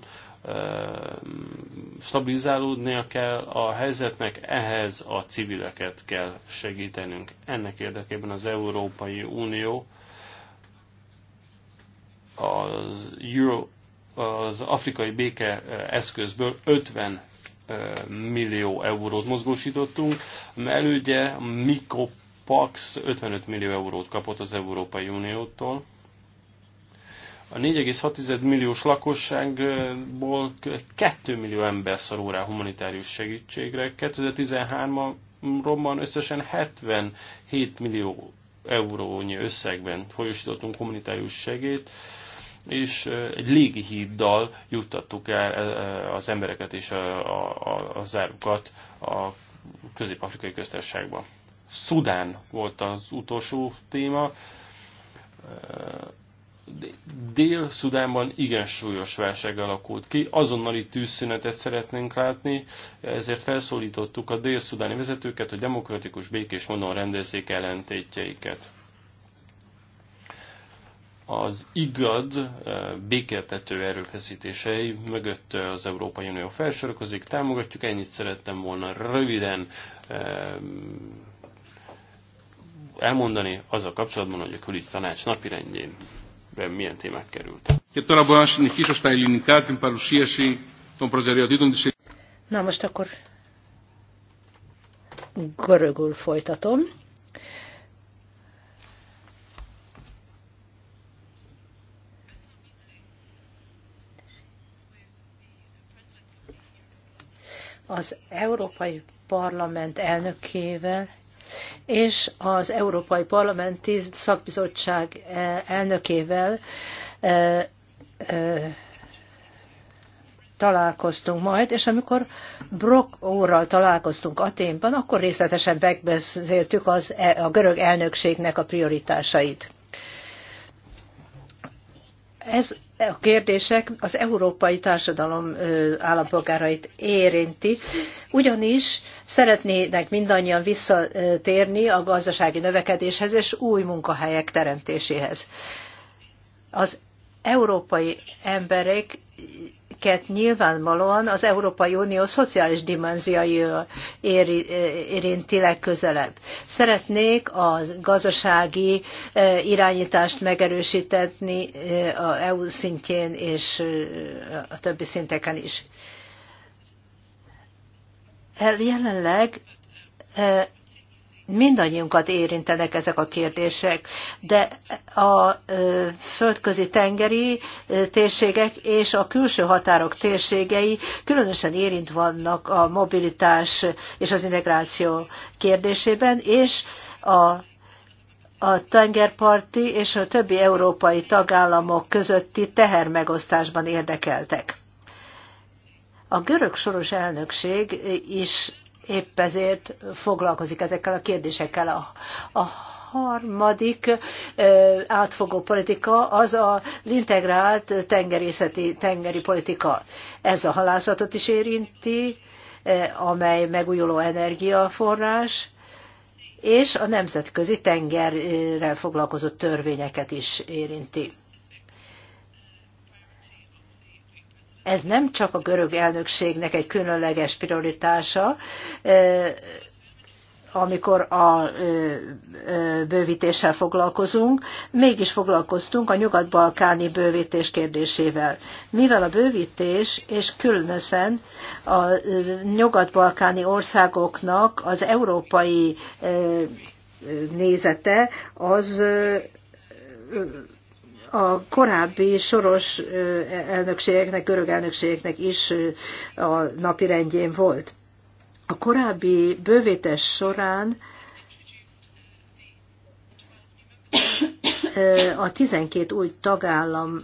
stabilizálódnia kell a helyzetnek, ehhez a civileket kell segítenünk. Ennek érdekében az Európai Unió az Euro az afrikai béke eszközből 50 millió eurót mozgósítottunk, elődje Mikopax 55 millió eurót kapott az Európai Uniótól. A 4,6 milliós lakosságból 2 millió ember szorul rá humanitárius segítségre. 2013-ban összesen 77 millió eurónyi összegben folyosítottunk humanitárius segélyt és egy légihíddal juttattuk el az embereket és az árukat a közép-afrikai köztársaságba. Szudán volt az utolsó téma. Dél-Szudánban igen súlyos válság alakult ki, azonnali tűzszünetet szeretnénk látni, ezért felszólítottuk a dél-szudáni vezetőket, hogy demokratikus békés módon rendezzék ellentétjeiket az igad eh, békéltető erőfeszítései mögött eh, az Európai Unió felsorokozik. Támogatjuk, ennyit szerettem volna röviden eh, elmondani az a kapcsolatban, hogy a külügyi tanács napirendjén milyen témák került. Na most akkor görögül folytatom. az Európai Parlament elnökével és az Európai Parlamenti Szakbizottság eh, elnökével eh, eh, találkoztunk majd, és amikor Brock úrral találkoztunk Aténban, akkor részletesen megbeszéltük az, e, a görög elnökségnek a prioritásait. Ez a kérdések az európai társadalom állampolgárait érinti, ugyanis szeretnének mindannyian visszatérni a gazdasági növekedéshez és új munkahelyek teremtéséhez. Az európai emberek amelyeket nyilvánvalóan az Európai Unió szociális dimenziai érinti legközelebb. Szeretnék a gazdasági e, irányítást megerősíteni e, a EU szintjén és e, a többi szinteken is. Jelenleg mindannyiunkat érintenek ezek a kérdések, de a földközi tengeri térségek és a külső határok térségei különösen érint vannak a mobilitás és az integráció kérdésében, és a a tengerparti és a többi európai tagállamok közötti tehermegosztásban érdekeltek. A görög soros elnökség is épp ezért foglalkozik ezekkel a kérdésekkel. A, a harmadik átfogó politika az az integrált tengerészeti, tengeri politika. Ez a halászatot is érinti, amely megújuló energiaforrás, és a nemzetközi tengerrel foglalkozó törvényeket is érinti. Ez nem csak a görög elnökségnek egy különleges prioritása, amikor a bővítéssel foglalkozunk, mégis foglalkoztunk a nyugat-balkáni bővítés kérdésével. Mivel a bővítés, és különösen a nyugat-balkáni országoknak az európai nézete az a korábbi soros elnökségeknek, görög elnökségeknek is a napi rendjén volt. A korábbi bővítés során a 12 új tagállam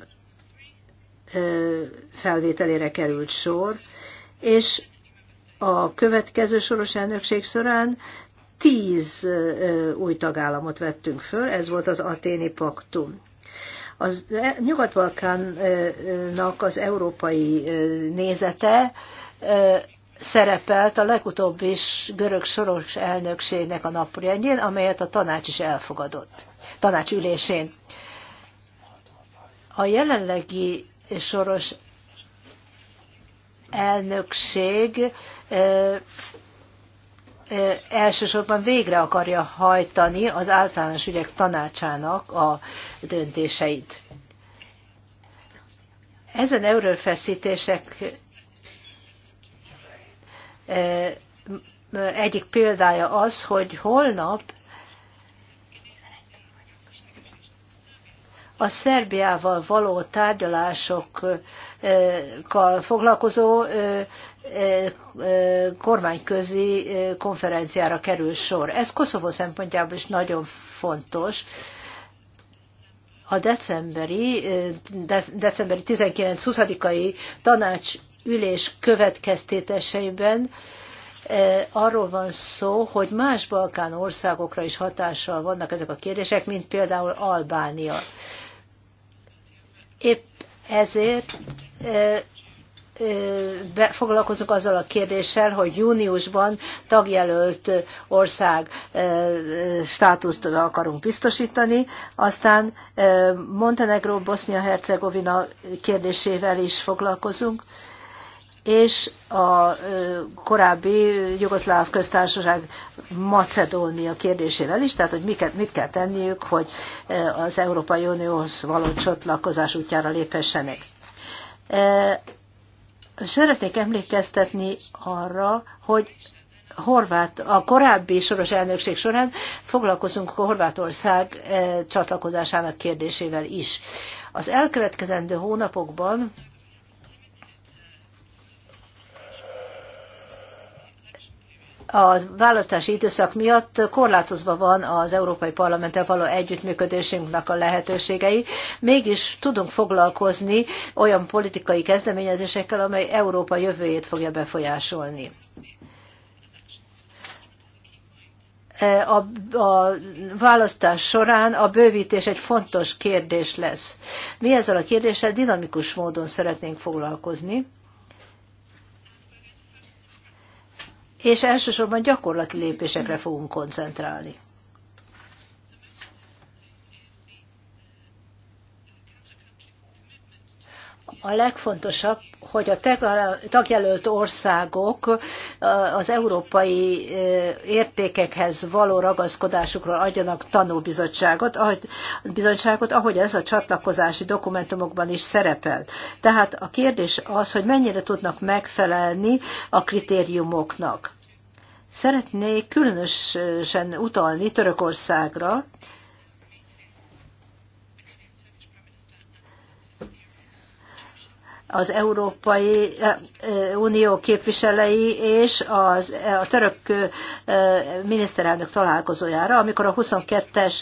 felvételére került sor, és a következő soros elnökség során tíz új tagállamot vettünk föl, ez volt az aténi paktum. Az e, Nyugat-Balkánnak az európai e, nézete e, szerepelt a legutóbbi görög soros elnökségnek a napjegyén, amelyet a tanács is elfogadott, tanács ülésén. A jelenlegi soros elnökség elsősorban végre akarja hajtani az általános ügyek tanácsának a döntéseit. Ezen erőfeszítések egyik példája az, hogy holnap a Szerbiával való tárgyalásokkal foglalkozó kormányközi konferenciára kerül sor. Ez Koszovó szempontjából is nagyon fontos. A decemberi, decemberi 19-20-ai tanács ülés következtetéseiben arról van szó, hogy más Balkán országokra is hatással vannak ezek a kérdések, mint például Albánia. Épp ezért foglalkozunk azzal a kérdéssel, hogy júniusban tagjelölt ország státuszt akarunk biztosítani, aztán Montenegro, bosnia hercegovina kérdésével is foglalkozunk, és a korábbi Jugoszláv köztársaság Macedónia kérdésével is, tehát hogy miket, mit kell tenniük, hogy az Európai Unióhoz való csatlakozás útjára léphessenek Szeretnék emlékeztetni arra, hogy Horvát, a korábbi soros elnökség során foglalkozunk Horvátország eh, csatlakozásának kérdésével is. Az elkövetkezendő hónapokban a választási időszak miatt korlátozva van az Európai Parlamenttel való együttműködésünknek a lehetőségei, mégis tudunk foglalkozni olyan politikai kezdeményezésekkel, amely Európa jövőjét fogja befolyásolni. E, a, a választás során a bővítés egy fontos kérdés lesz. Mi ezzel a kérdéssel dinamikus módon szeretnénk foglalkozni és elsősorban gyakorlati lépésekre fogunk koncentrálni. a legfontosabb, hogy a tagjelölt országok az európai értékekhez való ragaszkodásukra adjanak tanúbizottságot, ahogy, bizottságot, ahogy ez a csatlakozási dokumentumokban is szerepel. Tehát a kérdés az, hogy mennyire tudnak megfelelni a kritériumoknak Szeretnék különösen utalni Törökországra, az Európai eh, eh, Unió képviselei és az, eh, a török miniszterelnök találkozójára, amikor a 22-es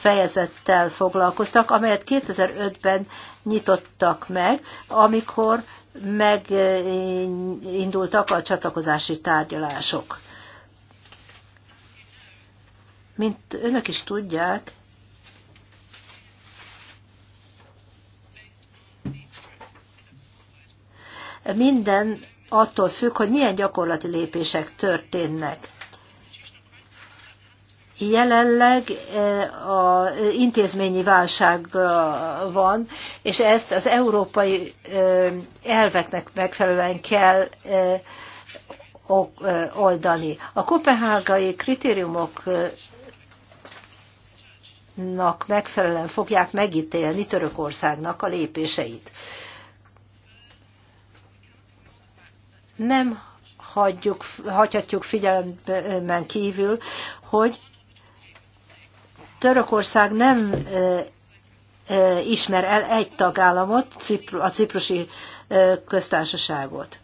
fejezettel foglalkoztak, amelyet 2005-ben nyitottak meg, amikor megindultak a csatlakozási tárgyalások. Mint önök is tudják, minden attól függ, hogy milyen gyakorlati lépések történnek. Jelenleg eh, a intézményi válság eh, van, és ezt az európai eh, elveknek megfelelően kell oldani. A kopenhágai kritériumok megfelelően fogják megítélni Törökországnak a lépéseit. Nem hagyjuk, hagyhatjuk figyelmen kívül, hogy Törökország nem ismer el egy tagállamot, a ciprusi köztársaságot.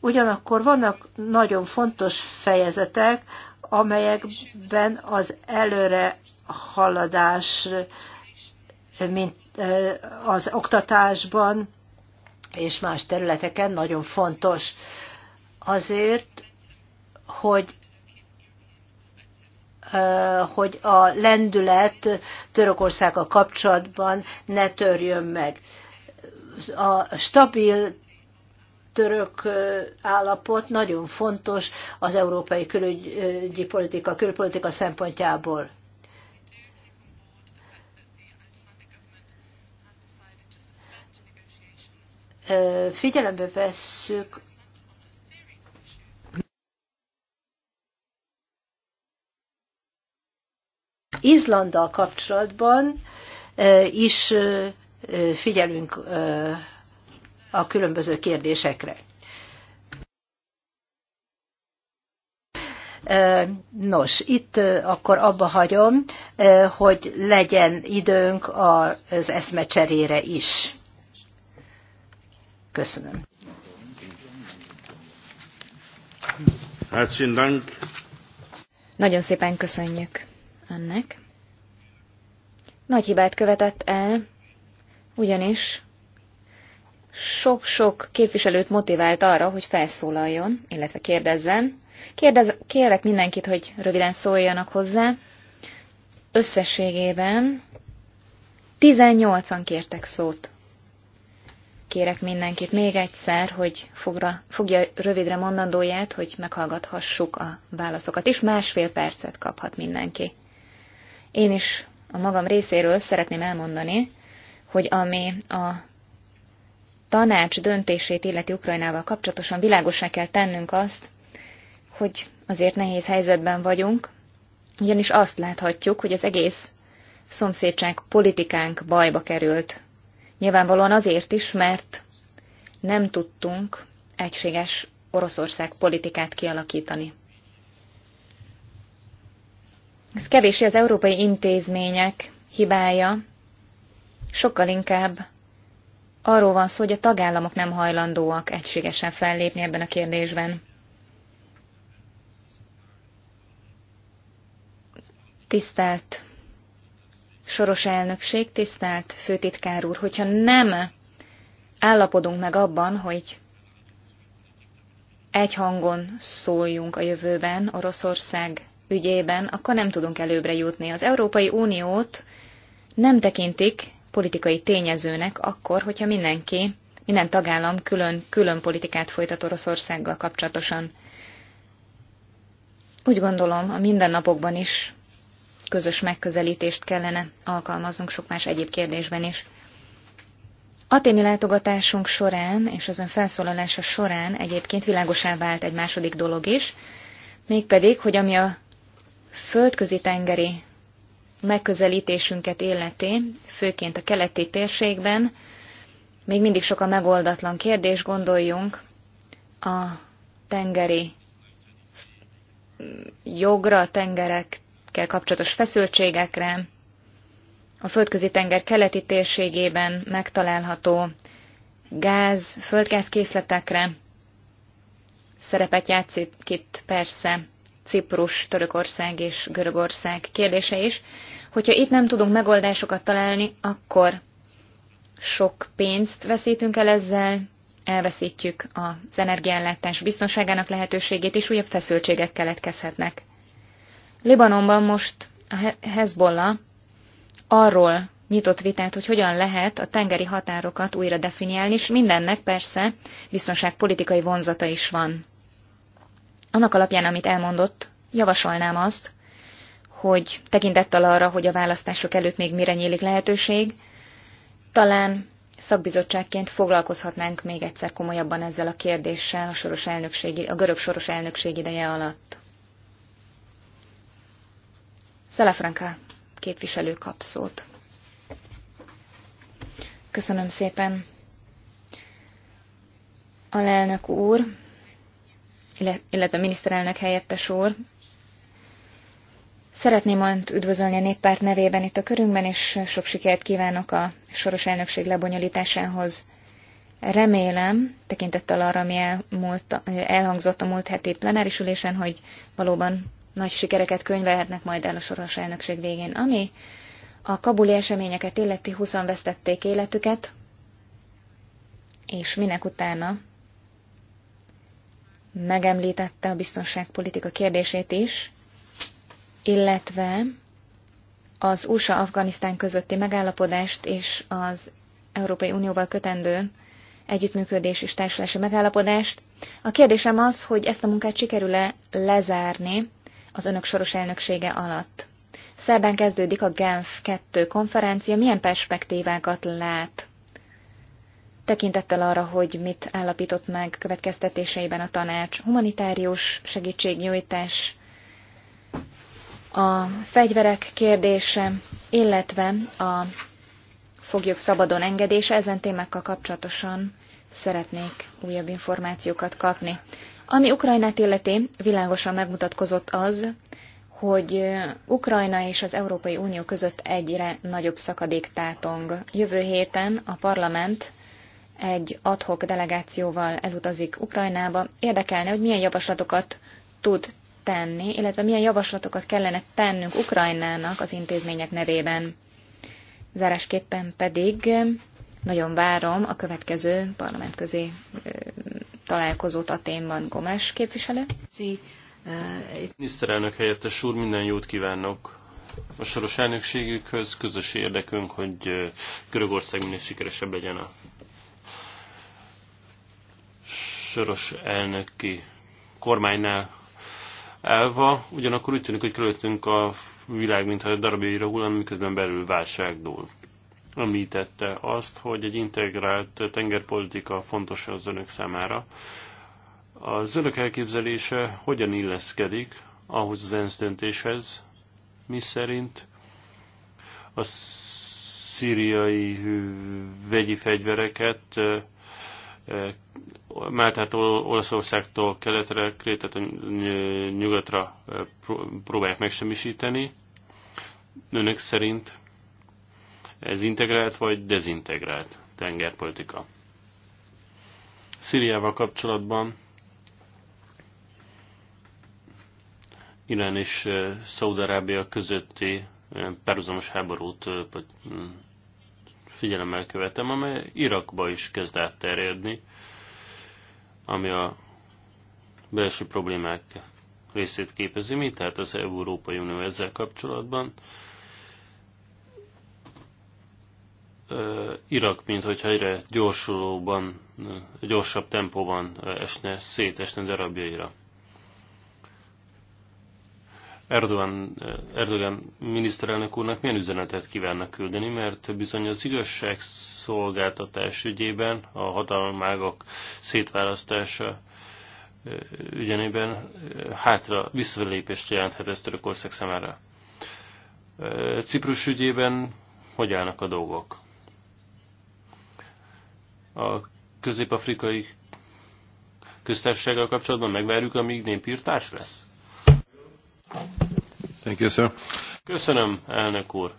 Ugyanakkor vannak nagyon fontos fejezetek, amelyekben az előre haladás, mint az oktatásban és más területeken nagyon fontos. Azért, hogy Eh, hogy a lendület Törökországgal kapcsolatban ne törjön meg. A stabil török eh, állapot nagyon fontos az európai külügyi politika, külpolitika szempontjából. Eh, figyelembe vesszük Izlanddal kapcsolatban is figyelünk a különböző kérdésekre. Nos, itt akkor abba hagyom, hogy legyen időnk az eszmecserére is. Köszönöm. Nagyon szépen köszönjük önnek. Nagy hibát követett el, ugyanis sok-sok képviselőt motivált arra, hogy felszólaljon, illetve kérdezzen. Kérdez, kérlek mindenkit, hogy röviden szóljanak hozzá. Összességében 18-an kértek szót. Kérek mindenkit még egyszer, hogy fogra, fogja rövidre mondandóját, hogy meghallgathassuk a válaszokat, és másfél percet kaphat mindenki. Én is a magam részéről szeretném elmondani, hogy ami a tanács döntését illeti Ukrajnával kapcsolatosan világosá kell tennünk azt, hogy azért nehéz helyzetben vagyunk, ugyanis azt láthatjuk, hogy az egész szomszédság politikánk bajba került. Nyilvánvalóan azért is, mert nem tudtunk egységes Oroszország politikát kialakítani. Ez kevésé az európai intézmények hibája, sokkal inkább arról van szó, hogy a tagállamok nem hajlandóak egységesen fellépni ebben a kérdésben. Tisztelt Soros elnökség, tisztelt főtitkár úr, hogyha nem állapodunk meg abban, hogy egy hangon szóljunk a jövőben Oroszország ügyében, akkor nem tudunk előbbre jutni. Az Európai Uniót nem tekintik politikai tényezőnek akkor, hogyha mindenki, minden tagállam külön, külön politikát folytat Oroszországgal kapcsolatosan. Úgy gondolom, a mindennapokban is közös megközelítést kellene alkalmaznunk sok más egyéb kérdésben is. Aténi látogatásunk során és az ön felszólalása során egyébként világosá vált egy második dolog is, mégpedig, hogy ami a földközi-tengeri megközelítésünket illeti, főként a keleti térségben, még mindig sok a megoldatlan kérdés, gondoljunk a tengeri jogra, a tengerekkel kapcsolatos feszültségekre, a földközi tenger keleti térségében megtalálható gáz, földgázkészletekre szerepet játszik itt persze Ciprus, Törökország és Görögország kérdése is. Hogyha itt nem tudunk megoldásokat találni, akkor sok pénzt veszítünk el ezzel, elveszítjük az energiállátás biztonságának lehetőségét, és újabb feszültségek keletkezhetnek. Libanonban most a Hezbollah arról nyitott vitát, hogy hogyan lehet a tengeri határokat újra definiálni, és mindennek persze biztonságpolitikai vonzata is van. Annak alapján, amit elmondott, javasolnám azt, hogy tekintettel arra, hogy a választások előtt még mire nyílik lehetőség, talán szakbizottságként foglalkozhatnánk még egyszer komolyabban ezzel a kérdéssel a, soros elnökség, a görög soros elnökség ideje alatt. Szelefranka képviselő kap szót. Köszönöm szépen. Alelnök úr, illetve miniszterelnök helyette sor. Szeretném önt üdvözölni a néppárt nevében itt a körünkben, és sok sikert kívánok a soros elnökség lebonyolításához. Remélem, tekintettel arra, ami elmúlt, elhangzott a múlt heti plenáris ülésen, hogy valóban nagy sikereket könyvelhetnek majd el a soros elnökség végén, ami a kabuli eseményeket illeti 20 vesztették életüket, és minek utána megemlítette a biztonságpolitika kérdését is, illetve az USA-Afganisztán közötti megállapodást és az Európai Unióval kötendő együttműködés és társulási megállapodást. A kérdésem az, hogy ezt a munkát sikerül-e lezárni az önök soros elnöksége alatt. Szerben kezdődik a Genf 2 konferencia. Milyen perspektívákat lát tekintettel arra, hogy mit állapított meg következtetéseiben a tanács, humanitárius segítségnyújtás, a fegyverek kérdése, illetve a fogjuk szabadon engedése, ezen témákkal kapcsolatosan szeretnék újabb információkat kapni. Ami Ukrajnát illeti, világosan megmutatkozott az, hogy Ukrajna és az Európai Unió között egyre nagyobb szakadék tátong. Jövő héten a parlament egy adhok delegációval elutazik Ukrajnába. Érdekelne, hogy milyen javaslatokat tud tenni, illetve milyen javaslatokat kellene tennünk Ukrajnának az intézmények nevében. Zárásképpen pedig nagyon várom a következő parlamentközi találkozót a témban Gomes képviselő. Eh, eh. Miniszterelnök helyettes úr, minden jót kívánok a soros elnökségükhöz. Közös érdekünk, hogy eh, Görögország minél sikeresebb legyen a soros elnöki kormánynál elva ugyanakkor úgy tűnik, hogy körülöttünk a világ, mintha darabjaira hullan, miközben belül válságdól. Említette azt, hogy egy integrált tengerpolitika fontos az önök számára. Az önök elképzelése hogyan illeszkedik ahhoz az ENSZ döntéshez, mi szerint a szíriai vegyi fegyvereket Máltától, Olaszországtól keletre, Krétet nyugatra próbálják megsemmisíteni. Önök szerint ez integrált vagy dezintegrált tengerpolitika? Szíriával kapcsolatban Irán és Szaudarábia közötti párhuzamos háborút mm, figyelemmel követem, amely Irakba is kezd átterjedni, ami a belső problémák részét képezi, mi tehát az Európai Unió ezzel kapcsolatban. Irak, mint hogyha egyre gyorsulóban, gyorsabb tempóban esne, szétesne darabjaira. Erdogan, eh, Erdogan miniszterelnök úrnak milyen üzenetet kívánnak küldeni, mert bizony az igazságszolgáltatás ügyében a hatalmágok szétválasztása eh, ügyenében eh, hátra visszalépést jelenthet ez Törökország számára. Ciprus ügyében hogy állnak a dolgok? A közép-afrikai köztársasággal kapcsolatban megvárjuk, amíg népírtás lesz? Thank you, sir. Köszönöm, elnök úr.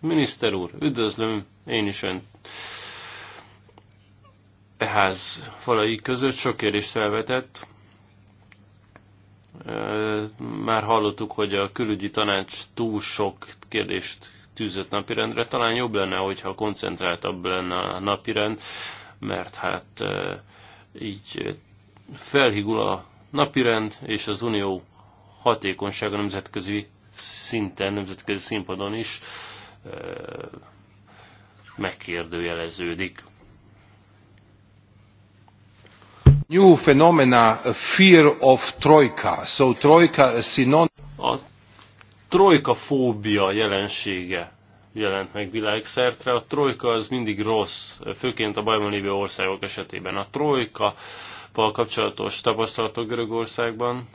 Miniszter úr, üdvözlöm én is önt. E ház falai között sok kérdést felvetett. Már hallottuk, hogy a külügyi tanács túl sok kérdést tűzött napirendre. Talán jobb lenne, hogyha koncentráltabb lenne a napirend, mert hát így felhigul a napirend, és az unió hatékonysága nemzetközi szinten, nemzetközi színpadon is megkérdőjeleződik. New phenomena, a fear of troika. So troika a synonym. A jelensége jelent meg világszertre. A trojka az mindig rossz, főként a bajban lévő országok esetében. A trojka kapcsolatos tapasztalatok Görögországban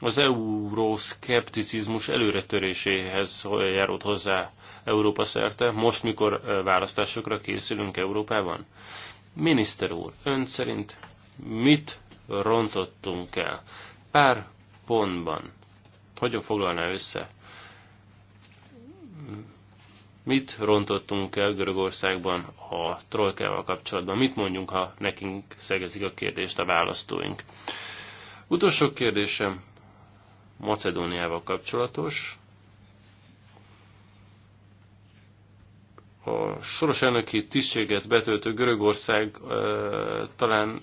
az euroszkepticizmus előretöréséhez járult hozzá Európa szerte, most mikor választásokra készülünk Európában? Miniszter úr, ön szerint mit rontottunk el? Pár pontban. Hogyan foglalná össze? Mit rontottunk el Görögországban a trojkával kapcsolatban? Mit mondjunk, ha nekünk szegezik a kérdést a választóink? Utolsó kérdésem, Macedóniával kapcsolatos. A soros elnöki tisztséget betöltő Görögország talán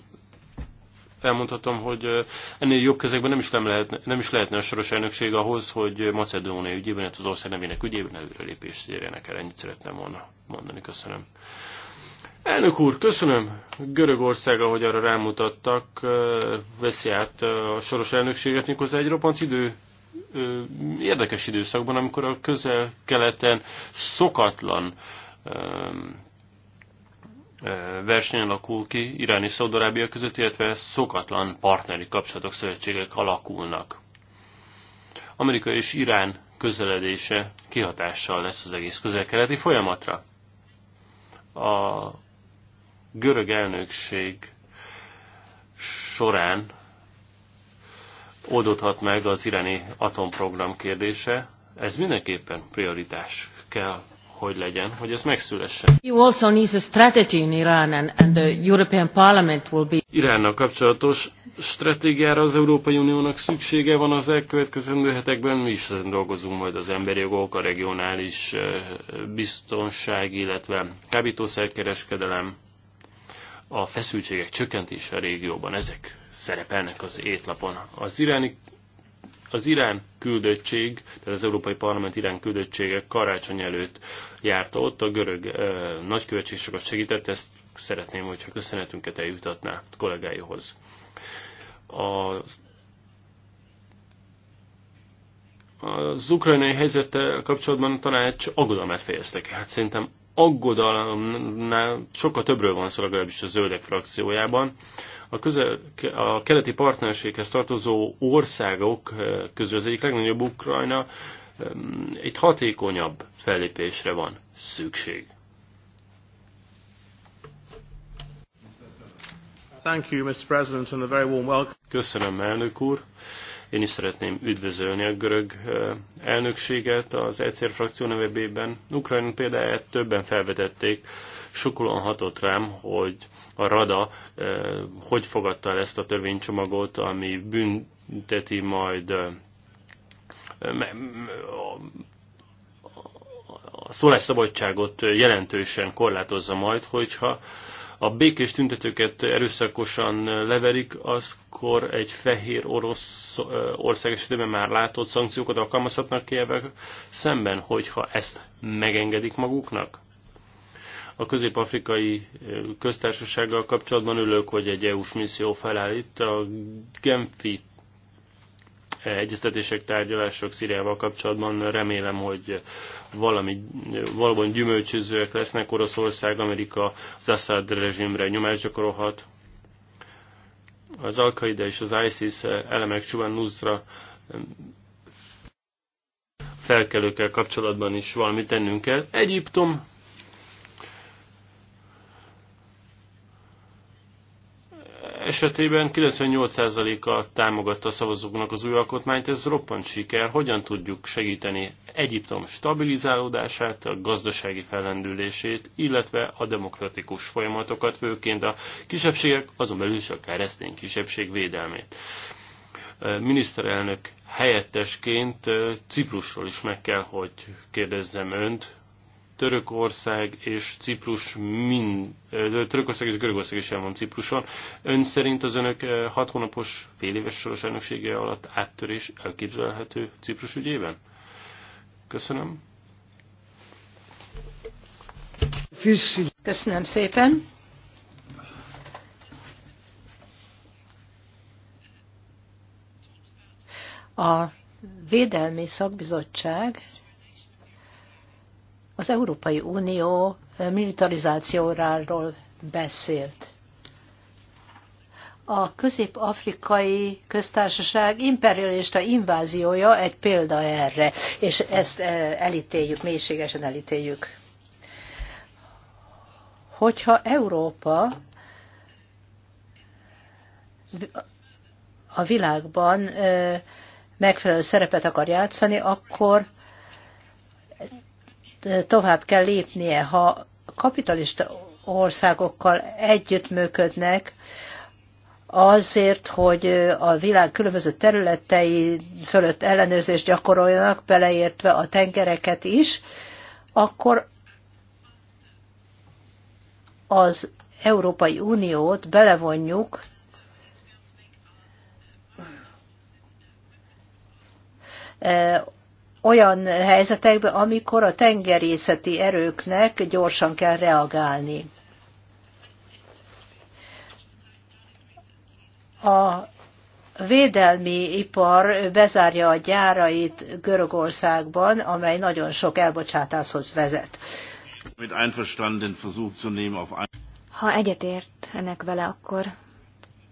elmondhatom, hogy ennél jobb kezekben nem is, nem, lehet, nem is lehetne a soros elnökség ahhoz, hogy Macedónia ügyében, az ország nevének ügyében előrelépést érjenek el. Ennyit szerettem volna mondani. Köszönöm. Elnök úr, köszönöm. Görögország, ahogy arra rámutattak, veszi át a soros elnökséget, mikor egy roppant idő érdekes időszakban, amikor a közel-keleten szokatlan verseny alakul ki Irán és Szaudarábia között, illetve szokatlan partneri kapcsolatok, szövetségek alakulnak. Amerika és Irán közeledése kihatással lesz az egész közel-keleti folyamatra. A görög elnökség során oldódhat meg az iráni atomprogram kérdése. Ez mindenképpen prioritás kell, hogy legyen, hogy ez megszülessen. You also need a strategy in Iran and, and the European Parliament will be... Iránnal kapcsolatos stratégiára az Európai Uniónak szüksége van az elkövetkezendő hetekben. Mi is dolgozunk majd az emberi jogok, a regionális biztonság, illetve kábítószerkereskedelem a feszültségek csökkentése a régióban, ezek szerepelnek az étlapon. Az iráni az Irán küldöttség, tehát az Európai Parlament Irán küldöttsége karácsony előtt járta ott, a görög ö, nagykövetség sokat segített, ezt szeretném, hogyha köszönetünket eljutatná kollégáihoz. A az ukrajnai helyzettel kapcsolatban a tanács aggodalmát fejezte ki. Hát szerintem aggodalomnál sokkal többről van szó legalábbis a zöldek frakciójában. A, közel, a keleti partnerséghez tartozó országok eh, közül az egyik legnagyobb Ukrajna eh, egy hatékonyabb fellépésre van szükség. Thank you, Mr. President, and a very warm welcome. Köszönöm, elnök úr. Én is szeretném üdvözölni a görög elnökséget az ECR frakció nevében. Ukrajna példáját többen felvetették, sokulon hatott rám, hogy a Rada hogy fogadta el ezt a törvénycsomagot, ami bünteti majd a szólásszabadságot jelentősen korlátozza majd, hogyha a békés tüntetőket erőszakosan leverik, azkor egy fehér orosz ország esetében már látott szankciókat alkalmazhatnak Kievek szemben, hogyha ezt megengedik maguknak? A közép-afrikai köztársasággal kapcsolatban ülök, hogy egy EU-s misszió felállít a Genfi egyeztetések, tárgyalások Szíriával kapcsolatban. Remélem, hogy valami, valóban gyümölcsözőek lesznek. Oroszország, Amerika az Assad rezsimre nyomást gyakorolhat. Az al és az ISIS elemek Csubán Nusra felkelőkkel kapcsolatban is valamit tennünk kell. Egyiptom esetében 98%-a támogatta a szavazóknak az új alkotmányt, ez roppant siker. Hogyan tudjuk segíteni Egyiptom stabilizálódását, a gazdasági fellendülését, illetve a demokratikus folyamatokat, főként a kisebbségek, azon belül is a keresztény kisebbség védelmét. Miniszterelnök helyettesként Ciprusról is meg kell, hogy kérdezzem önt, Törökország és Ciprus mind, Törökország és Görögország is el van Cipruson. Ön szerint az önök hat hónapos fél éves soros elnöksége alatt áttörés elképzelhető Ciprus ügyében? Köszönöm. Köszönöm szépen. A Védelmi Szakbizottság az Európai Unió eh, militarizációráról beszélt. A közép-afrikai köztársaság imperialista inváziója egy példa erre, és ezt eh, elítéljük, mélységesen elítéljük. Hogyha Európa a világban eh, megfelelő szerepet akar játszani, akkor tovább kell lépnie. Ha kapitalista országokkal együttműködnek, azért, hogy a világ különböző területei fölött ellenőrzést gyakoroljanak, beleértve a tengereket is, akkor az Európai Uniót belevonjuk olyan helyzetekbe, amikor a tengerészeti erőknek gyorsan kell reagálni. A védelmi ipar bezárja a gyárait Görögországban, amely nagyon sok elbocsátáshoz vezet. Ha egyetért ennek vele, akkor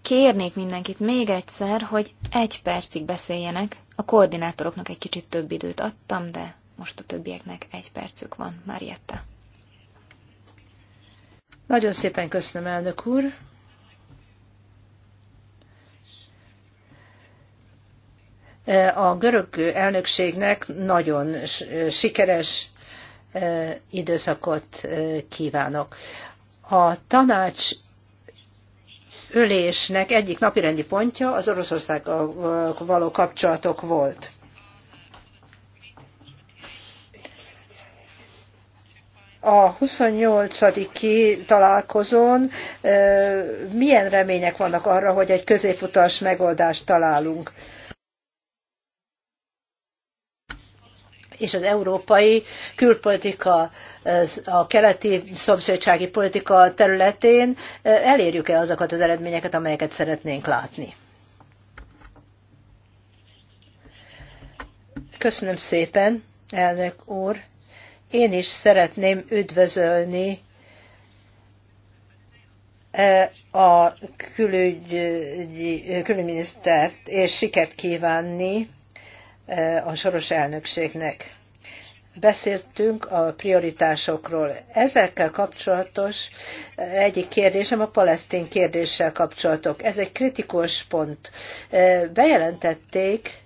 kérnék mindenkit még egyszer, hogy egy percig beszéljenek. A koordinátoroknak egy kicsit több időt adtam, de most a többieknek egy percük van. Marietta. Nagyon szépen köszönöm, elnök úr. A görög elnökségnek nagyon sikeres e, időszakot e, kívánok. A tanács ülésnek egyik napirendi pontja az Oroszországgal való kapcsolatok volt. a 28. találkozón milyen remények vannak arra, hogy egy középutas megoldást találunk. és az európai külpolitika, a keleti szomszédsági politika területén elérjük-e azokat az eredményeket, amelyeket szeretnénk látni. Köszönöm szépen, elnök úr. Én is szeretném üdvözölni a külügyi, külügyminisztert, és sikert kívánni a soros elnökségnek. Beszéltünk a prioritásokról. Ezekkel kapcsolatos egyik kérdésem a palesztin kérdéssel kapcsolatok. Ez egy kritikus pont. Bejelentették,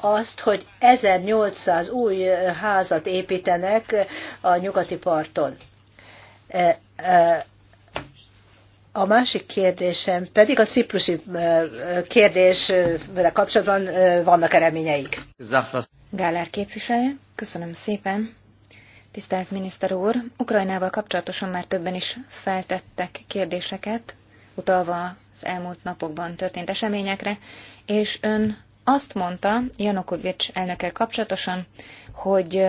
azt, hogy 1800 új házat építenek a nyugati parton. A másik kérdésem pedig a ciprusi kérdésvel kapcsolatban vannak eredményeik. Gálár képviselő, köszönöm szépen. Tisztelt miniszter úr, Ukrajnával kapcsolatosan már többen is feltettek kérdéseket, utalva az elmúlt napokban történt eseményekre, és ön azt mondta Janukovics elnökkel kapcsolatosan, hogy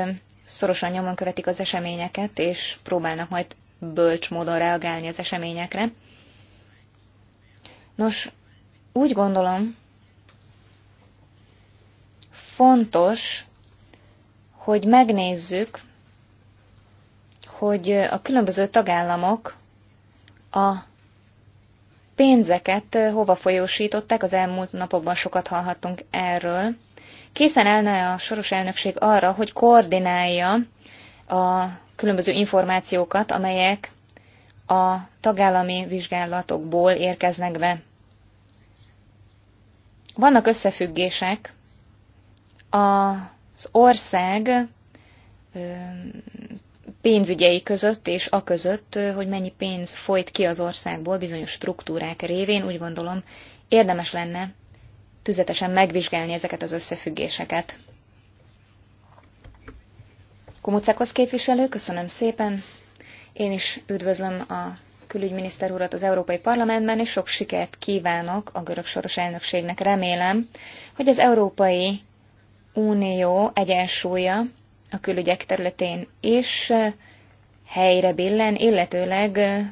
szorosan nyomon követik az eseményeket, és próbálnak majd bölcs módon reagálni az eseményekre. Nos, úgy gondolom, fontos, hogy megnézzük, hogy a különböző tagállamok a pénzeket hova folyósították, az elmúlt napokban sokat hallhattunk erről. Készen állna a soros elnökség arra, hogy koordinálja a különböző információkat, amelyek a tagállami vizsgálatokból érkeznek be. Vannak összefüggések az ország pénzügyei között és a között, hogy mennyi pénz folyt ki az országból bizonyos struktúrák révén, úgy gondolom érdemes lenne tüzetesen megvizsgálni ezeket az összefüggéseket. Komucákos képviselő, köszönöm szépen! Én is üdvözlöm a külügyminiszter urat az Európai Parlamentben, és sok sikert kívánok a görög soros elnökségnek. Remélem, hogy az Európai Unió egyensúlya a külügyek területén is eh, helyre billen, illetőleg eh,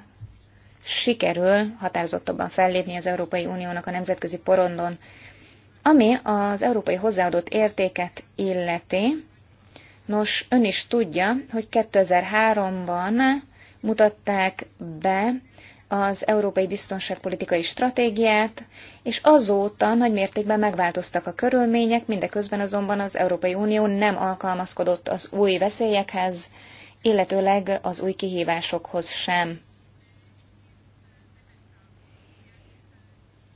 sikerül határozottabban fellépni az Európai Uniónak a nemzetközi porondon. Ami az európai hozzáadott értéket illeti, nos, ön is tudja, hogy 2003-ban mutatták be az európai biztonságpolitikai stratégiát, és azóta nagy mértékben megváltoztak a körülmények, mindeközben azonban az Európai Unió nem alkalmazkodott az új veszélyekhez, illetőleg az új kihívásokhoz sem.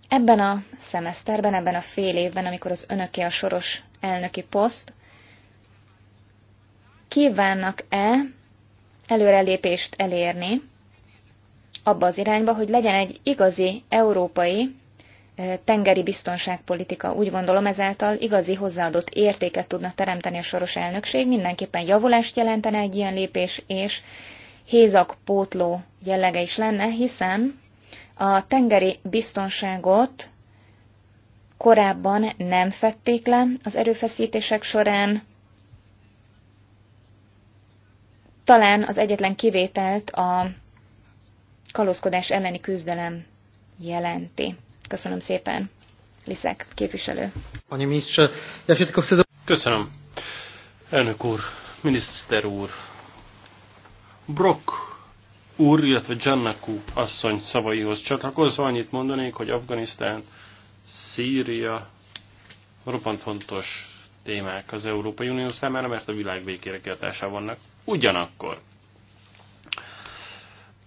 Ebben a szemeszterben, ebben a fél évben, amikor az önöki a soros elnöki poszt, kívánnak-e előrelépést elérni abba az irányba, hogy legyen egy igazi európai tengeri biztonságpolitika. Úgy gondolom ezáltal igazi hozzáadott értéket tudna teremteni a soros elnökség, mindenképpen javulást jelentene egy ilyen lépés, és hézak pótló jellege is lenne, hiszen a tengeri biztonságot korábban nem fették le az erőfeszítések során, Talán az egyetlen kivételt a kalózkodás elleni küzdelem jelenti. Köszönöm szépen. Liszek, képviselő. Köszönöm. Elnök úr, miniszter úr, Brock úr, illetve Jannaku asszony szavaihoz csatlakozva annyit mondanék, hogy Afganisztán, Szíria roppant fontos témák az Európai Unió számára, mert a világ végére vannak. Ugyanakkor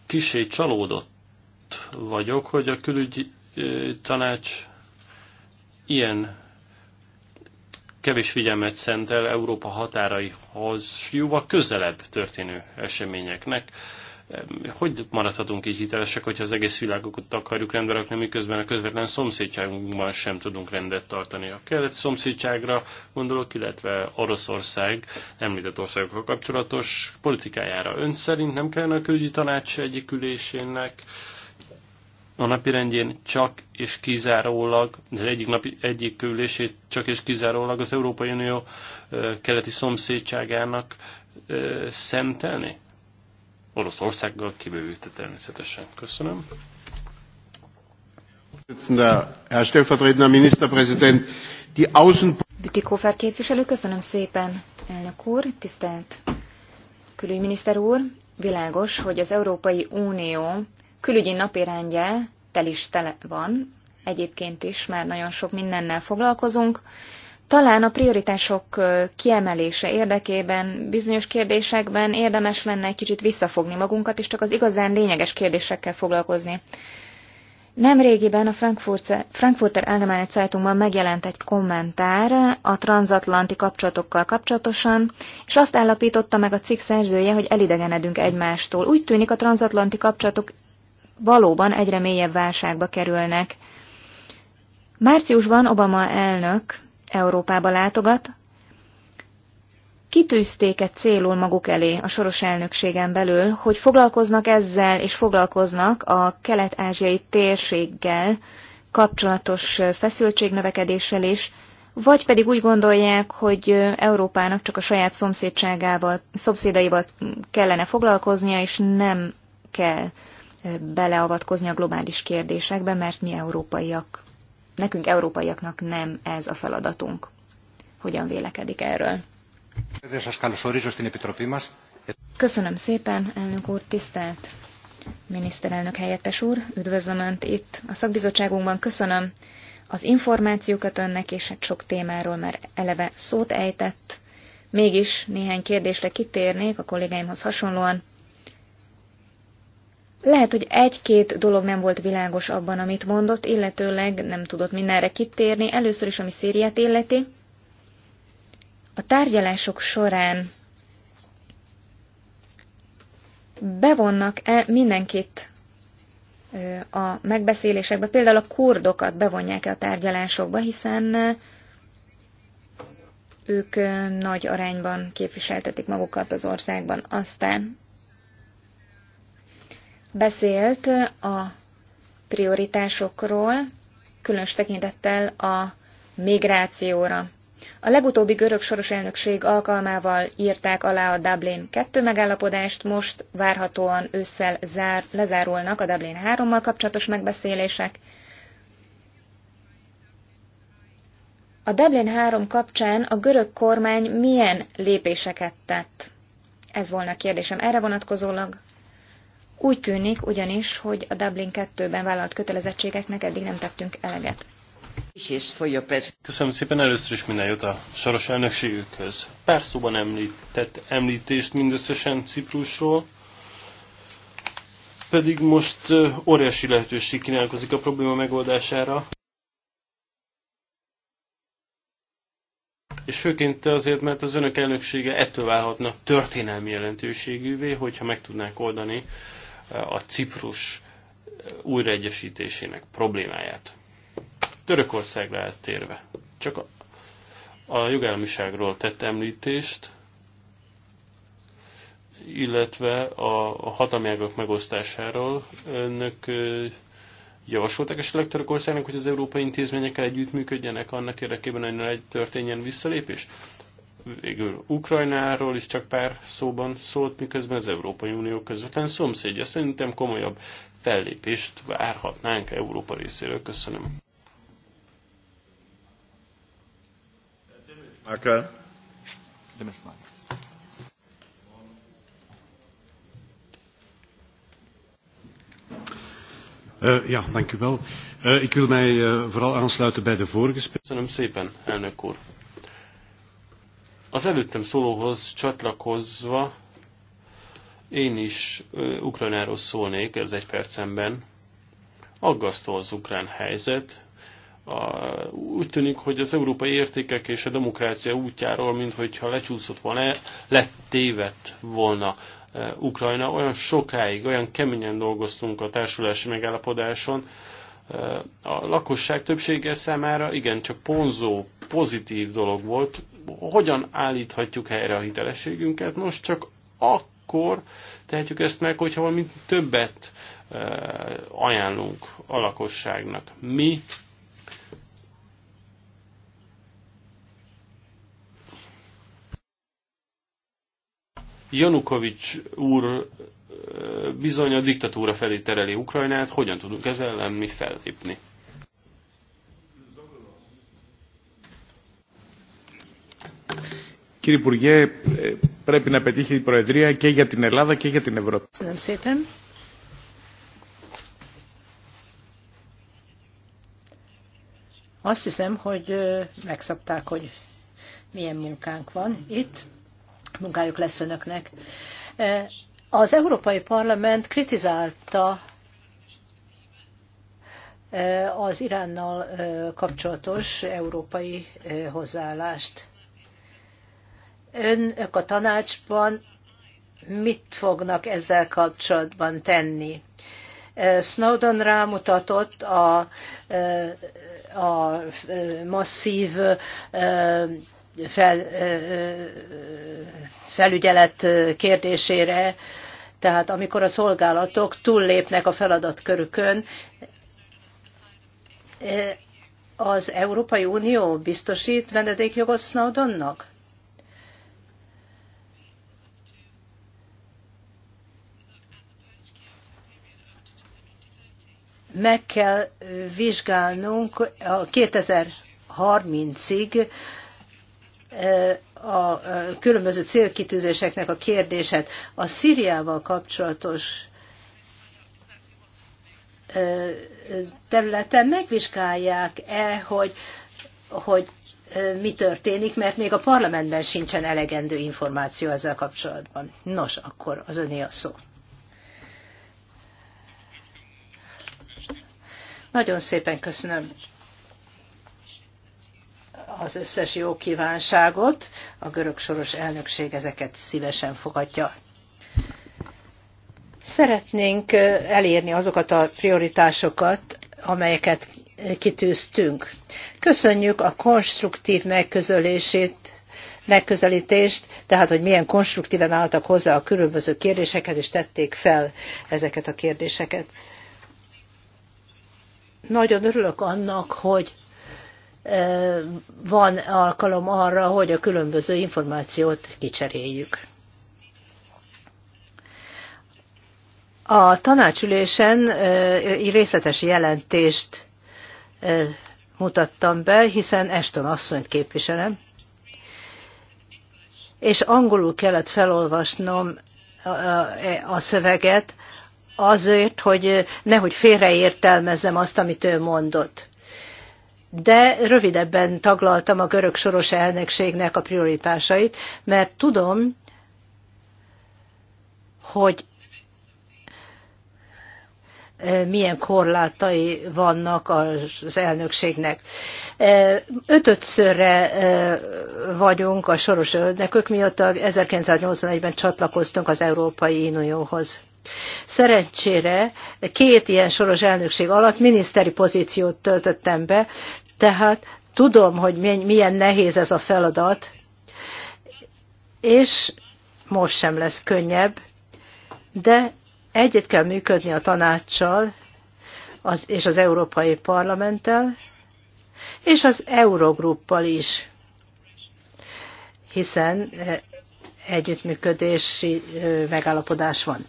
kisé csalódott vagyok, hogy a külügyi tanács ilyen kevés figyelmet szentel Európa határaihoz jóval közelebb történő eseményeknek. Hogy maradhatunk így hitelesek, hogyha az egész világokat akarjuk rendbe rakni, miközben a közvetlen szomszédságunkban sem tudunk rendet tartani. A kelet szomszédságra gondolok, illetve Oroszország említett országokkal kapcsolatos politikájára. Ön szerint nem kellene a külügyi tanács egyik ülésének a napirendjén csak és kizárólag, az egyik, napi, egyik ülését csak és kizárólag az Európai Unió keleti szomszédságának szemtelni? Oroszországgal kibővítve természetesen. Köszönöm. Herr stellvertretender Ministerpräsident, die Außen... képviselő, köszönöm szépen, elnök úr, tisztelt külügyminiszter úr. Világos, hogy az Európai Unió külügyi napirendje tel is tele van, egyébként is már nagyon sok mindennel foglalkozunk. Talán a prioritások kiemelése érdekében bizonyos kérdésekben érdemes lenne egy kicsit visszafogni magunkat, és csak az igazán lényeges kérdésekkel foglalkozni. Nemrégiben a Frankfurter, Allgemeine Zeitungban megjelent egy kommentár a transatlanti kapcsolatokkal kapcsolatosan, és azt állapította meg a cikk szerzője, hogy elidegenedünk egymástól. Úgy tűnik a transatlanti kapcsolatok valóban egyre mélyebb válságba kerülnek. Márciusban Obama elnök Európába látogat, kitűzték egy célul maguk elé a soros elnökségen belül, hogy foglalkoznak ezzel és foglalkoznak a kelet-ázsiai térséggel kapcsolatos feszültségnövekedéssel is, vagy pedig úgy gondolják, hogy Európának csak a saját szomszédságával, szomszédaival kellene foglalkoznia, és nem kell beleavatkozni a globális kérdésekbe, mert mi európaiak Nekünk, európaiaknak nem ez a feladatunk. Hogyan vélekedik erről? Köszönöm szépen, elnök úr, tisztelt miniszterelnök helyettes úr, üdvözlöm Önt itt a szakbizottságunkban, köszönöm az információkat Önnek, és hát sok témáról már eleve szót ejtett. Mégis néhány kérdésre kitérnék a kollégáimhoz hasonlóan. Lehet, hogy egy-két dolog nem volt világos abban, amit mondott, illetőleg nem tudott mindenre kitérni. Először is, ami szériát illeti. A tárgyalások során bevonnak-e mindenkit a megbeszélésekbe, például a kurdokat bevonják-e a tárgyalásokba, hiszen ők nagy arányban képviseltetik magukat az országban. Aztán beszélt a prioritásokról, különös tekintettel a migrációra. A legutóbbi görög soros elnökség alkalmával írták alá a Dublin 2 megállapodást, most várhatóan ősszel zár, lezárulnak a Dublin 3-mal kapcsolatos megbeszélések. A Dublin 3 kapcsán a görög kormány milyen lépéseket tett? Ez volna a kérdésem erre vonatkozólag. Úgy tűnik ugyanis, hogy a Dublin 2-ben vállalt kötelezettségeknek eddig nem tettünk eleget. Köszönöm szépen először is minden jót a soros elnökségükhöz. Pár szóban említett említést mindösszesen Ciprusról, pedig most óriási lehetőség kínálkozik a probléma megoldására. És főként azért, mert az önök elnöksége ettől válhatna történelmi jelentőségűvé, hogyha meg tudnák oldani a Ciprus újraegyesítésének problémáját. Törökországra térve, csak a, a jogállamiságról tett említést, illetve a, a hatalmiágak megosztásáról önök javasolták esetleg Törökországnak, hogy az európai intézményekkel együttműködjenek annak érdekében, hogy ne történjen visszalépés? Végül Ukrajnáról is csak pár szóban szólt, miközben az Európai Unió közvetlen szomszédja. Szerintem komolyabb fellépést várhatnánk Európa részéről. Köszönöm. Demismarker. Uh, eh, ja, dank u wel. Uh, ik wil mij uh, vooral aansluiten bij de vorige spreker. Köszönöm szépen, elnök úr. Az előttem szólóhoz csatlakozva én is Ukrajnáról szólnék ez egy percemben. Aggasztó az ukrán helyzet. A, úgy tűnik, hogy az európai értékek és a demokrácia útjáról, mintha lecsúszott volna, lettévedt volna e, Ukrajna. Olyan sokáig, olyan keményen dolgoztunk a társulási megállapodáson, a lakosság többsége számára igen, csak ponzó, pozitív dolog volt, hogyan állíthatjuk helyre a hitelességünket? Nos, csak akkor tehetjük ezt meg, hogyha valami többet eh, ajánlunk a lakosságnak. Mi Janukovics úr eh, bizony a diktatúra felé tereli Ukrajnát, hogyan tudunk ezzel ellen mi fellépni? Κύριε Υπουργέ, πρέπει να πετύχει η Προεδρία και για την Ελλάδα και για την Ευρώπη. Köszönöm Azt hiszem, hogy megszabták, hogy milyen munkánk van itt. Munkájuk lesz önöknek. Az Európai Parlament kritizálta az Iránnal kapcsolatos európai hozzáállást önök a tanácsban mit fognak ezzel kapcsolatban tenni? Snowden rámutatott a, a masszív fel, felügyelet kérdésére, tehát amikor a szolgálatok túllépnek a feladatkörükön, az Európai Unió biztosít vendedékjogot Snowdonnak? meg kell vizsgálnunk a 2030-ig a különböző célkitűzéseknek a kérdését. A Szíriával kapcsolatos területen megvizsgálják-e, hogy, hogy mi történik, mert még a parlamentben sincsen elegendő információ ezzel kapcsolatban. Nos, akkor az öné a szó. Nagyon szépen köszönöm az összes jó kívánságot. A görög soros elnökség ezeket szívesen fogadja. Szeretnénk elérni azokat a prioritásokat, amelyeket kitűztünk. Köszönjük a konstruktív megközölését, megközelítést, tehát hogy milyen konstruktíven álltak hozzá a különböző kérdésekhez, és tették fel ezeket a kérdéseket. Nagyon örülök annak, hogy e, van alkalom arra, hogy a különböző információt kicseréljük. A tanácsülésen e, részletes jelentést e, mutattam be, hiszen Eston asszonyt képviselem, és angolul kellett felolvasnom a szöveget, azért, hogy nehogy félreértelmezzem azt, amit ő mondott. De rövidebben taglaltam a görög soros elnökségnek a prioritásait, mert tudom, hogy milyen korlátai vannak az elnökségnek. Ötötszörre vagyunk a soros elnökök, mióta 1981-ben csatlakoztunk az Európai Unióhoz. Szerencsére két ilyen soros elnökség alatt miniszteri pozíciót töltöttem be, tehát tudom, hogy milyen nehéz ez a feladat, és most sem lesz könnyebb, de egyet kell működni a tanácssal az, és az Európai Parlamenttel, és az Eurogruppal is, hiszen eh, együttműködési megállapodás van.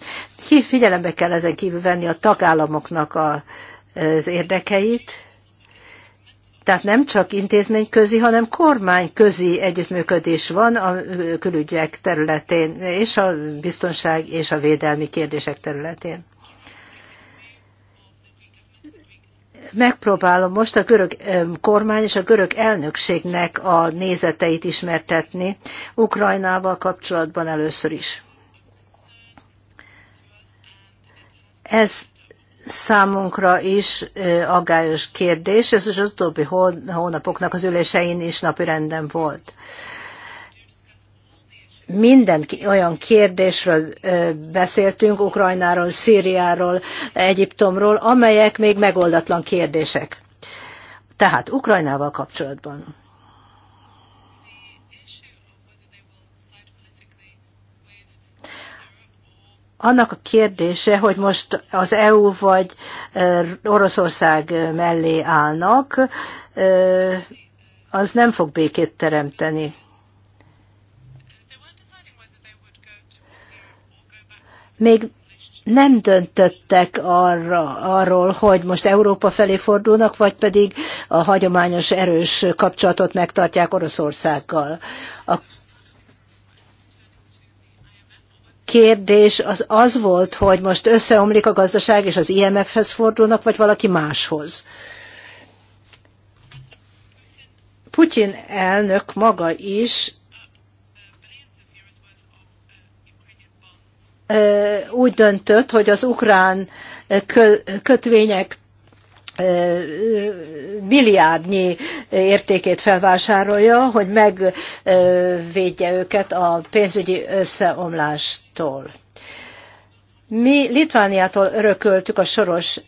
Ki figyelembe kell ezen kívül venni a tagállamoknak a, az érdekeit, tehát nem csak intézményközi, hanem kormányközi együttműködés van a külügyek területén, és a biztonság és a védelmi kérdések területén. Megpróbálom most a görög kormány és a görög elnökségnek a nézeteit ismertetni Ukrajnával kapcsolatban először is. Ez számunkra is aggályos kérdés, ez az utóbbi hónapoknak az ülésein is napirenden volt minden olyan kérdésről beszéltünk, Ukrajnáról, Szíriáról, Egyiptomról, amelyek még megoldatlan kérdések. Tehát Ukrajnával kapcsolatban. annak a kérdése, hogy most az EU vagy Oroszország mellé állnak, az nem fog békét teremteni. még nem döntöttek arra, arról, hogy most Európa felé fordulnak, vagy pedig a hagyományos erős kapcsolatot megtartják Oroszországgal. A kérdés az az volt, hogy most összeomlik a gazdaság, és az IMF-hez fordulnak, vagy valaki máshoz. Putyin elnök maga is úgy döntött, hogy az ukrán kötvények milliárdnyi értékét felvásárolja, hogy megvédje őket a pénzügyi összeomlástól. Mi Litvániától örököltük a soros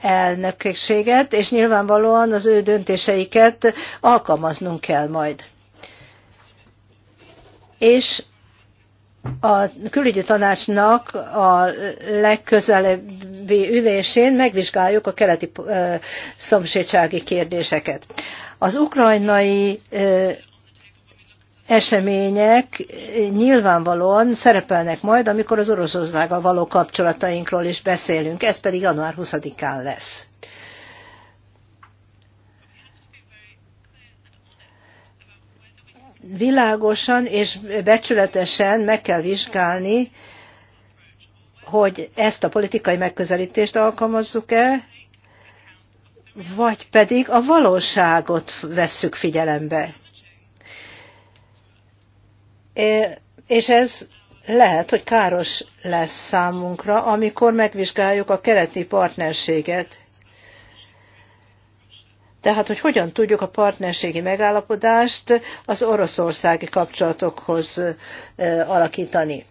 elnökségét, és nyilvánvalóan az ő döntéseiket alkalmaznunk kell majd. És a külügyi tanácsnak a legközelebbi ülésén megvizsgáljuk a keleti szomszédsági kérdéseket. Az ukrajnai események nyilvánvalóan szerepelnek majd, amikor az Oroszországgal való kapcsolatainkról is beszélünk, ez pedig január 20-án lesz. világosan és becsületesen meg kell vizsgálni, hogy ezt a politikai megközelítést alkalmazzuk-e, vagy pedig a valóságot vesszük figyelembe. És ez lehet, hogy káros lesz számunkra, amikor megvizsgáljuk a keleti partnerséget, tehát, hogy hogyan tudjuk a partnerségi megállapodást az oroszországi kapcsolatokhoz alakítani.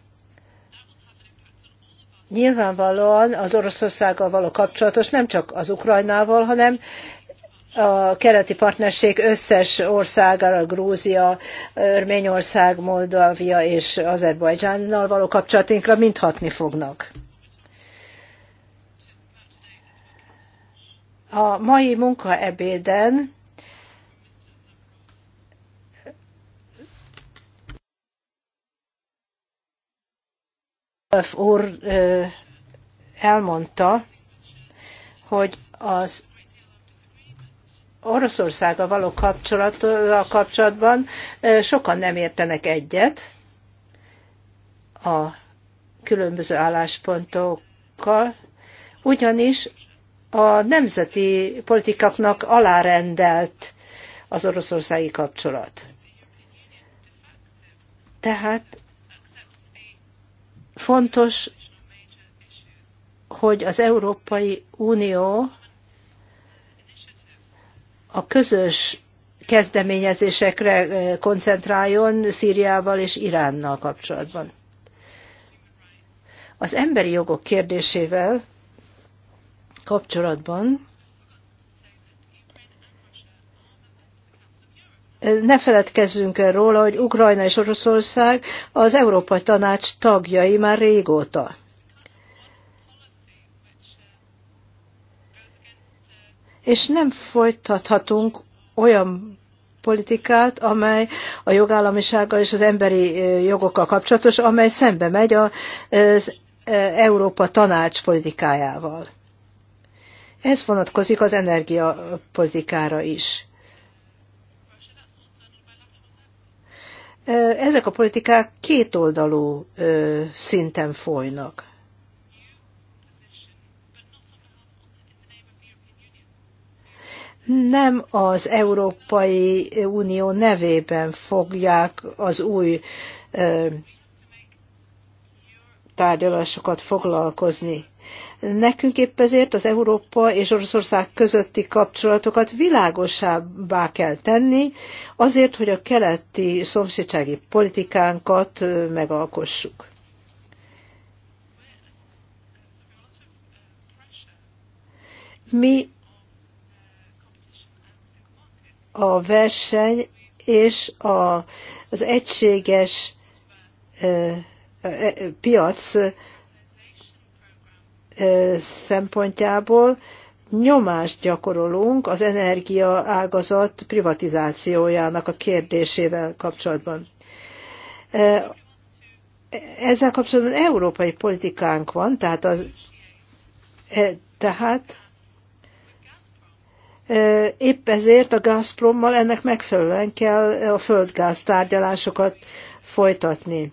Nyilvánvalóan az Oroszországgal való kapcsolatos nem csak az Ukrajnával, hanem a keleti partnerség összes országára, Grúzia, Örményország, Moldavia és Azerbajdzsánnal való kapcsolatinkra mind hatni fognak. A mai munkaebéden Wolf úr elmondta, hogy az Oroszországgal való kapcsolatban sokan nem értenek egyet a különböző álláspontokkal, ugyanis a nemzeti politikáknak alárendelt az oroszországi kapcsolat. Tehát fontos, hogy az Európai Unió a közös kezdeményezésekre koncentráljon Szíriával és Iránnal kapcsolatban. Az emberi jogok kérdésével kapcsolatban ne feledkezzünk el róla, hogy Ukrajna és Oroszország az Európai Tanács tagjai már régóta. És nem folytathatunk olyan politikát, amely a jogállamisággal és az emberi jogokkal kapcsolatos, amely szembe megy az Európa Tanács politikájával. Ez vonatkozik az energiapolitikára is. Ezek a politikák kétoldalú szinten folynak. nem az Európai Unió nevében fogják az új tárgyalásokat foglalkozni. Nekünk épp ezért az Európa és Oroszország közötti kapcsolatokat világosabbá kell tenni, azért, hogy a keleti szomszédsági politikánkat megalkossuk. Mi a verseny és a, az egységes piac szempontjából nyomást gyakorolunk az energia ágazat privatizációjának a kérdésével kapcsolatban. Ezzel kapcsolatban európai politikánk van, tehát, az, tehát épp ezért a Gazprommal ennek megfelelően kell a földgáz tárgyalásokat folytatni.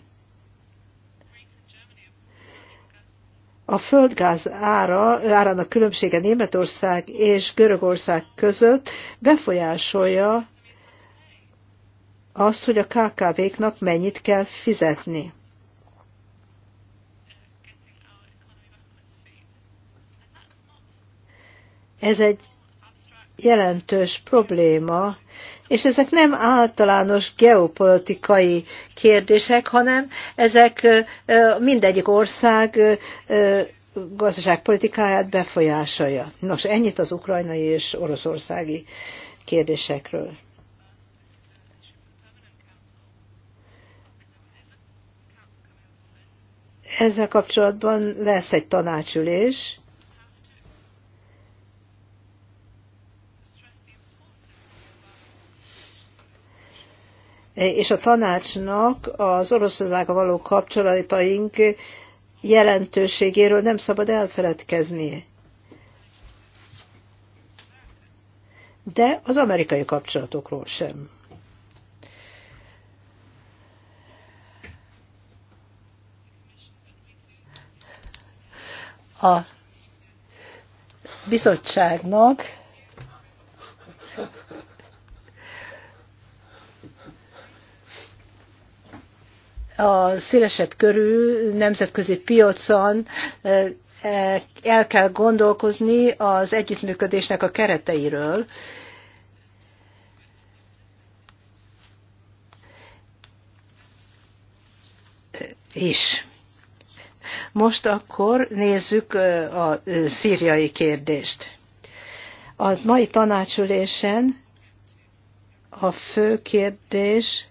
A földgáz ára, árának különbsége Németország és Görögország között befolyásolja azt, hogy a KKV-knak mennyit kell fizetni. Ez egy jelentős probléma, és ezek nem általános geopolitikai kérdések, hanem ezek mindegyik ország gazdaságpolitikáját befolyásolja. Nos, ennyit az ukrajnai és oroszországi kérdésekről. Ezzel kapcsolatban lesz egy tanácsülés, és a tanácsnak az Oroszországgal való kapcsolataink jelentőségéről nem szabad elfeledkezni. De az amerikai kapcsolatokról sem. A bizottságnak a szélesebb körű nemzetközi piacon e, el kell gondolkozni az együttműködésnek a kereteiről. is. Most akkor nézzük a szíriai kérdést. A mai tanácsülésen a fő kérdés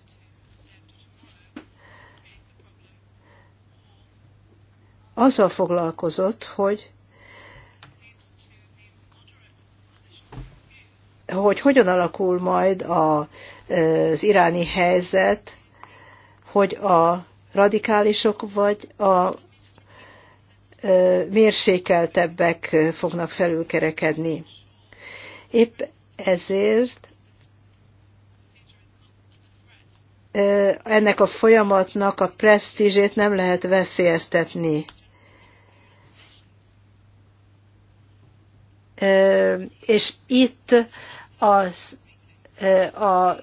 azzal foglalkozott, hogy hogy hogyan alakul majd a, az iráni helyzet, hogy a radikálisok vagy a mérsékeltebbek fognak felülkerekedni. Épp ezért ennek a folyamatnak a presztízsét nem lehet veszélyeztetni. és itt az, a,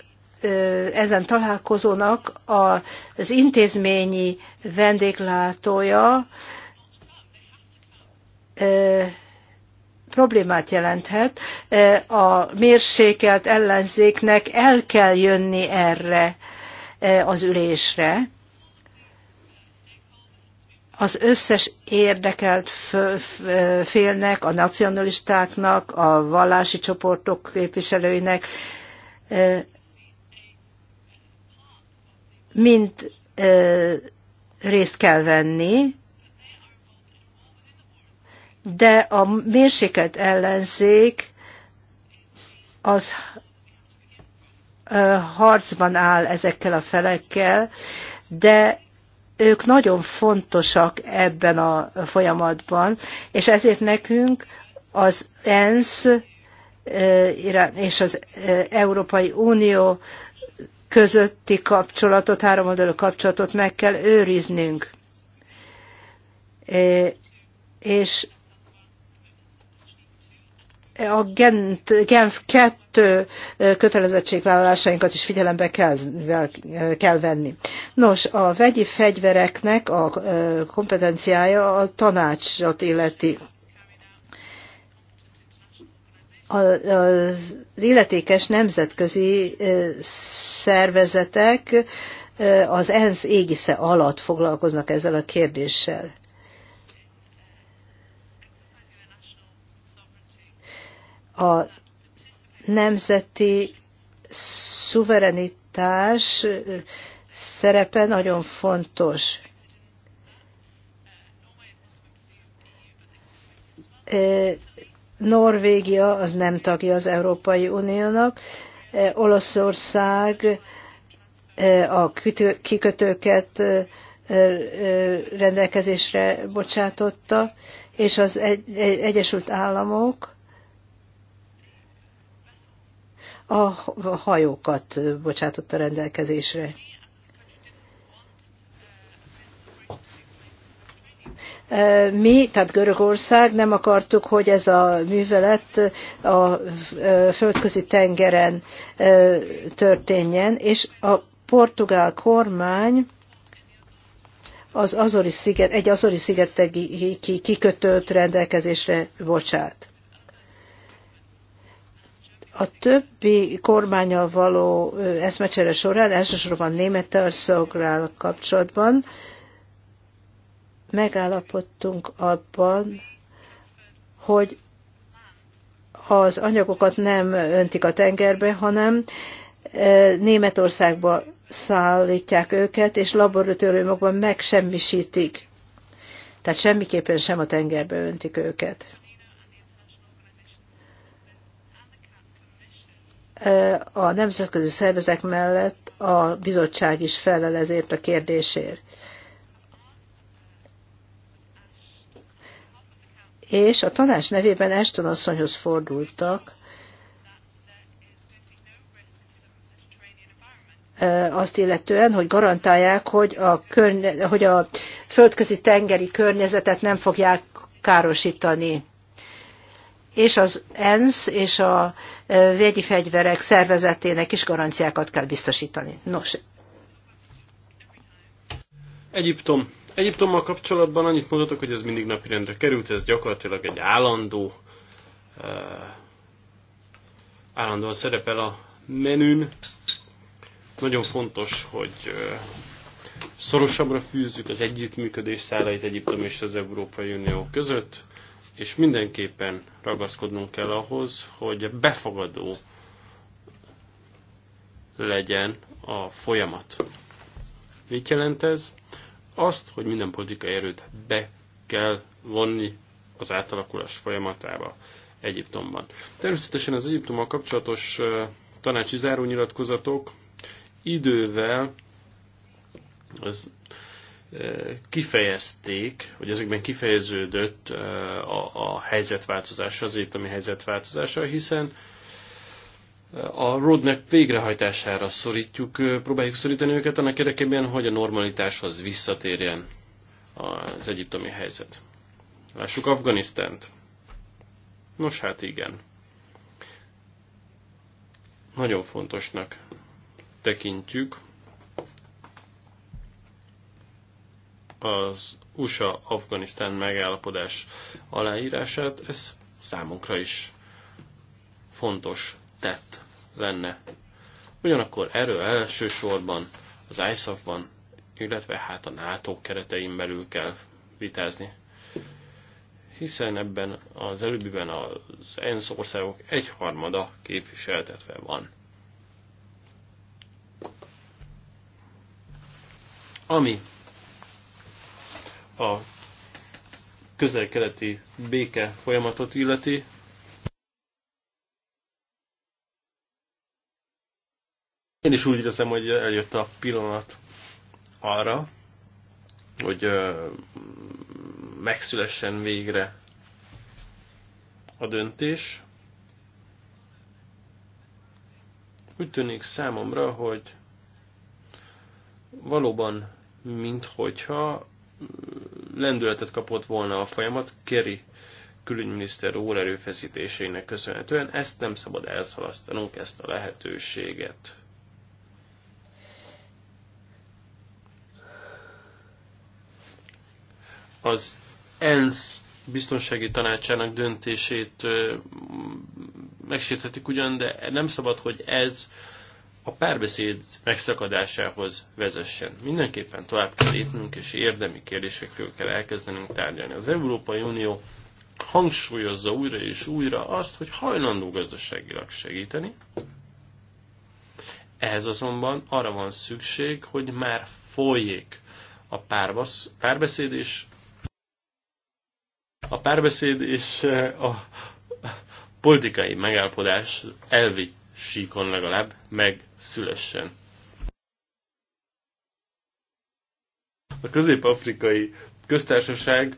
ezen találkozónak az intézményi vendéglátója problémát jelenthet. A mérsékelt ellenzéknek el kell jönni erre az ülésre az összes érdekelt félnek, a nacionalistáknak, a vallási csoportok képviselőinek, mind részt kell venni, de a mérsékelt ellenzék az harcban áll ezekkel a felekkel, de ők nagyon fontosak ebben a folyamatban, és ezért nekünk az ENSZ és az Európai Unió közötti kapcsolatot, háromoldalú kapcsolatot meg kell őriznünk. És a Gent, Genf 2 kötelezettségvállalásainkat is figyelembe kell, kell venni. Nos, a vegyi fegyvereknek a kompetenciája a tanácsot illeti. Az illetékes nemzetközi szervezetek az ENSZ égisze alatt foglalkoznak ezzel a kérdéssel. A nemzeti szuverenitás szerepe nagyon fontos. E, Norvégia az nem tagja az Európai Uniónak, e, Olaszország e, a kikötőket rendelkezésre bocsátotta, és az Egyesült Államok a hajókat bocsátotta rendelkezésre. E, mi, tehát Görögország nem akartuk, hogy ez a művelet a e, földközi tengeren e, történjen, és a portugál kormány az Azori sziget, egy Azori szigetegi kikötőt rendelkezésre bocsát. A többi kormányal való eszmecsere során, elsősorban Németországgal kapcsolatban megállapodtunk abban, hogy az anyagokat nem öntik a tengerbe, hanem Németországba szállítják őket, és laboratóriumokban megsemmisítik. Tehát semmiképpen sem a tengerbe öntik őket. a nemzetközi szervezek mellett a bizottság is felel ezért a kérdésért. És a tanács nevében Eston asszonyhoz fordultak, azt illetően, hogy garantálják, hogy a, környe, hogy a földközi tengeri környezetet nem fogják károsítani és az ENSZ és a e, vegyi fegyverek szervezetének is garanciákat kell biztosítani. Nos. Egyiptom. Egyiptommal kapcsolatban annyit mondhatok, hogy ez mindig napirendre került, ez gyakorlatilag egy állandó e, állandóan szerepel a menün. Nagyon fontos, hogy e, szorosabbra fűzzük az együttműködés szálait Egyiptom és az Európai Unió között és mindenképpen ragaszkodnunk kell ahhoz, hogy befogadó legyen a folyamat. Mit jelent ez? Azt, hogy minden politikai erőt be kell vonni az átalakulás folyamatába Egyiptomban. Természetesen az Egyiptommal kapcsolatos tanácsi zárónyilatkozatok idővel az kifejezték, vagy ezekben kifejeződött a, a helyzetváltozása, az egyetemi helyzetváltozása, hiszen a roadmap végrehajtására szorítjuk, próbáljuk szorítani őket annak érdekében, hogy a normalitáshoz visszatérjen az egyiptomi helyzet. Lássuk Afganisztánt. Nos hát igen. Nagyon fontosnak tekintjük, az USA-Afganisztán megállapodás aláírását, ez számunkra is fontos tett lenne. Ugyanakkor erről elsősorban az ISAF-ban, illetve hát a NATO keretein belül kell vitázni. Hiszen ebben az előbbiben az ENSZ országok egyharmada képviseltetve van. Ami a közel-keleti béke folyamatot illeti, Én is úgy érzem, hogy eljött a pillanat arra, hogy megszülessen végre a döntés. Úgy tűnik számomra, hogy valóban, minthogyha lendületet kapott volna a folyamat Kerry külügyminiszter úr erőfeszítéseinek köszönhetően. Ezt nem szabad elszalasztanunk, ezt a lehetőséget. Az ENSZ biztonsági tanácsának döntését megsérthetik ugyan, de nem szabad, hogy ez a párbeszéd megszakadásához vezessen. Mindenképpen tovább kell lépnünk, és érdemi kérdésekről kell elkezdenünk tárgyalni. Az Európai Unió hangsúlyozza újra és újra azt, hogy hajlandó gazdaságilag segíteni. Ehhez azonban arra van szükség, hogy már folyék a párbeszéd és a párbeszéd és eh, a politikai megállapodás elvi síkon legalább megszülessen. A közép-afrikai köztársaság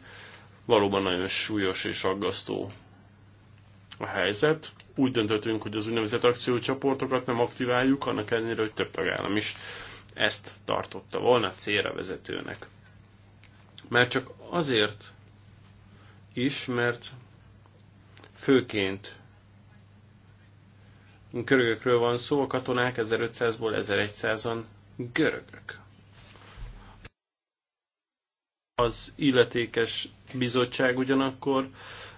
valóban nagyon súlyos és aggasztó a helyzet. Úgy döntöttünk, hogy az úgynevezett akciócsoportokat nem aktiváljuk, annak ellenére, hogy több tagállam is ezt tartotta volna célra vezetőnek. Mert csak azért is, mert főként Görögökről van szó, a katonák 1500-ból 1100-an görögök. Az illetékes bizottság ugyanakkor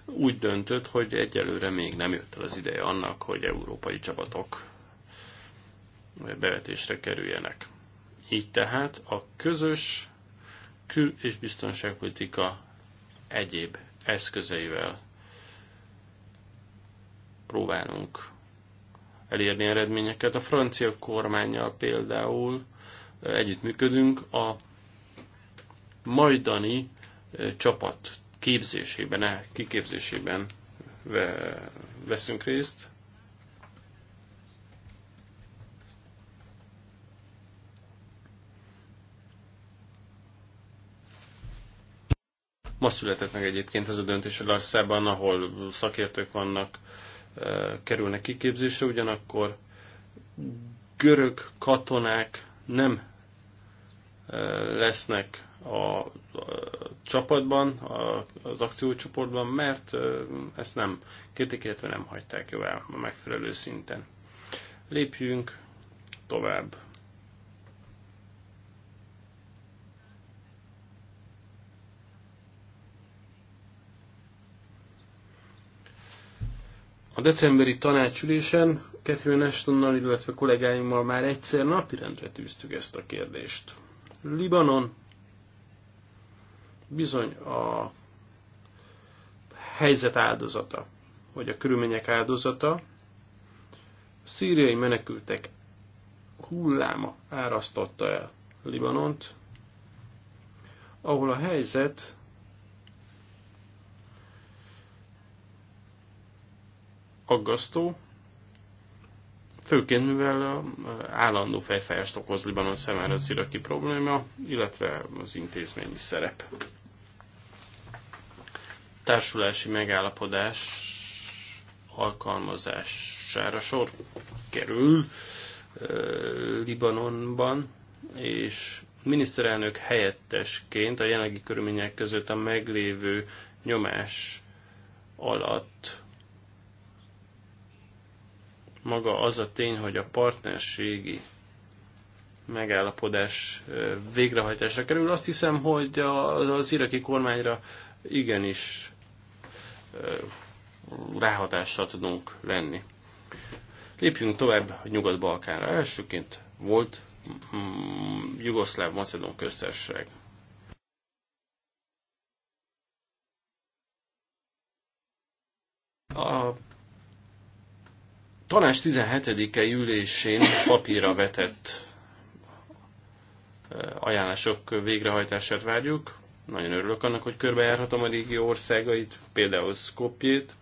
úgy döntött, hogy egyelőre még nem jött el az ideje annak, hogy európai csapatok bevetésre kerüljenek. Így tehát a közös kül- és biztonságpolitika egyéb eszközeivel próbálunk elérni eredményeket. A francia kormányjal például együttműködünk a majdani csapat képzésében, e, kiképzésében veszünk részt. Ma született meg egyébként ez a döntés a Larszában, ahol szakértők vannak, kerülnek kiképzésre, ugyanakkor görög katonák nem lesznek a csapatban, az akciócsoportban, mert ezt nem kérték, nem hagyták jól a megfelelő szinten. Lépjünk tovább. decemberi tanácsülésen Catherine Ashtonnal, illetve kollégáimmal már egyszer napirendre tűztük ezt a kérdést. Libanon bizony a helyzet áldozata, vagy a körülmények áldozata. A szíriai menekültek hulláma árasztotta el Libanont, ahol a helyzet aggasztó, főként mivel állandó fejfájást okoz Libanon szemára az iraki probléma, illetve az intézményi szerep. Társulási megállapodás alkalmazására sor kerül Libanonban, és miniszterelnök helyettesként a jelenlegi körülmények között a meglévő nyomás alatt maga az a tény, hogy a partnerségi megállapodás végrehajtásra kerül. Azt hiszem, hogy az iraki kormányra igenis ráhatással tudunk lenni. Lépjünk tovább Nyugat-Balkánra. Elsőként volt mm, Jugoszláv-Macedon köztársaság. A tanács 17 ülésén papírra vetett eh, ajánlások végrehajtását várjuk. Nagyon örülök annak, hogy körbejárhatom a régi országait, például Skopjét.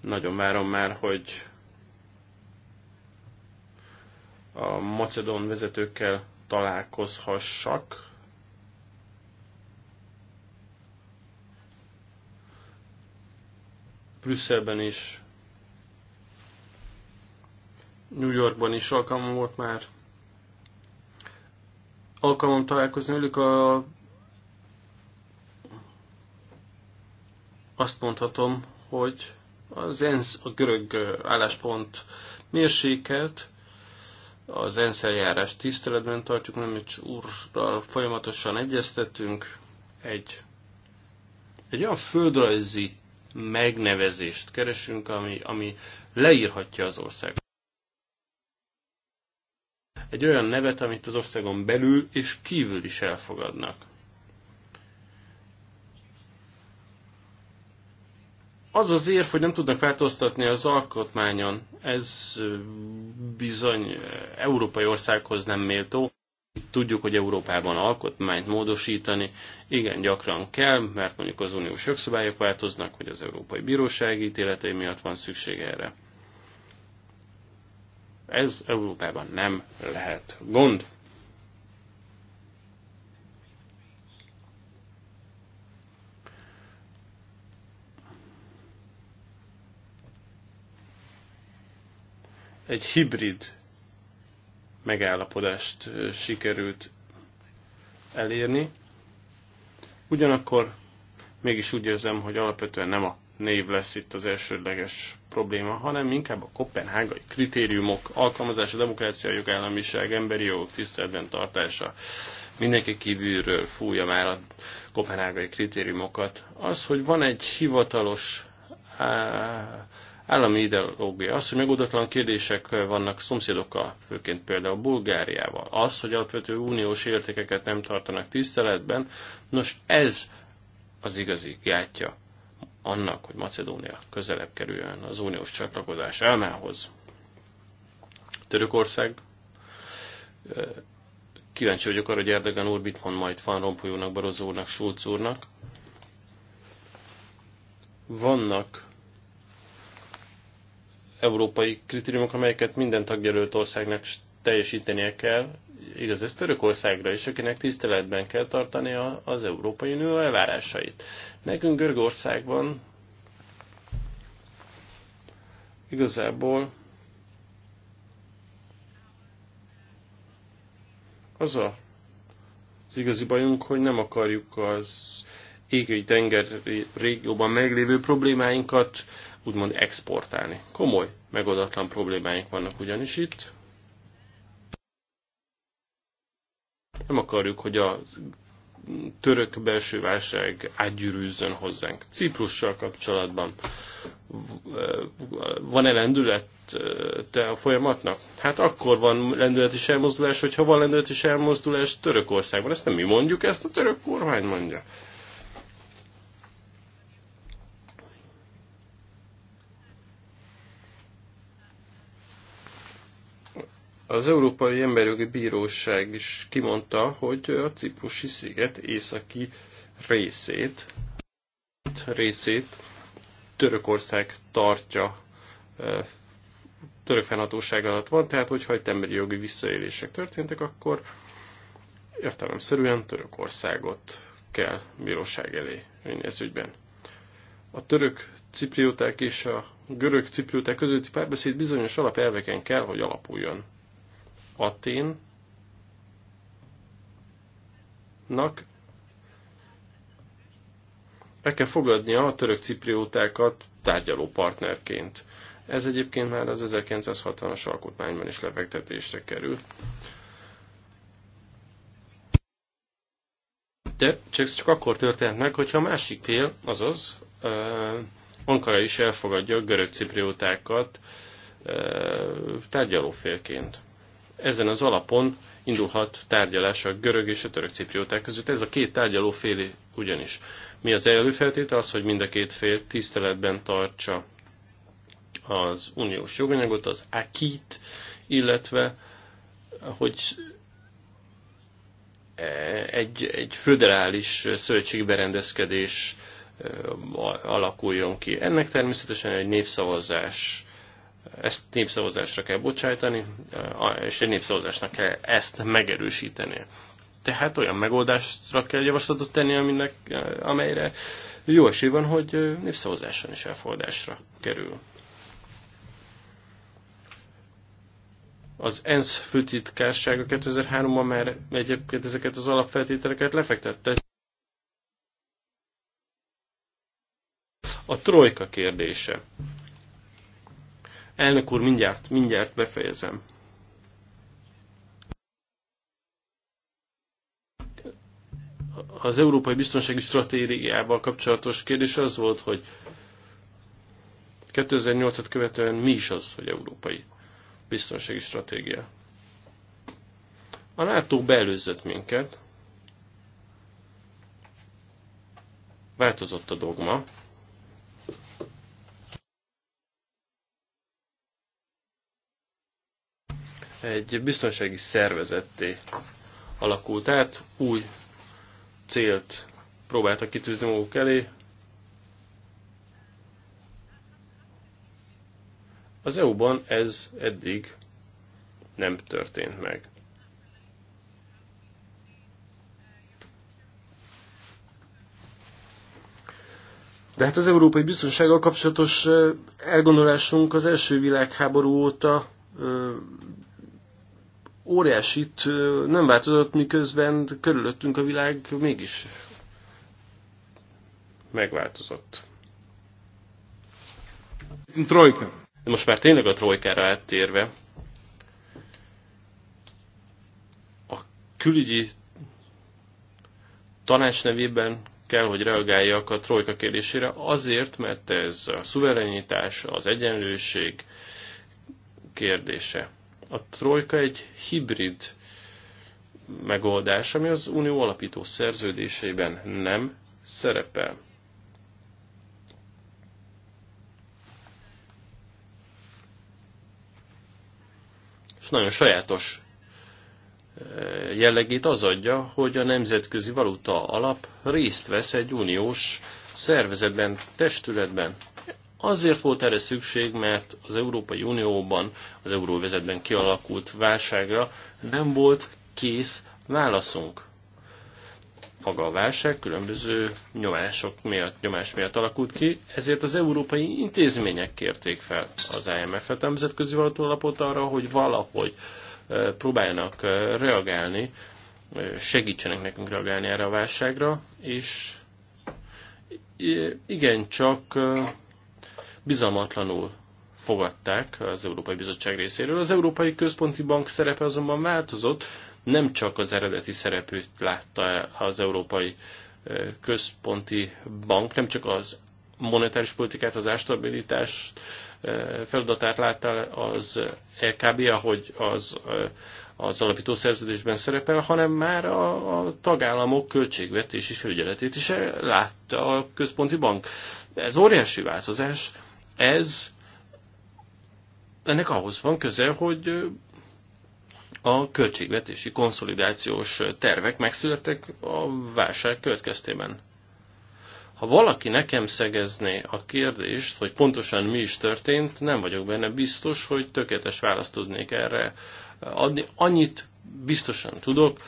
Nagyon várom már, hogy a macedón vezetőkkel találkozhassak Brüsszelben is, New Yorkban is alkalmam volt már alkalmam találkozni velük, a, azt mondhatom, hogy az ENSZ, a görög álláspont mérsékelt, az ENSZ eljárás tiszteletben tartjuk, nem egy úrral folyamatosan egyeztetünk, egy, egy olyan földrajzi megnevezést keresünk, ami, ami leírhatja az országot. Egy olyan nevet, amit az országon belül és kívül is elfogadnak. az az érv, hogy nem tudnak változtatni az alkotmányon, ez bizony eh, európai országhoz nem méltó. Tudjuk, hogy Európában alkotmányt módosítani igen gyakran kell, mert mondjuk az uniós jogszabályok változnak, hogy az Európai Bíróság ítéletei miatt van szükség erre. Ez Európában nem lehet gond. Egy hibrid megállapodást sikerült elérni. Ugyanakkor mégis úgy érzem, hogy alapvetően nem a név lesz itt az elsődleges probléma, hanem inkább a kopenhágai kritériumok alkalmazása, demokrácia, jogállamiság, emberi jogok tiszteletben tartása. Mindenki kívülről fújja már a kopenhágai kritériumokat. Az, hogy van egy hivatalos á, Állami ideológia az, hogy megoldatlan kérdések vannak szomszédokkal, főként például Bulgáriával. Az, hogy alapvető uniós értékeket nem tartanak tiszteletben, nos ez az igazi gátja annak, hogy Macedónia közelebb kerüljön az uniós csatlakozás elmához. Törökország kíváncsi vagyok arra, hogy Erdogan úr mit mond majd Van Rompuyónak, Barozónak, Schulz úrnak. Vannak európai kritériumok, amelyeket minden tagjelölt országnak teljesítenie kell, igaz ez Törökországra is, akinek tiszteletben kell tartani az Európai Unió elvárásait. Nekünk Görögországban igazából az a az igazi bajunk, hogy nem akarjuk az égői tenger régióban meglévő problémáinkat úgymond exportálni. Komoly, megoldatlan problémáink vannak ugyanis itt. Nem akarjuk, hogy a török belső válság átgyűrűzzön hozzánk. Ciprussal kapcsolatban van-e te a folyamatnak? Hát akkor van lendület és elmozdulás, hogyha van lendület és elmozdulás Törökországban. Ezt nem mi mondjuk, ezt a török kormány mondja. Az Európai Emberjogi Bíróság is kimondta, hogy a ciprusi sziget északi részét, részét Törökország tartja török fennhatóság alatt van, tehát hogyha egy emberi jogi visszaélések történtek, akkor értelemszerűen Törökországot kell bíróság elé vinni ez ügyben. A török ciprióták és a görög ciprióták közötti párbeszéd bizonyos alapelveken kell, hogy alapuljon. Aténnak be kell fogadnia a török cipriótákat tárgyaló partnerként. Ez egyébként már az 1960-as alkotmányban is lefektetésre kerül. De csak csak akkor történt meg, hogyha a másik fél, azaz uh, Ankara is elfogadja a görög cipriótákat uh, tárgyalófélként ezen az alapon indulhat tárgyalás a görög és a török ciprióták között. Ez a két tárgyaló fél ugyanis. Mi az előfeltétel? Az, hogy mind a két fél tiszteletben tartsa az uniós joganyagot, az akit, illetve hogy e, egy, egy föderális szövetségi berendezkedés e, alakuljon ki. Ennek természetesen egy népszavazás ezt népszavazásra kell bocsájtani, és egy népszavazásnak kell ezt megerősíteni. Tehát olyan megoldásra kell javaslatot tenni, aminek, amelyre jó esély van, hogy népszavazáson is elfogadásra kerül. Az ENSZ főtitkársága 2003-ban már egyébként ezeket az alapfeltételeket lefektette. A trojka kérdése. Elnök úr, mindjárt, mindjárt befejezem. Az Európai Biztonsági Stratégiával kapcsolatos kérdés az volt, hogy 2008-at követően mi is az, hogy Európai Biztonsági Stratégia? A NATO beelőzött minket, változott a dogma, egy biztonsági szervezetté alakult át, új célt próbáltak kitűzni maguk elé. Az EU-ban ez eddig nem történt meg. De hát az európai biztonsággal kapcsolatos eh, elgondolásunk az első világháború óta eh, óriásit nem változott, miközben körülöttünk a világ mégis megváltozott. Trojka. De most már tényleg a trojkára áttérve, a külügyi tanács nevében kell, hogy reagáljak a trojka kérdésére, azért, mert ez a szuverenitás, az egyenlőség kérdése. A trojka egy hibrid megoldás, ami az unió alapító szerződéseiben nem szerepel. És nagyon sajátos eh, jellegét az adja, hogy a Nemzetközi Valuta Alap részt vesz egy uniós szervezetben, testületben. Azért volt erre szükség, mert az Európai Unióban, az euróvezetben kialakult válságra nem volt kész válaszunk. Maga a válság különböző nyomások miatt, nyomás miatt alakult ki, ezért az európai intézmények kérték fel az IMF-et, nemzetközi alapot arra, hogy valahogy próbáljanak reagálni, segítsenek nekünk reagálni erre a válságra, és igen, csak bizalmatlanul fogadták az Európai Bizottság részéről. Az Európai Központi Bank szerepe azonban változott, nem csak az eredeti szerepét látta az Európai Központi Bank, nem csak az monetáris politikát, az ástabilitást feladatát látta az EKB, ahogy az, az alapító szerződésben szerepel, hanem már a, a tagállamok költségvetési felügyeletét is látta a központi bank. Ez óriási változás, ez ennek ahhoz van köze, hogy a költségvetési konszolidációs tervek megszülettek a válság következtében. Ha valaki nekem szegezné a kérdést, hogy pontosan mi is történt, nem vagyok benne biztos, hogy tökéletes választ tudnék erre adni. Annyit biztosan tudok,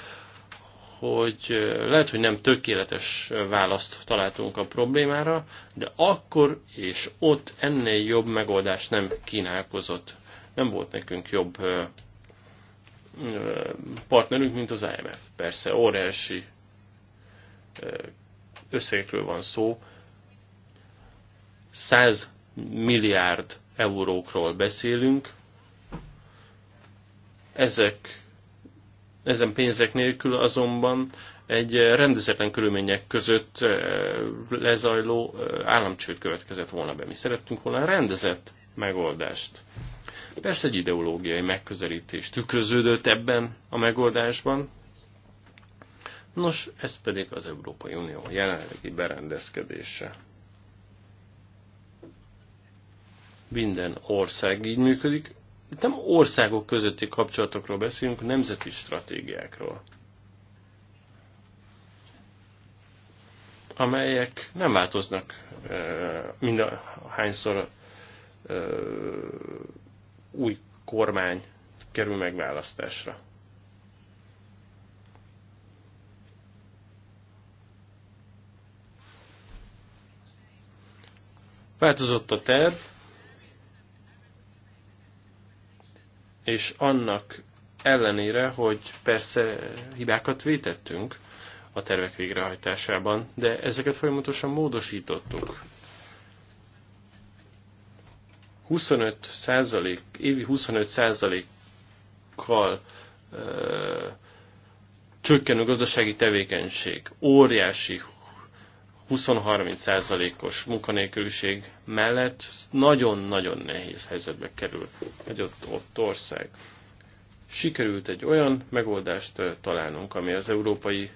hogy lehet, hogy nem tökéletes választ találtunk a problémára, de akkor és ott ennél jobb megoldás nem kínálkozott. Nem volt nekünk jobb partnerünk, mint az IMF. Persze óriási összegekről van szó. 100 milliárd eurókról beszélünk. Ezek ezen pénzek nélkül azonban egy eh, rendezetlen körülmények között eh, lezajló eh, államcsőd következett volna be. Mi szerettünk volna rendezett megoldást. Persze egy ideológiai megközelítés tükröződött ebben a megoldásban, nos, ez pedig az Európai Unió jelenlegi berendezkedése. Minden ország így működik, itt nem országok közötti kapcsolatokról beszélünk, nemzeti stratégiákról. amelyek nem változnak minden hányszor új kormány kerül megválasztásra. Változott a terv, és annak ellenére, hogy persze hibákat vétettünk a tervek végrehajtásában, de ezeket folyamatosan módosítottuk. 25 százalék, évi 25 százalékkal csökkenő gazdasági tevékenység, óriási 20-30%-os munkanélküliség mellett nagyon-nagyon nehéz helyzetbe kerül egy ott, ott ország. Sikerült egy olyan megoldást találnunk, ami az Európai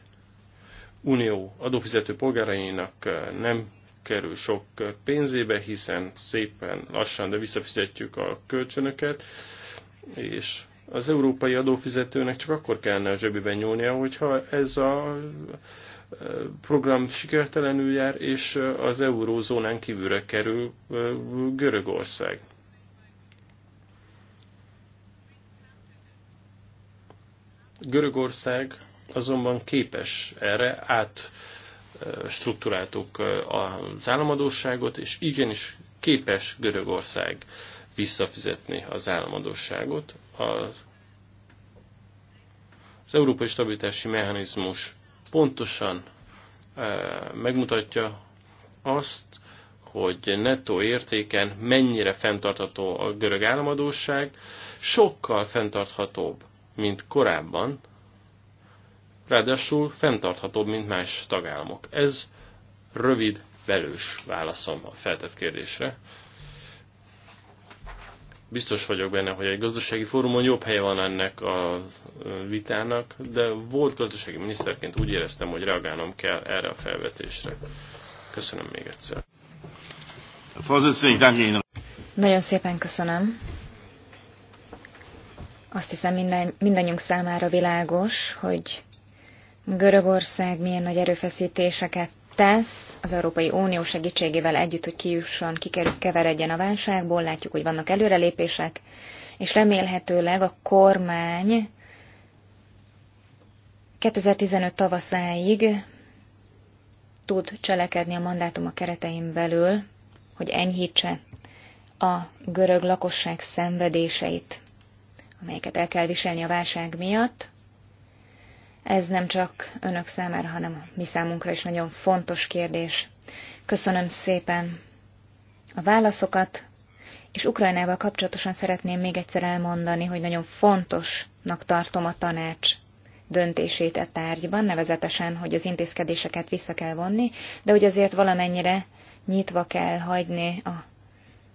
Unió adófizető polgárainak nem kerül sok pénzébe, hiszen szépen lassan, de visszafizetjük a kölcsönöket, és az európai adófizetőnek csak akkor kellene a zsebiben nyúlnia, hogyha ez a program sikertelenül jár, és az eurózónán kívülre kerül Görögország. Görögország azonban képes erre át struktúráltuk az államadóságot, és igenis képes Görögország visszafizetni az államadóságot. Az Európai Stabilitási Mechanizmus pontosan eh, megmutatja azt, hogy nettó értéken mennyire fenntartható a görög államadóság, sokkal fenntarthatóbb, mint korábban, ráadásul fenntarthatóbb, mint más tagállamok. Ez rövid, belős válaszom a feltett kérdésre. Biztos vagyok benne, hogy egy gazdasági fórumon jobb helye van ennek a vitának, de volt gazdasági miniszterként úgy éreztem, hogy reagálnom kell erre a felvetésre. Köszönöm még egyszer. Nagyon szépen köszönöm. Azt hiszem minden, mindannyiunk számára világos, hogy Görögország milyen nagy erőfeszítéseket tesz az Európai Unió segítségével együtt, hogy kijusson, kikerül, keveredjen a válságból. Látjuk, hogy vannak előrelépések, és remélhetőleg a kormány 2015 tavaszáig tud cselekedni a mandátum a keretein belül, hogy enyhítse a görög lakosság szenvedéseit, amelyeket el kell viselni a válság miatt. Ez nem csak önök számára, hanem mi számunkra is nagyon fontos kérdés. Köszönöm szépen a válaszokat, és Ukrajnával kapcsolatosan szeretném még egyszer elmondani, hogy nagyon fontosnak tartom a tanács döntését e tárgyban, nevezetesen, hogy az intézkedéseket vissza kell vonni, de hogy azért valamennyire nyitva kell hagyni a,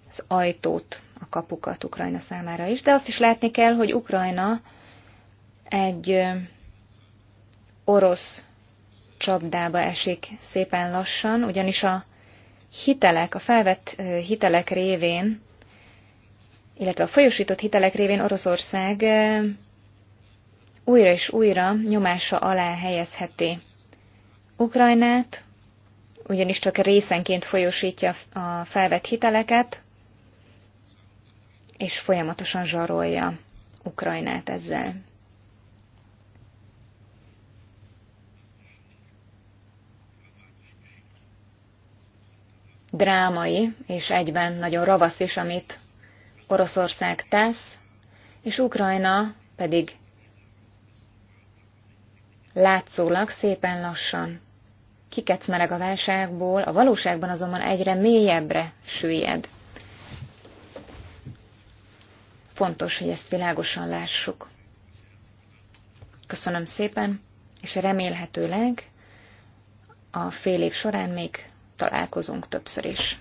az ajtót, a kapukat Ukrajna számára is. De azt is látni kell, hogy Ukrajna egy orosz csapdába esik szépen lassan, ugyanis a hitelek, a felvett hitelek révén, illetve a folyosított hitelek révén Oroszország újra és újra nyomása alá helyezheti Ukrajnát, ugyanis csak részenként folyosítja a felvett hiteleket, és folyamatosan zsarolja Ukrajnát ezzel. drámai és egyben nagyon ravasz is, amit Oroszország tesz, és Ukrajna pedig látszólag szépen lassan kikecmereg a válságból, a valóságban azonban egyre mélyebbre süllyed. Fontos, hogy ezt világosan lássuk. Köszönöm szépen, és remélhetőleg a fél év során még találkozunk többször is.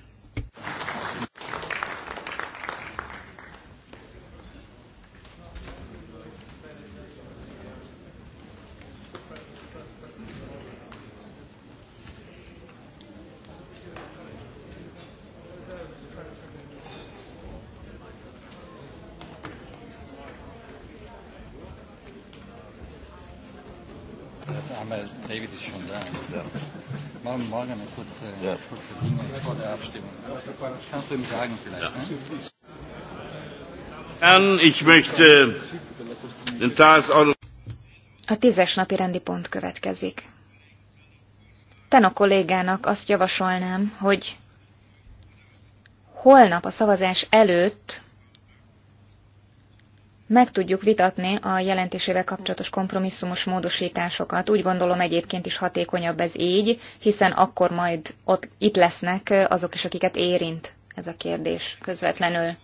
Ja. Vor der Abstimmung. Kannst du ihm sagen vielleicht? Ja. Ne? Ich möchte den A tízes napi rendi pont következik. Ten a kollégának azt javasolnám, hogy holnap a szavazás előtt meg tudjuk vitatni a jelentésével kapcsolatos kompromisszumos módosításokat. Úgy gondolom egyébként is hatékonyabb ez így, hiszen akkor majd ott, itt lesznek azok is, akiket érint ez a kérdés közvetlenül.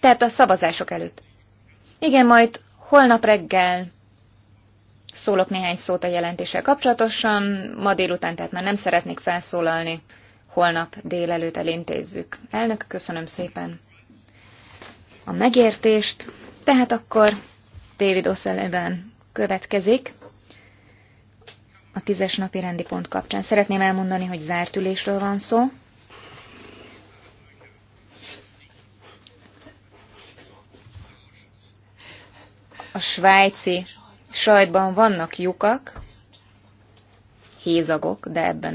Tehát a szavazások előtt. Igen, majd holnap reggel szólok néhány szót a jelentéssel kapcsolatosan, ma délután tehát már nem szeretnék felszólalni, holnap délelőtt elintézzük. Elnök, köszönöm szépen! a megértést, tehát akkor David O'Sullivan következik a tízes napi rendi pont kapcsán. Szeretném elmondani, hogy zárt ülésről van szó. A svájci sajtban vannak lyukak, hézagok, de ebben